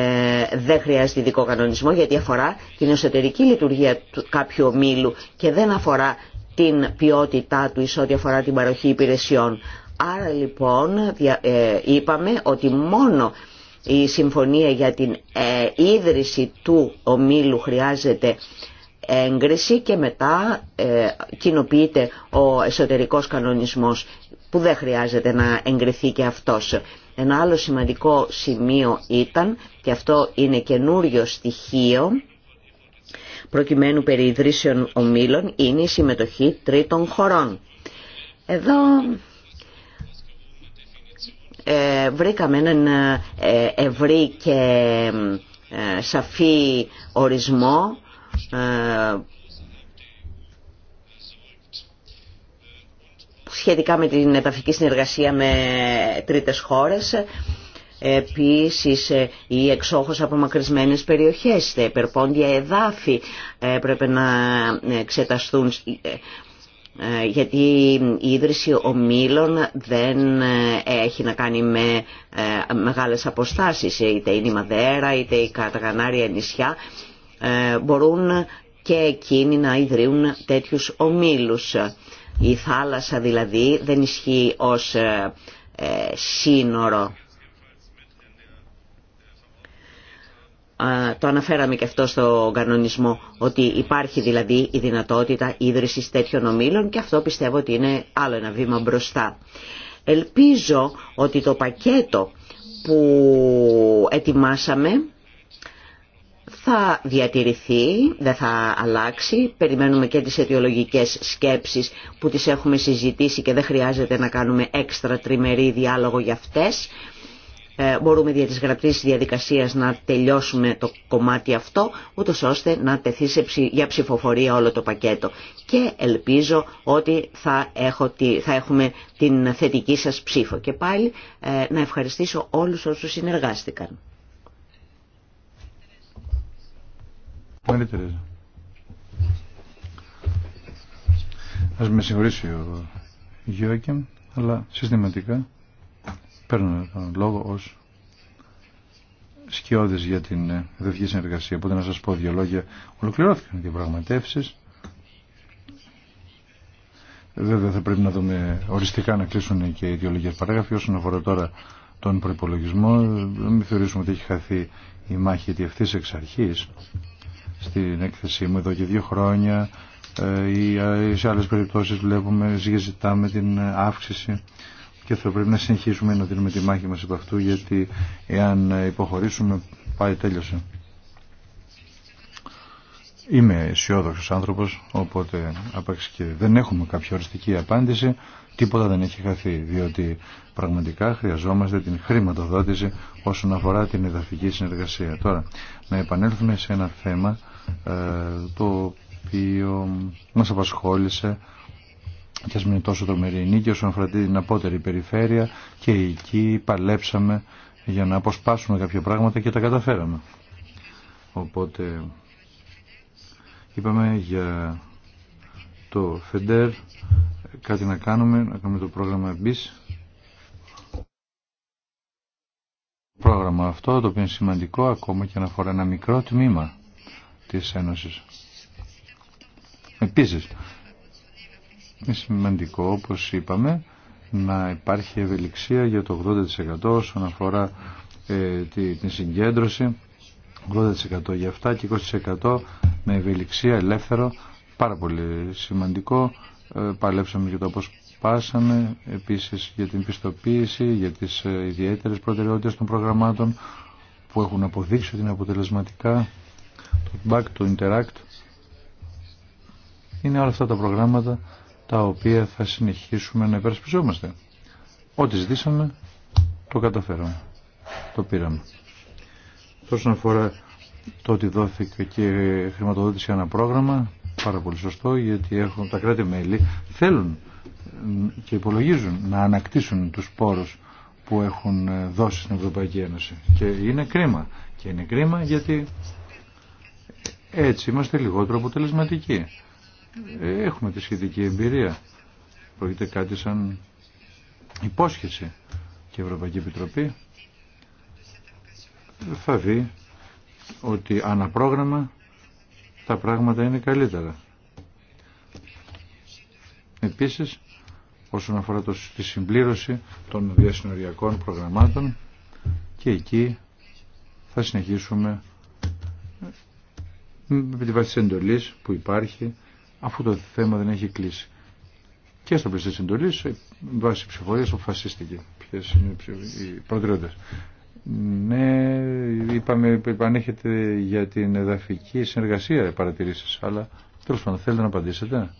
δεν χρειάζεται ειδικό κανονισμό γιατί αφορά την εσωτερική λειτουργία του κάποιου ομίλου και δεν αφορά την ποιότητά του εις ό,τι αφορά την παροχή υπηρεσιών. Άρα λοιπόν ε, είπαμε ότι μόνο η συμφωνία για την ίδρυση του ομίλου χρειάζεται έγκριση και μετά κοινοποιείται ο εσωτερικός κανονισμός που δεν χρειάζεται να εγκριθεί και αυτός. Ένα άλλο σημαντικό σημείο ήταν, και αυτό είναι καινούριο στοιχείο, προκειμένου περί ιδρύσεων ομίλων, είναι η συμμετοχή τρίτων χωρών. Εδώ ε, βρήκαμε έναν ε, ευρύ και ε, σαφή ορισμό ε, σχετικά με την επαφική συνεργασία με τρίτες χώρες. Επίσης οι εξόχως μακρισμένες περιοχές, τα υπερπόντια εδάφη ε, πρέπει να εξεταστούν ε, γιατί η ίδρυση ομίλων δεν ε, έχει να κάνει με μεγάλες αποστάσεις, είτε είναι η Μαδέρα είτε η Καταγανάρια νησιά, μπορούν και εκείνοι να ιδρύουν τέτοιους ομίλους. Η θάλασσα δηλαδή δεν ισχύει ως ε, ε, σύνορο. το αναφέραμε και αυτό στο κανονισμό, ότι υπάρχει δηλαδή η δυνατότητα ίδρυσης τέτοιων ομίλων και αυτό πιστεύω ότι είναι άλλο ένα βήμα μπροστά. Ελπίζω ότι το πακέτο που ετοιμάσαμε θα διατηρηθεί, δεν θα αλλάξει. Περιμένουμε και τις αιτιολογικές σκέψεις που τις έχουμε συζητήσει και δεν χρειάζεται να κάνουμε έξτρα τριμερή διάλογο για αυτές. Ε, μπορούμε δια της γραπτής διαδικασίας να τελειώσουμε το κομμάτι αυτό, ούτω ώστε να τεθεί σε για ψηφοφορία όλο το πακέτο. Και ελπίζω ότι θα, έχω θα έχουμε την θετική σας ψήφο. Και πάλι ε, να ευχαριστήσω όλους όσους συνεργάστηκαν. Μαρή Τερέζα. Ας με συγχωρήσει ο Γιώκεμ, αλλά συστηματικά παίρνω τον λόγο ως σκιώδες για την δευτική συνεργασία. Οπότε να σας πω δύο λόγια. Ολοκληρώθηκαν οι διαπραγματεύσεις. Βέβαια θα πρέπει να δούμε οριστικά να κλείσουν και οι λόγια παράγραφοι όσον αφορά τώρα τον προπολογισμό. Μην θεωρήσουμε ότι έχει χαθεί η μάχη τη ευθύ εξ αρχής στην έκθεσή μου εδώ και δύο χρόνια ή ε, σε άλλες περιπτώσεις βλέπουμε, ζητάμε την αύξηση και θα πρέπει να συνεχίσουμε να δίνουμε τη μάχη μας από αυτού γιατί εάν υποχωρήσουμε πάει τέλειωσε. Είμαι αισιόδοξο άνθρωπος οπότε δεν έχουμε κάποια οριστική απάντηση τίποτα δεν έχει χαθεί διότι πραγματικά χρειαζόμαστε την χρηματοδότηση όσον αφορά την εδαφική συνεργασία. Τώρα να επανέλθουμε σε ένα θέμα ε, το οποίο μας απασχόλησε και ας μην είναι τόσο τρομερή νίκη όσον αφορά την απότερη περιφέρεια και εκεί παλέψαμε για να αποσπάσουμε κάποια πράγματα και τα καταφέραμε. Οπότε είπαμε για το ΦΕΝΤΕΡ κάτι να κάνουμε, να κάνουμε το πρόγραμμα BIS. Πρόγραμμα αυτό το οποίο είναι σημαντικό ακόμα και να αφορά ένα μικρό τμήμα της Ένωσης. Επίσης, είναι σημαντικό, όπως είπαμε, να υπάρχει ευελιξία για το 80% όσον αφορά ε, τη, την συγκέντρωση, 80% για αυτά και 20% με ευελιξία, ελεύθερο, πάρα πολύ σημαντικό. Ε, παλέψαμε για το πώς πάσαμε, επίσης για την πιστοποίηση, για τις ε, ιδιαίτερες προτεραιότητες των προγραμμάτων που έχουν αποδείξει ότι είναι αποτελεσματικά το Back to Interact. Είναι όλα αυτά τα προγράμματα τα οποία θα συνεχίσουμε να υπερασπιζόμαστε. Ό,τι ζητήσαμε το καταφέραμε. Το πήραμε. Όσον αφορά το ότι δόθηκε και χρηματοδότηση ένα πρόγραμμα, πάρα πολύ σωστό, γιατί έχουν τα κράτη-μέλη θέλουν και υπολογίζουν να ανακτήσουν τους πόρους που έχουν ε, δώσει στην Ευρωπαϊκή Ένωση. Και είναι κρίμα. Και είναι κρίμα γιατί έτσι είμαστε λιγότερο αποτελεσματικοί. Έχουμε τη σχετική εμπειρία. Πρόκειται κάτι σαν υπόσχεση. Και η Ευρωπαϊκή Επιτροπή θα δει ότι αναπρόγραμμα τα πράγματα είναι καλύτερα. Επίσης, όσον αφορά το, τη συμπλήρωση των διασυνοριακών προγραμμάτων και εκεί θα συνεχίσουμε με τη βάση της εντολή που υπάρχει, αφού το θέμα δεν έχει κλείσει. Και στο πλαίσιο εντολής, με βάση ψηφοφορία, αποφασίστηκε ποιε είναι οι προτεραιότητες. Ναι, είπαμε, έχετε για την εδαφική συνεργασία παρατηρήσεις, αλλά τέλος πάντων θέλετε να απαντήσετε.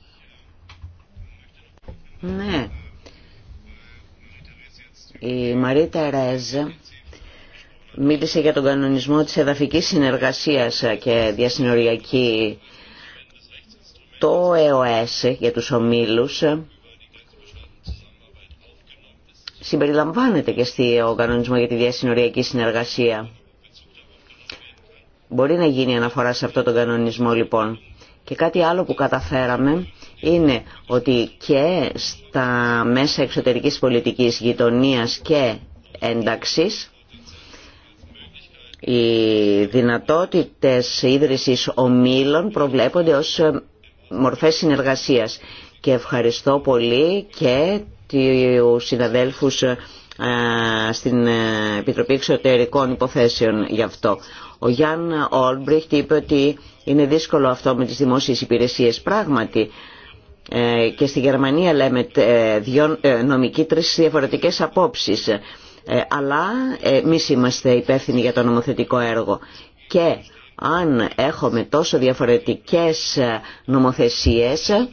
Ναι. Η Μαρίτα Τερέζ μίλησε για τον κανονισμό της εδαφικής συνεργασίας και διασυνοριακή το ΕΟΕΣ για τους ομίλους συμπεριλαμβάνεται και στο κανονισμό για τη διασυνοριακή συνεργασία. Μπορεί να γίνει αναφορά σε αυτό τον κανονισμό λοιπόν. Και κάτι άλλο που καταφέραμε είναι ότι και στα μέσα εξωτερικής πολιτικής γειτονίας και ένταξης οι δυνατότητες ίδρυσης ομίλων προβλέπονται ως ε, μορφές συνεργασίας. Και ευχαριστώ πολύ και του συναδέλφους ε, στην ε, Επιτροπή Εξωτερικών Υποθέσεων γι' αυτό. Ο Γιάνν Όλμπριχτ είπε ότι είναι δύσκολο αυτό με τις δημόσιες υπηρεσίες πράγματι και στη Γερμανία λέμε δυο νομικοί τρεις διαφορετικές απόψεις ε, αλλά ε, εμεί είμαστε υπεύθυνοι για το νομοθετικό έργο. Και αν έχουμε τόσο διαφορετικές ε, νομοθεσίες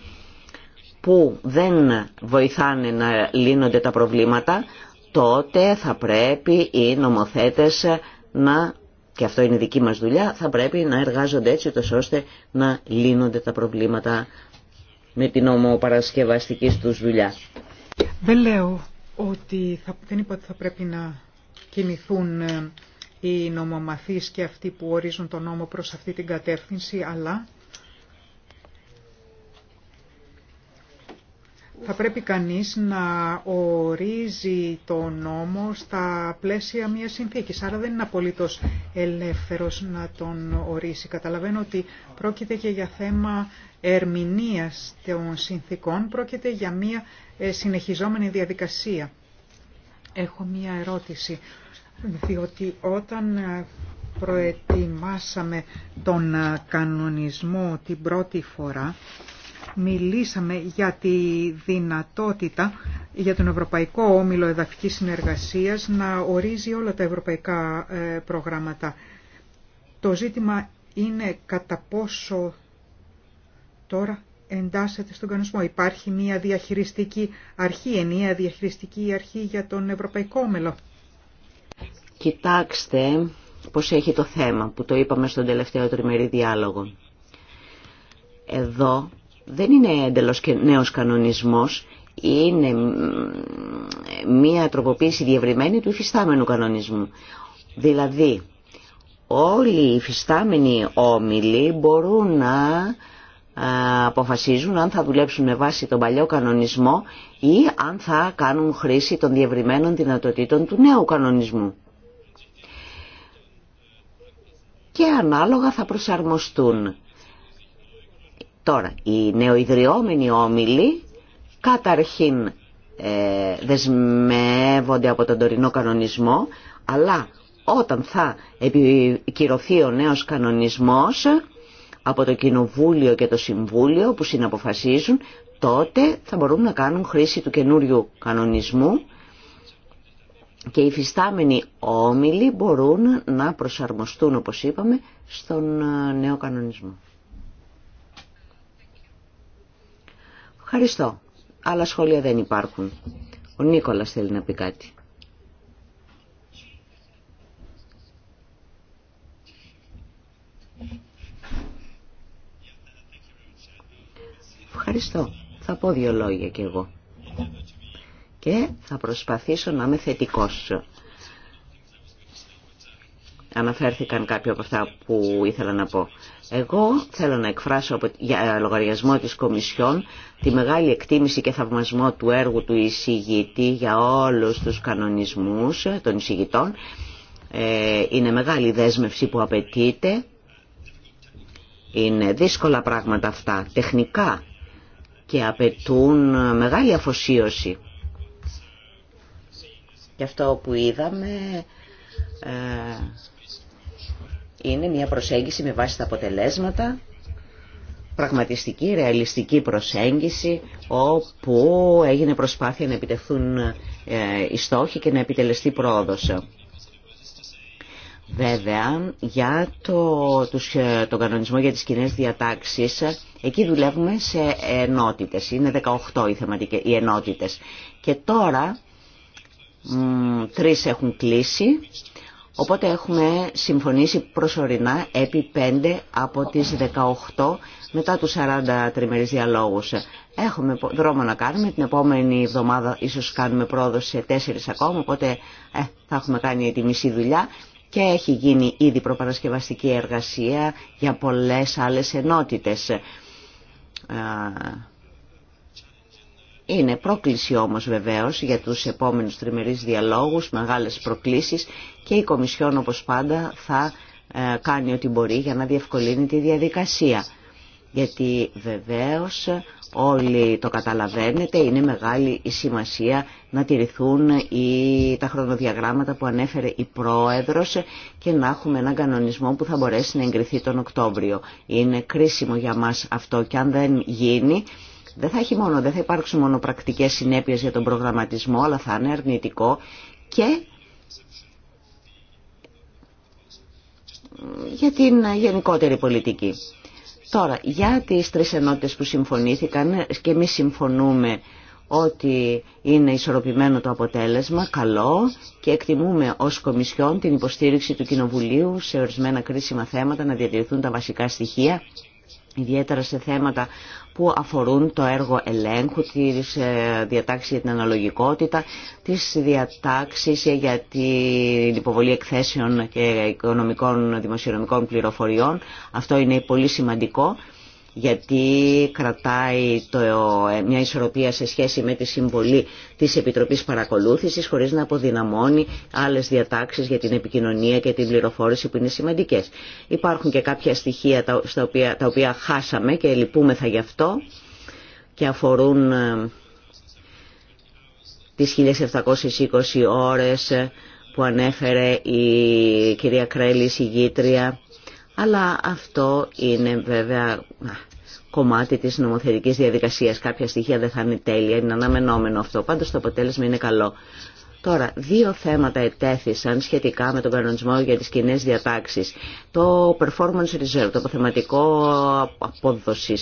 που δεν βοηθάνε να λύνονται τα προβλήματα, τότε θα πρέπει οι νομοθέτες να, και αυτό είναι δική μας δουλειά, θα πρέπει να εργάζονται έτσι ώστε να λύνονται τα προβλήματά με την νομοπαρασκευαστική τους δουλειά. Δεν ότι θα, δεν είπα ότι θα πρέπει να κινηθούν ε, οι νομομαθείς και αυτοί που ορίζουν τον νόμο προς αυτή την κατεύθυνση, αλλά Θα πρέπει κανείς να ορίζει το νόμο στα πλαίσια μιας συνθήκης, άρα δεν είναι απολύτως ελεύθερος να τον ορίσει. Καταλαβαίνω ότι πρόκειται και για θέμα ερμηνείας των συνθήκων, πρόκειται για μια ε, συνεχιζόμενη διαδικασία. Έχω μια ερώτηση, διότι όταν ε, προετοιμάσαμε τον ε, κανονισμό την πρώτη φορά, μιλήσαμε για τη δυνατότητα για τον Ευρωπαϊκό Όμιλο Εδαφικής Συνεργασίας να ορίζει όλα τα ευρωπαϊκά ε, προγράμματα. Το ζήτημα είναι κατά πόσο τώρα εντάσσεται στον κανονισμό. Υπάρχει μια διαχειριστική αρχή, ενία διαχειριστική αρχή για τον Ευρωπαϊκό Όμιλο. Κοιτάξτε πώς έχει το θέμα που το είπαμε στον τελευταίο τριμερή διάλογο. Εδώ δεν είναι εντελώς και νέος κανονισμός, είναι μία τροποποίηση διευρυμένη του υφιστάμενου κανονισμού. Δηλαδή, όλοι οι υφιστάμενοι όμιλοι μπορούν να αποφασίζουν αν θα δουλέψουν με βάση τον παλιό κανονισμό ή αν θα κάνουν χρήση των διευρυμένων δυνατοτήτων του νέου κανονισμού. Και ανάλογα θα προσαρμοστούν Τώρα, οι νεοειδριόμενοι όμιλοι καταρχήν ε, δεσμεύονται από τον τωρινό κανονισμό, αλλά όταν θα επικυρωθεί ο νέος κανονισμός από το Κοινοβούλιο και το Συμβούλιο που συναποφασίζουν, τότε θα μπορούν να κάνουν χρήση του καινούριου κανονισμού και οι φυστάμενοι όμιλοι μπορούν να προσαρμοστούν, όπως είπαμε, στον ε, νέο κανονισμό. Ευχαριστώ. Άλλα σχόλια δεν υπάρχουν. Ο Νίκολας θέλει να πει κάτι. Ευχαριστώ. Θα πω δύο λόγια κι εγώ. Και θα προσπαθήσω να είμαι θετικός. Αναφέρθηκαν κάποια από αυτά που ήθελα να πω. Εγώ θέλω να εκφράσω για λογαριασμό της Κομισιόν τη μεγάλη εκτίμηση και θαυμασμό του έργου του εισηγητή για όλους τους κανονισμούς ε, των εισηγητών. Ε, είναι μεγάλη δέσμευση που απαιτείται. Είναι δύσκολα πράγματα αυτά, τεχνικά και απαιτούν μεγάλη αφοσίωση. Και αυτό που είδαμε ε, είναι μια προσέγγιση με βάση τα αποτελέσματα, πραγματιστική, ρεαλιστική προσέγγιση, όπου έγινε προσπάθεια να επιτευχθούν ε, οι στόχοι και να επιτελεστεί πρόοδος. Βέβαια, για το, τους, ε, τον κανονισμό για τις κοινέ διατάξεις, εκεί δουλεύουμε σε ενότητες. Είναι 18 οι, θεματικές, οι ενότητες. Και τώρα μ, τρεις έχουν κλείσει Οπότε έχουμε συμφωνήσει προσωρινά επί 5 από τις 18 μετά τους 40 τριμερείς διαλόγους. Έχουμε δρόμο να κάνουμε, την επόμενη εβδομάδα ίσως κάνουμε πρόοδο σε 4 ακόμα, οπότε ε, θα έχουμε κάνει τη μισή δουλειά και έχει γίνει ήδη προπαρασκευαστική εργασία για πολλές άλλες ενότητες. Είναι πρόκληση όμως βεβαίως για τους επόμενους τριμερείς διαλόγους, μεγάλες προκλήσεις και η Κομισιόν όπως πάντα θα ε, κάνει ό,τι μπορεί για να διευκολύνει τη διαδικασία. Γιατί βεβαίως όλοι το καταλαβαίνετε, είναι μεγάλη η σημασία να τηρηθούν οι, τα χρονοδιαγράμματα που ανέφερε η Πρόεδρος και να έχουμε έναν κανονισμό που θα μπορέσει να εγκριθεί τον Οκτώβριο. Είναι κρίσιμο για μας αυτό και αν δεν γίνει δεν θα, έχει μόνο, δεν θα υπάρξουν μόνο πρακτικές συνέπειες για τον προγραμματισμό, αλλά θα είναι αρνητικό και για την γενικότερη πολιτική. Τώρα, για τις τρεις ενότητες που συμφωνήθηκαν και εμείς συμφωνούμε ότι είναι ισορροπημένο το αποτέλεσμα, καλό και εκτιμούμε ως Κομισιόν την υποστήριξη του Κοινοβουλίου σε ορισμένα κρίσιμα θέματα να διατηρηθούν τα βασικά στοιχεία ιδιαίτερα σε θέματα που αφορούν το έργο ελέγχου, της ε, διατάξη για την αναλογικότητα, τις διατάξεις για την υποβολή εκθέσεων και οικονομικών δημοσιονομικών πληροφοριών. Αυτό είναι πολύ σημαντικό γιατί κρατάει ε, μια ισορροπία σε σχέση με τη συμβολή της Επιτροπής Παρακολούθησης χωρίς να αποδυναμώνει άλλες διατάξεις για την επικοινωνία και την πληροφόρηση που είναι σημαντικές. Υπάρχουν και κάποια στοιχεία τα, στα οποία, τα οποία χάσαμε και λυπούμεθα γι' αυτό και αφορούν ε, τις 1720 ώρες που ανέφερε η κυρία Κρέλη, η γήτρια. Αλλά αυτό είναι βέβαια κομμάτι της νομοθετικής διαδικασίας. Κάποια στοιχεία δεν θα είναι τέλεια, είναι αναμενόμενο αυτό. Πάντως το αποτέλεσμα είναι καλό. Τώρα, δύο θέματα ετέθησαν σχετικά με τον κανονισμό για τις κοινέ διατάξεις. Το performance reserve, το αποθεματικό απόδοση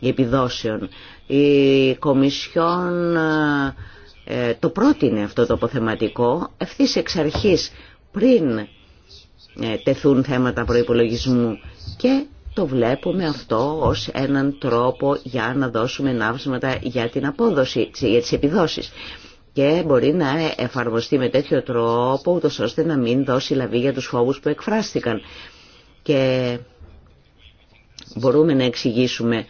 ε, επιδόσεων. Η Κομισιόν ε, ε, το πρότεινε αυτό το αποθεματικό ευθύς εξ αρχή πριν τεθούν θέματα προπολογισμού και το βλέπουμε αυτό ως έναν τρόπο για να δώσουμε ναύσματα για την απόδοση, για τις επιδόσεις. Και μπορεί να εφαρμοστεί με τέτοιο τρόπο, ούτως ώστε να μην δώσει λαβή για τους φόβους που εκφράστηκαν. Και μπορούμε να εξηγήσουμε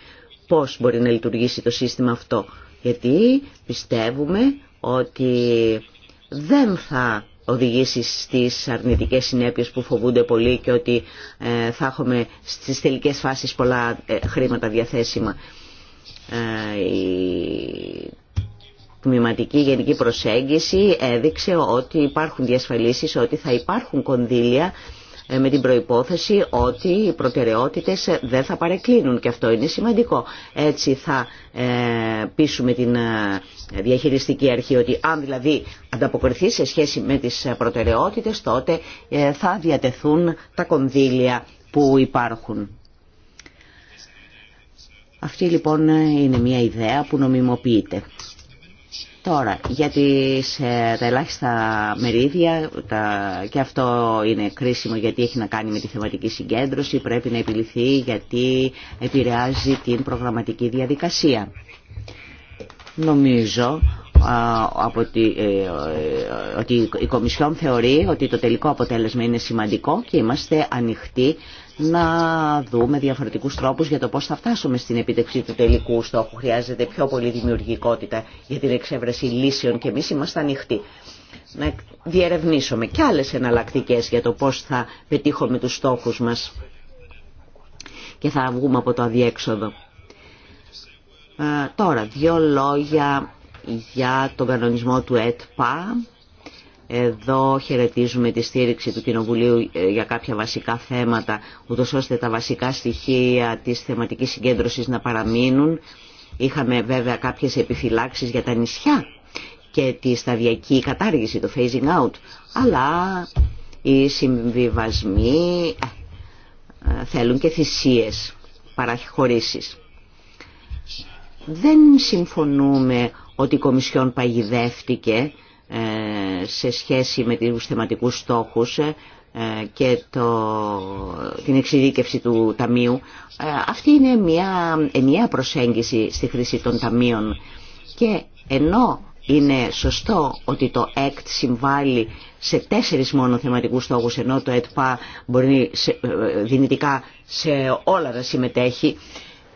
πώς μπορεί να λειτουργήσει το σύστημα αυτό. Γιατί πιστεύουμε ότι δεν θα οδηγήσει στις αρνητικές συνέπειες που φοβούνται πολύ και ότι ε, θα έχουμε στις τελικές φάσεις πολλά ε, χρήματα διαθέσιμα. Ε, η τμηματική γενική προσέγγιση έδειξε ότι υπάρχουν διασφαλίσεις, ότι θα υπάρχουν κονδύλια ε, με την προϋπόθεση ότι οι προτεραιότητες ε, δεν θα παρεκκλίνουν και αυτό είναι σημαντικό. Έτσι θα ε, πείσουμε την διαχειριστική αρχή ότι αν δηλαδή ανταποκριθεί σε σχέση με τις προτεραιότητες τότε θα διατεθούν τα κονδύλια που υπάρχουν. Αυτή λοιπόν είναι μια ιδέα που νομιμοποιείται. Τώρα, για τις, ε, τα ελάχιστα μερίδια, τα, και αυτό είναι κρίσιμο γιατί έχει να κάνει με τη θεματική συγκέντρωση, πρέπει να επιληθεί γιατί επηρεάζει την προγραμματική διαδικασία. Νομίζω από ότι, ε, ε, ότι η Κομισιόν θεωρεί ότι το τελικό αποτέλεσμα είναι σημαντικό και είμαστε ανοιχτοί να δούμε διαφορετικούς τρόπους για το πώς θα φτάσουμε στην επίτευξη του τελικού στόχου. Χρειάζεται πιο πολύ δημιουργικότητα για την εξέβρεση λύσεων και εμείς είμαστε ανοιχτοί. Να διερευνήσουμε και άλλες εναλλακτικέ για το πώς θα πετύχουμε τους στόχους μας και θα βγούμε από το αδιέξοδο. Ε, τώρα, δύο λόγια για τον κανονισμό του ΕΤΠΑ εδώ χαιρετίζουμε τη στήριξη του Κοινοβουλίου ε, για κάποια βασικά θέματα, ούτως ώστε τα βασικά στοιχεία της θεματικής συγκέντρωσης να παραμείνουν. Είχαμε βέβαια κάποιες επιφυλάξεις για τα νησιά και τη σταδιακή κατάργηση, το phasing out, αλλά οι συμβιβασμοί ε, ε, θέλουν και θυσίες, παραχωρήσεις. Δεν συμφωνούμε ότι η Κομισιόν παγιδεύτηκε ε, σε σχέση με τους θεματικούς στόχους ε, και το, την εξειδίκευση του Ταμείου. Ε, αυτή είναι μια ενιαία προσέγγιση στη χρήση των Ταμείων και ενώ είναι σωστό ότι το ΕΚΤ συμβάλλει σε τέσσερις μόνο θεματικούς στόχους ενώ το ΕΤΠΑ μπορεί δυνητικά σε όλα να συμμετέχει.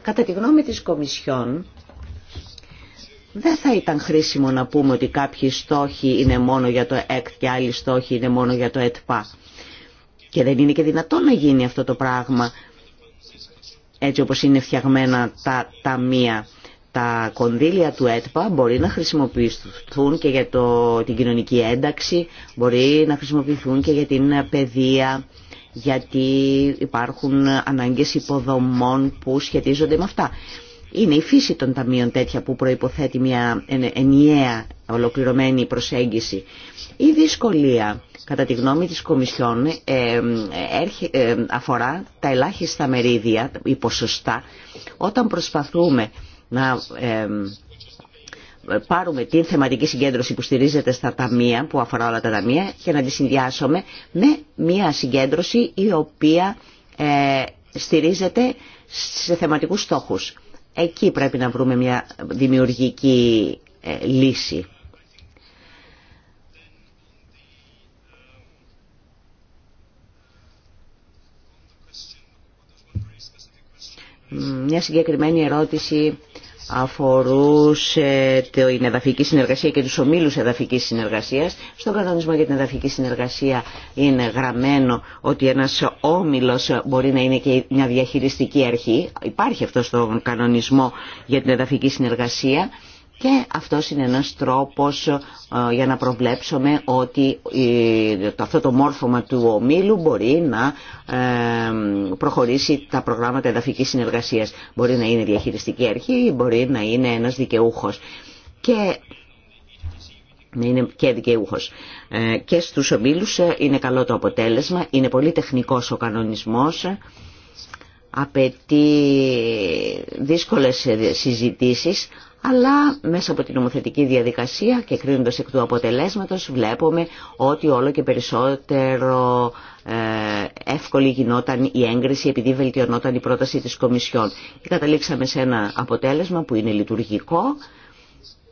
Κατά τη γνώμη της Κομισιόν δεν θα ήταν χρήσιμο να πούμε ότι κάποιοι στόχοι είναι μόνο για το ΕΚΤ και άλλοι στόχοι είναι μόνο για το ΕΤΠΑ. Και δεν είναι και δυνατόν να γίνει αυτό το πράγμα έτσι όπως είναι φτιαγμένα τα ταμεία. Τα κονδύλια του ΕΤΠΑ μπορεί να χρησιμοποιηθούν και για το, την κοινωνική ένταξη, μπορεί να χρησιμοποιηθούν και για την παιδεία, γιατί υπάρχουν ανάγκες υποδομών που σχετίζονται με αυτά. Είναι η φύση των ταμείων τέτοια που προϋποθέτει μια ενιαία ολοκληρωμένη προσέγγιση. Η δυσκολία, κατά τη γνώμη της Κομισιόν, αφορά τα ελάχιστα μερίδια, η ποσοστά, όταν προσπαθούμε να πάρουμε την θεματική συγκέντρωση που στηρίζεται στα ταμεία, που αφορά όλα τα ταμεία, και να τη συνδυάσουμε με μια συγκέντρωση η οποία ε, στηρίζεται σε θεματικούς στόχους. Εκεί πρέπει να βρούμε μια δημιουργική ε, λύση. Μια συγκεκριμένη ερώτηση αφορούσε την εδαφική συνεργασία και τους ομίλους εδαφικής συνεργασίας. Στον κανονισμό για την εδαφική συνεργασία είναι γραμμένο ότι ένας όμιλος μπορεί να είναι και μια διαχειριστική αρχή. Υπάρχει αυτό στον κανονισμό για την εδαφική συνεργασία και αυτό είναι ένας τρόπος ε, για να προβλέψουμε ότι ε, αυτό το μόρφωμα του ομίλου μπορεί να ε, προχωρήσει τα προγράμματα εδαφικής συνεργασίας. Μπορεί να είναι διαχειριστική αρχή, μπορεί να είναι ένας δικαιούχος. Και να είναι και δικαιούχο. και στους ομίλους είναι καλό το αποτέλεσμα, είναι πολύ τεχνικός ο κανονισμός, απαιτεί δύσκολες συζητήσεις, αλλά μέσα από την νομοθετική διαδικασία και κρίνοντας εκ του αποτελέσματος βλέπουμε ότι όλο και περισσότερο ε, εύκολη γινόταν η έγκριση επειδή βελτιωνόταν η πρόταση της Κομισιόν. Και καταλήξαμε σε ένα αποτέλεσμα που είναι λειτουργικό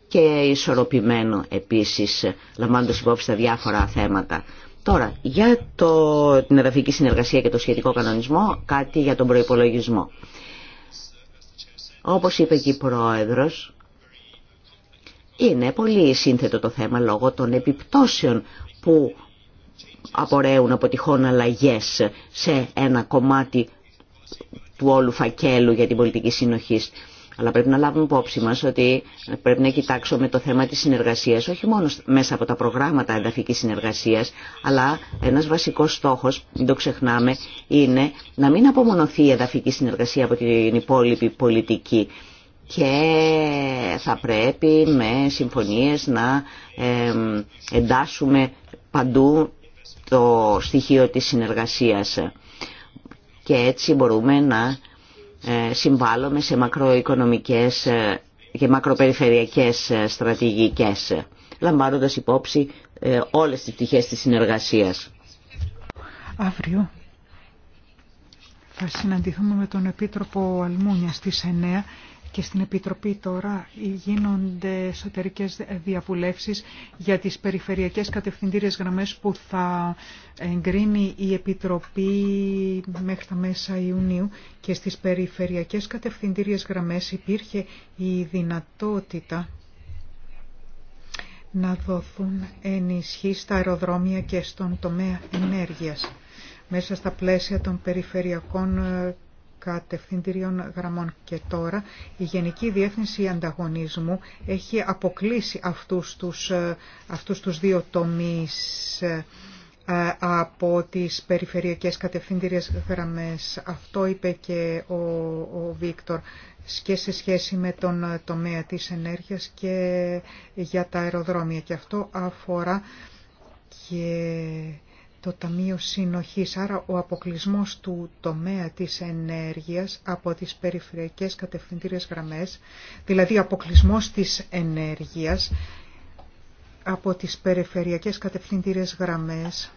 και ισορροπημένο επίσης, λαμβάνοντας υπόψη τα διάφορα θέματα. Τώρα, για το, την εδαφική συνεργασία και το σχετικό κανονισμό, κάτι για τον προϋπολογισμό. Όπως είπε και η Πρόεδρος, είναι πολύ σύνθετο το θέμα λόγω των επιπτώσεων που απορρέουν από τυχόν αλλαγές σε ένα κομμάτι του όλου φακέλου για την πολιτική συνοχή. Αλλά πρέπει να λάβουμε υπόψη μας ότι πρέπει να κοιτάξουμε το θέμα της συνεργασίας, όχι μόνο μέσα από τα προγράμματα εδαφικής συνεργασίας, αλλά ένας βασικός στόχος, μην το ξεχνάμε, είναι να μην απομονωθεί η εδαφική συνεργασία από την υπόλοιπη πολιτική και θα πρέπει με συμφωνίες να εντάσσουμε παντού το στοιχείο της συνεργασίας και έτσι μπορούμε να ε, συμβάλλουμε σε μακροοικονομικές ε, και μακροπεριφερειακές ε, στρατηγικές λαμβάνοντας υπόψη όλες τις πτυχές της συνεργασίας. Αύριο θα συναντηθούμε με τον Επίτροπο Αλμούνια στις 9 και στην Επιτροπή τώρα γίνονται εσωτερικές διαβουλεύσεις για τις περιφερειακές κατευθυντήριες γραμμές που θα εγκρίνει η Επιτροπή μέχρι τα μέσα Ιουνίου και στις περιφερειακές κατευθυντήριες γραμμές υπήρχε η δυνατότητα να δοθούν ενισχύ στα αεροδρόμια και στον τομέα ενέργειας μέσα στα πλαίσια των περιφερειακών ε, κατευθυντηρίων γραμμών και τώρα η Γενική Διεύθυνση Ανταγωνισμού έχει αποκλείσει αυτούς τους, ε, αυτούς τους δύο τομείς ε, ε, από τις περιφερειακές κατευθυντήριες γραμμές. Αυτό είπε και ο, ο Βίκτορ και σε σχέση με τον τομέα της ενέργειας και για τα αεροδρόμια. Και αυτό αφορά και το Ταμείο Συνοχής, άρα ο αποκλισμός του τομέα της ενέργειας από τις περιφερειακές κατευθυντήριες γραμμές, δηλαδή αποκλισμός της ενέργειας από τις περιφερειακές κατευθυντήριες γραμμές,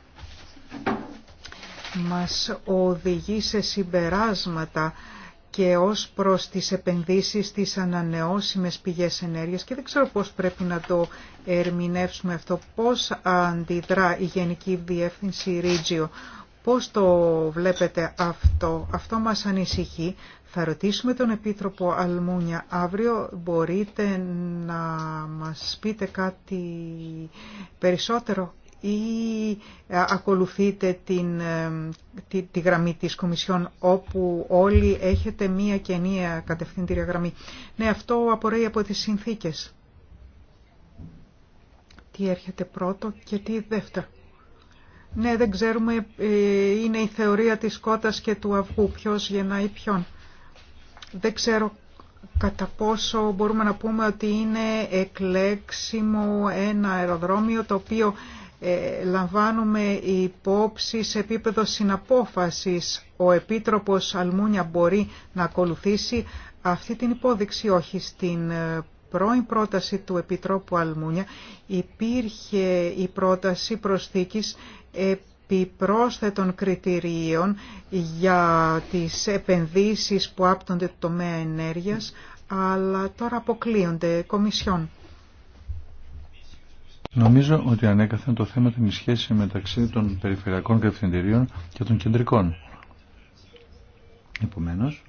μας οδηγεί σε συμπεράσματα και ως προς τις επενδύσεις στις ανανεώσιμες πηγές ενέργειας και δεν ξέρω πώς πρέπει να το ερμηνεύσουμε αυτό, πώς αντιδρά η Γενική Διεύθυνση Ρίτζιο, πώς το βλέπετε αυτό, αυτό μας ανησυχεί. Θα ρωτήσουμε τον Επίτροπο Αλμούνια αύριο, μπορείτε να μας πείτε κάτι περισσότερο ή ε, ακολουθείτε την, ε, τη, τη γραμμή της Κομισιόν όπου όλοι έχετε μία και κατευθυντήρια γραμμή. Ναι, αυτό απορρέει από τις συνθήκες. Τι έρχεται πρώτο και τι δεύτερο. Ναι, δεν ξέρουμε, ε, είναι η θεωρία της κότας και του αυγού, ποιος γεννάει ποιον. Δεν ξέρω κατά πόσο μπορούμε να πούμε ότι είναι εκλέξιμο ένα αεροδρόμιο το οποίο ε, λαμβάνουμε υπόψη σε επίπεδο συναπόφασης ο Επίτροπος Αλμούνια μπορεί να ακολουθήσει αυτή την υπόδειξη όχι στην ε, πρώην πρόταση του Επιτρόπου Αλμούνια υπήρχε η πρόταση προσθήκης επιπρόσθετων κριτηρίων για τις επενδύσεις που άπτονται το τομέα ενέργειας αλλά τώρα αποκλείονται κομισιόν. Νομίζω ότι ανέκαθεν το θέμα την σχέση μεταξύ των περιφερειακών κατευθυντηρίων και των κεντρικών. Επομένως,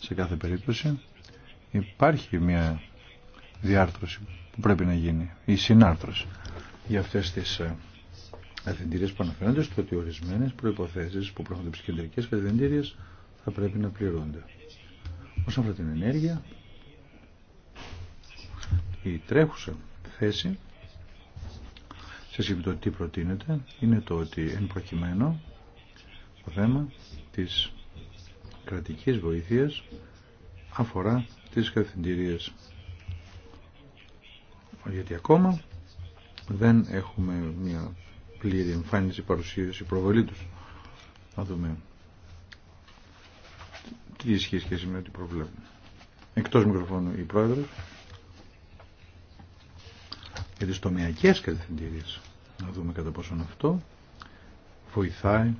σε κάθε περίπτωση υπάρχει μια διάρθρωση που πρέπει να γίνει, η συνάρθρωση για αυτές τις ε, κατευθυντηρίες που αναφέρονται στο ότι ορισμένες προϋποθέσεις που προέρχονται από τις κεντρικές θα πρέπει να πληρώνται. Όσον αφορά την ενέργεια, η τρέχουσα θέση σε σχέση τι προτείνεται είναι το ότι εν προκειμένου το θέμα της κρατικής βοήθειας αφορά τις καθεντηρίες. Γιατί ακόμα δεν έχουμε μια πλήρη εμφάνιση παρουσίαση προβολή τους. Να δούμε τι ισχύει σχέση με ό,τι προβλέπουμε. Εκτός μικροφώνου η πρόεδρος για τις τομεακές κατευθυντήριες. Να δούμε κατά πόσον αυτό βοηθάει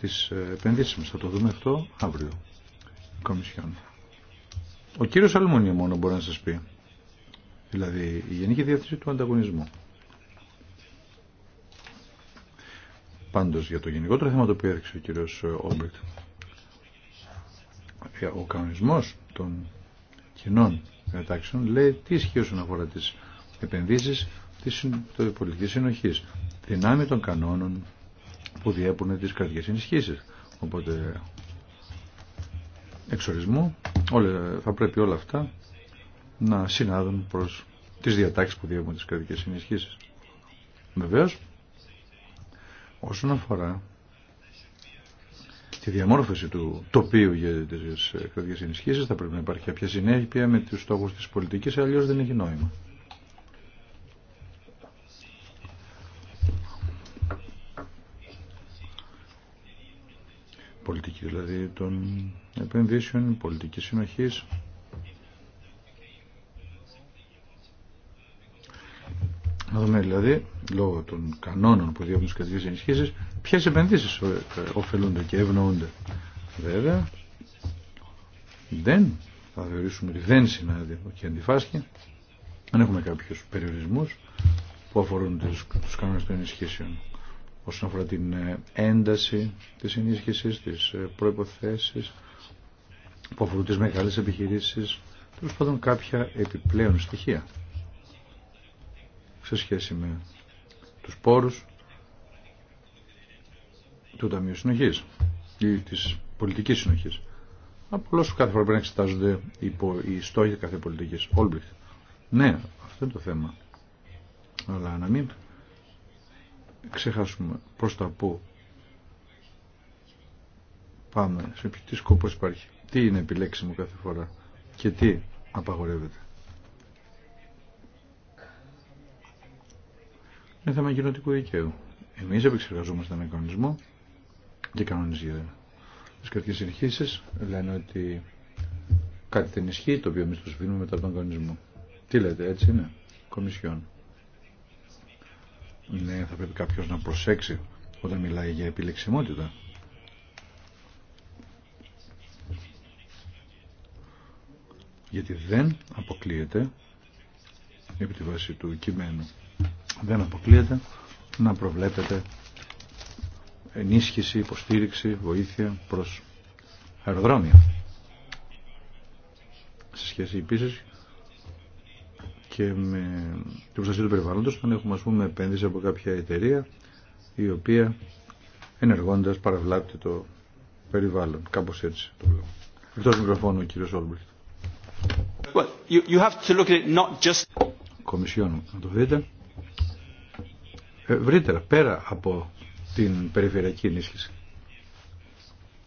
τις ε, επενδύσεις μας. Θα το δούμε αυτό αύριο. Κομισιόν. Ο κύριος Αλμούνιο μόνο μπορεί να σας πει. Δηλαδή η Γενική Διεύθυνση του Ανταγωνισμού. Πάντως για το γενικότερο θέμα το οποίο έδειξε ο κύριος ε, Όμπρεκτ. Ε, ο κανονισμός των κοινών διατάξεων λέει τι ισχύει όσον αφορά τις επενδύσει της πολιτικής συνοχή. δυνάμει των κανόνων που διέπουν τι κρατικέ ενισχύσει. Οπότε, εξ όλα, θα πρέπει όλα αυτά να συνάδουν προ τι διατάξει που διέπουν τις κρατικέ ενισχύσει. Βεβαίω, όσον αφορά τη διαμόρφωση του τοπίου για τις κρατικές ενισχύσεις θα πρέπει να υπάρχει κάποια συνέχεια με τους στόχους της πολιτικής, αλλιώς δεν έχει νόημα. πολιτική δηλαδή των επενδύσεων, πολιτική συνοχή. Να δούμε δηλαδή, λόγω των κανόνων που διέπουν τις κρατικές ενισχύσεις, ποιες επενδύσεις ε, ωφελούνται και ευνοούνται. Βέβαια, δεν θα θεωρήσουμε ότι δεν συνάδει και αντιφάσκει. Αν έχουμε κάποιους περιορισμούς που αφορούν τους, τους κανόνες των ενισχύσεων όσον αφορά την ε, ένταση της ενίσχυσης, τις ε, προϋποθέσεις που αφορούν τις μεγάλες επιχειρήσεις, τέλος πάντων κάποια επιπλέον στοιχεία σε σχέση με τους πόρους του Ταμείου Συνοχής ή της πολιτικής συνοχής. Απλώ κάθε φορά πρέπει να εξετάζονται οι στόχοι κάθε πολιτικής Όλμπριχτ. Ναι, αυτό είναι το θέμα. Αλλά να μην ξεχάσουμε προς τα πού πάμε, σε τι σκοπός υπάρχει, τι είναι επιλέξιμο κάθε φορά και τι απαγορεύεται. Είναι θέμα κοινωτικού δικαίου. Εμείς επεξεργαζόμαστε έναν κανονισμό και κανονίζει για Στις κρατικές λένε ότι κάτι δεν ισχύει το οποίο εμείς το σβήνουμε μετά τον κανονισμό. Τι λέτε, έτσι είναι, κομισιόν. Ναι, θα πρέπει κάποιος να προσέξει όταν μιλάει για επιλεξιμότητα. Γιατί δεν αποκλείεται, επί τη βάση του κειμένου, δεν αποκλείεται να προβλέπεται ενίσχυση, υποστήριξη, βοήθεια προς αεροδρόμια. Σε σχέση επίσης και με την προστασία του περιβάλλοντος όταν έχουμε ας πούμε επένδυση από κάποια εταιρεία η οποία ενεργώντας παραβλάπτει το περιβάλλον. Κάπως έτσι το βλέπω. Εκτός μικροφώνου ο κύριος Όλμπριχτ. Κομισιόν, να το δείτε. Ευρύτερα, πέρα από την περιφερειακή ενίσχυση.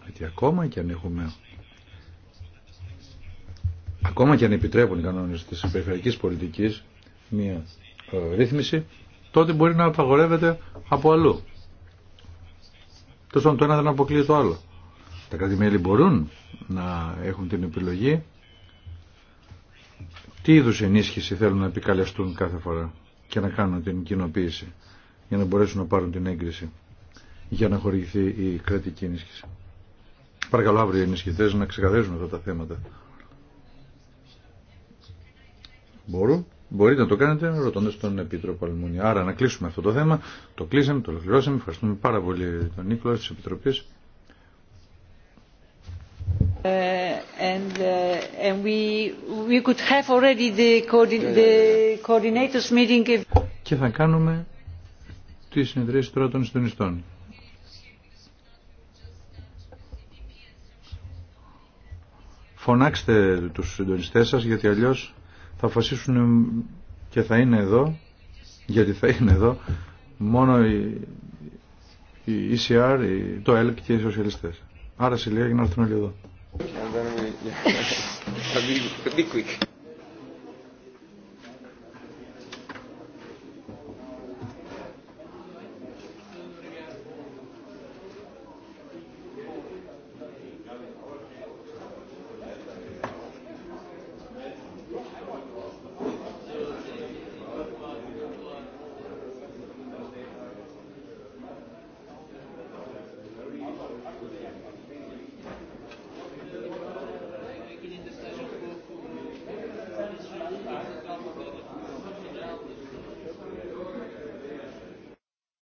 Γιατί ακόμα και αν έχουμε ακόμα και αν επιτρέπουν οι κανόνες τη περιφερειακή πολιτική μια ε, ρύθμιση, τότε μπορεί να απαγορεύεται από αλλού. Τόσο το ένα δεν αποκλείει το άλλο. Τα κρατημέλη μπορούν να έχουν την επιλογή τι είδου ενίσχυση θέλουν να επικαλεστούν κάθε φορά και να κάνουν την κοινοποίηση για να μπορέσουν να πάρουν την έγκριση για να χορηγηθεί η κρατική ενίσχυση. Παρακαλώ αύριο οι ενισχυτές να ξεκαθαρίζουν αυτά τα θέματα. Μπορώ, μπορείτε να το κάνετε ρωτώντα τον Επίτροπο Αλμούνια. Άρα να κλείσουμε αυτό το θέμα. Το κλείσαμε, το ολοκληρώσαμε. Ευχαριστούμε πάρα πολύ τον Νίκολα τη Επιτροπή. Ε, ε, if... Και θα κάνουμε τη συνεδρίαση τώρα των συντονιστών. Φωνάξτε τους συντονιστές σας γιατί αλλιώς θα αποφασίσουν και θα είναι εδώ, γιατί θα είναι εδώ, μόνο η, η ECR, το ΕΛΚ και οι σοσιαλιστές. Άρα σε λίγα για να έρθουν όλοι εδώ. *laughs*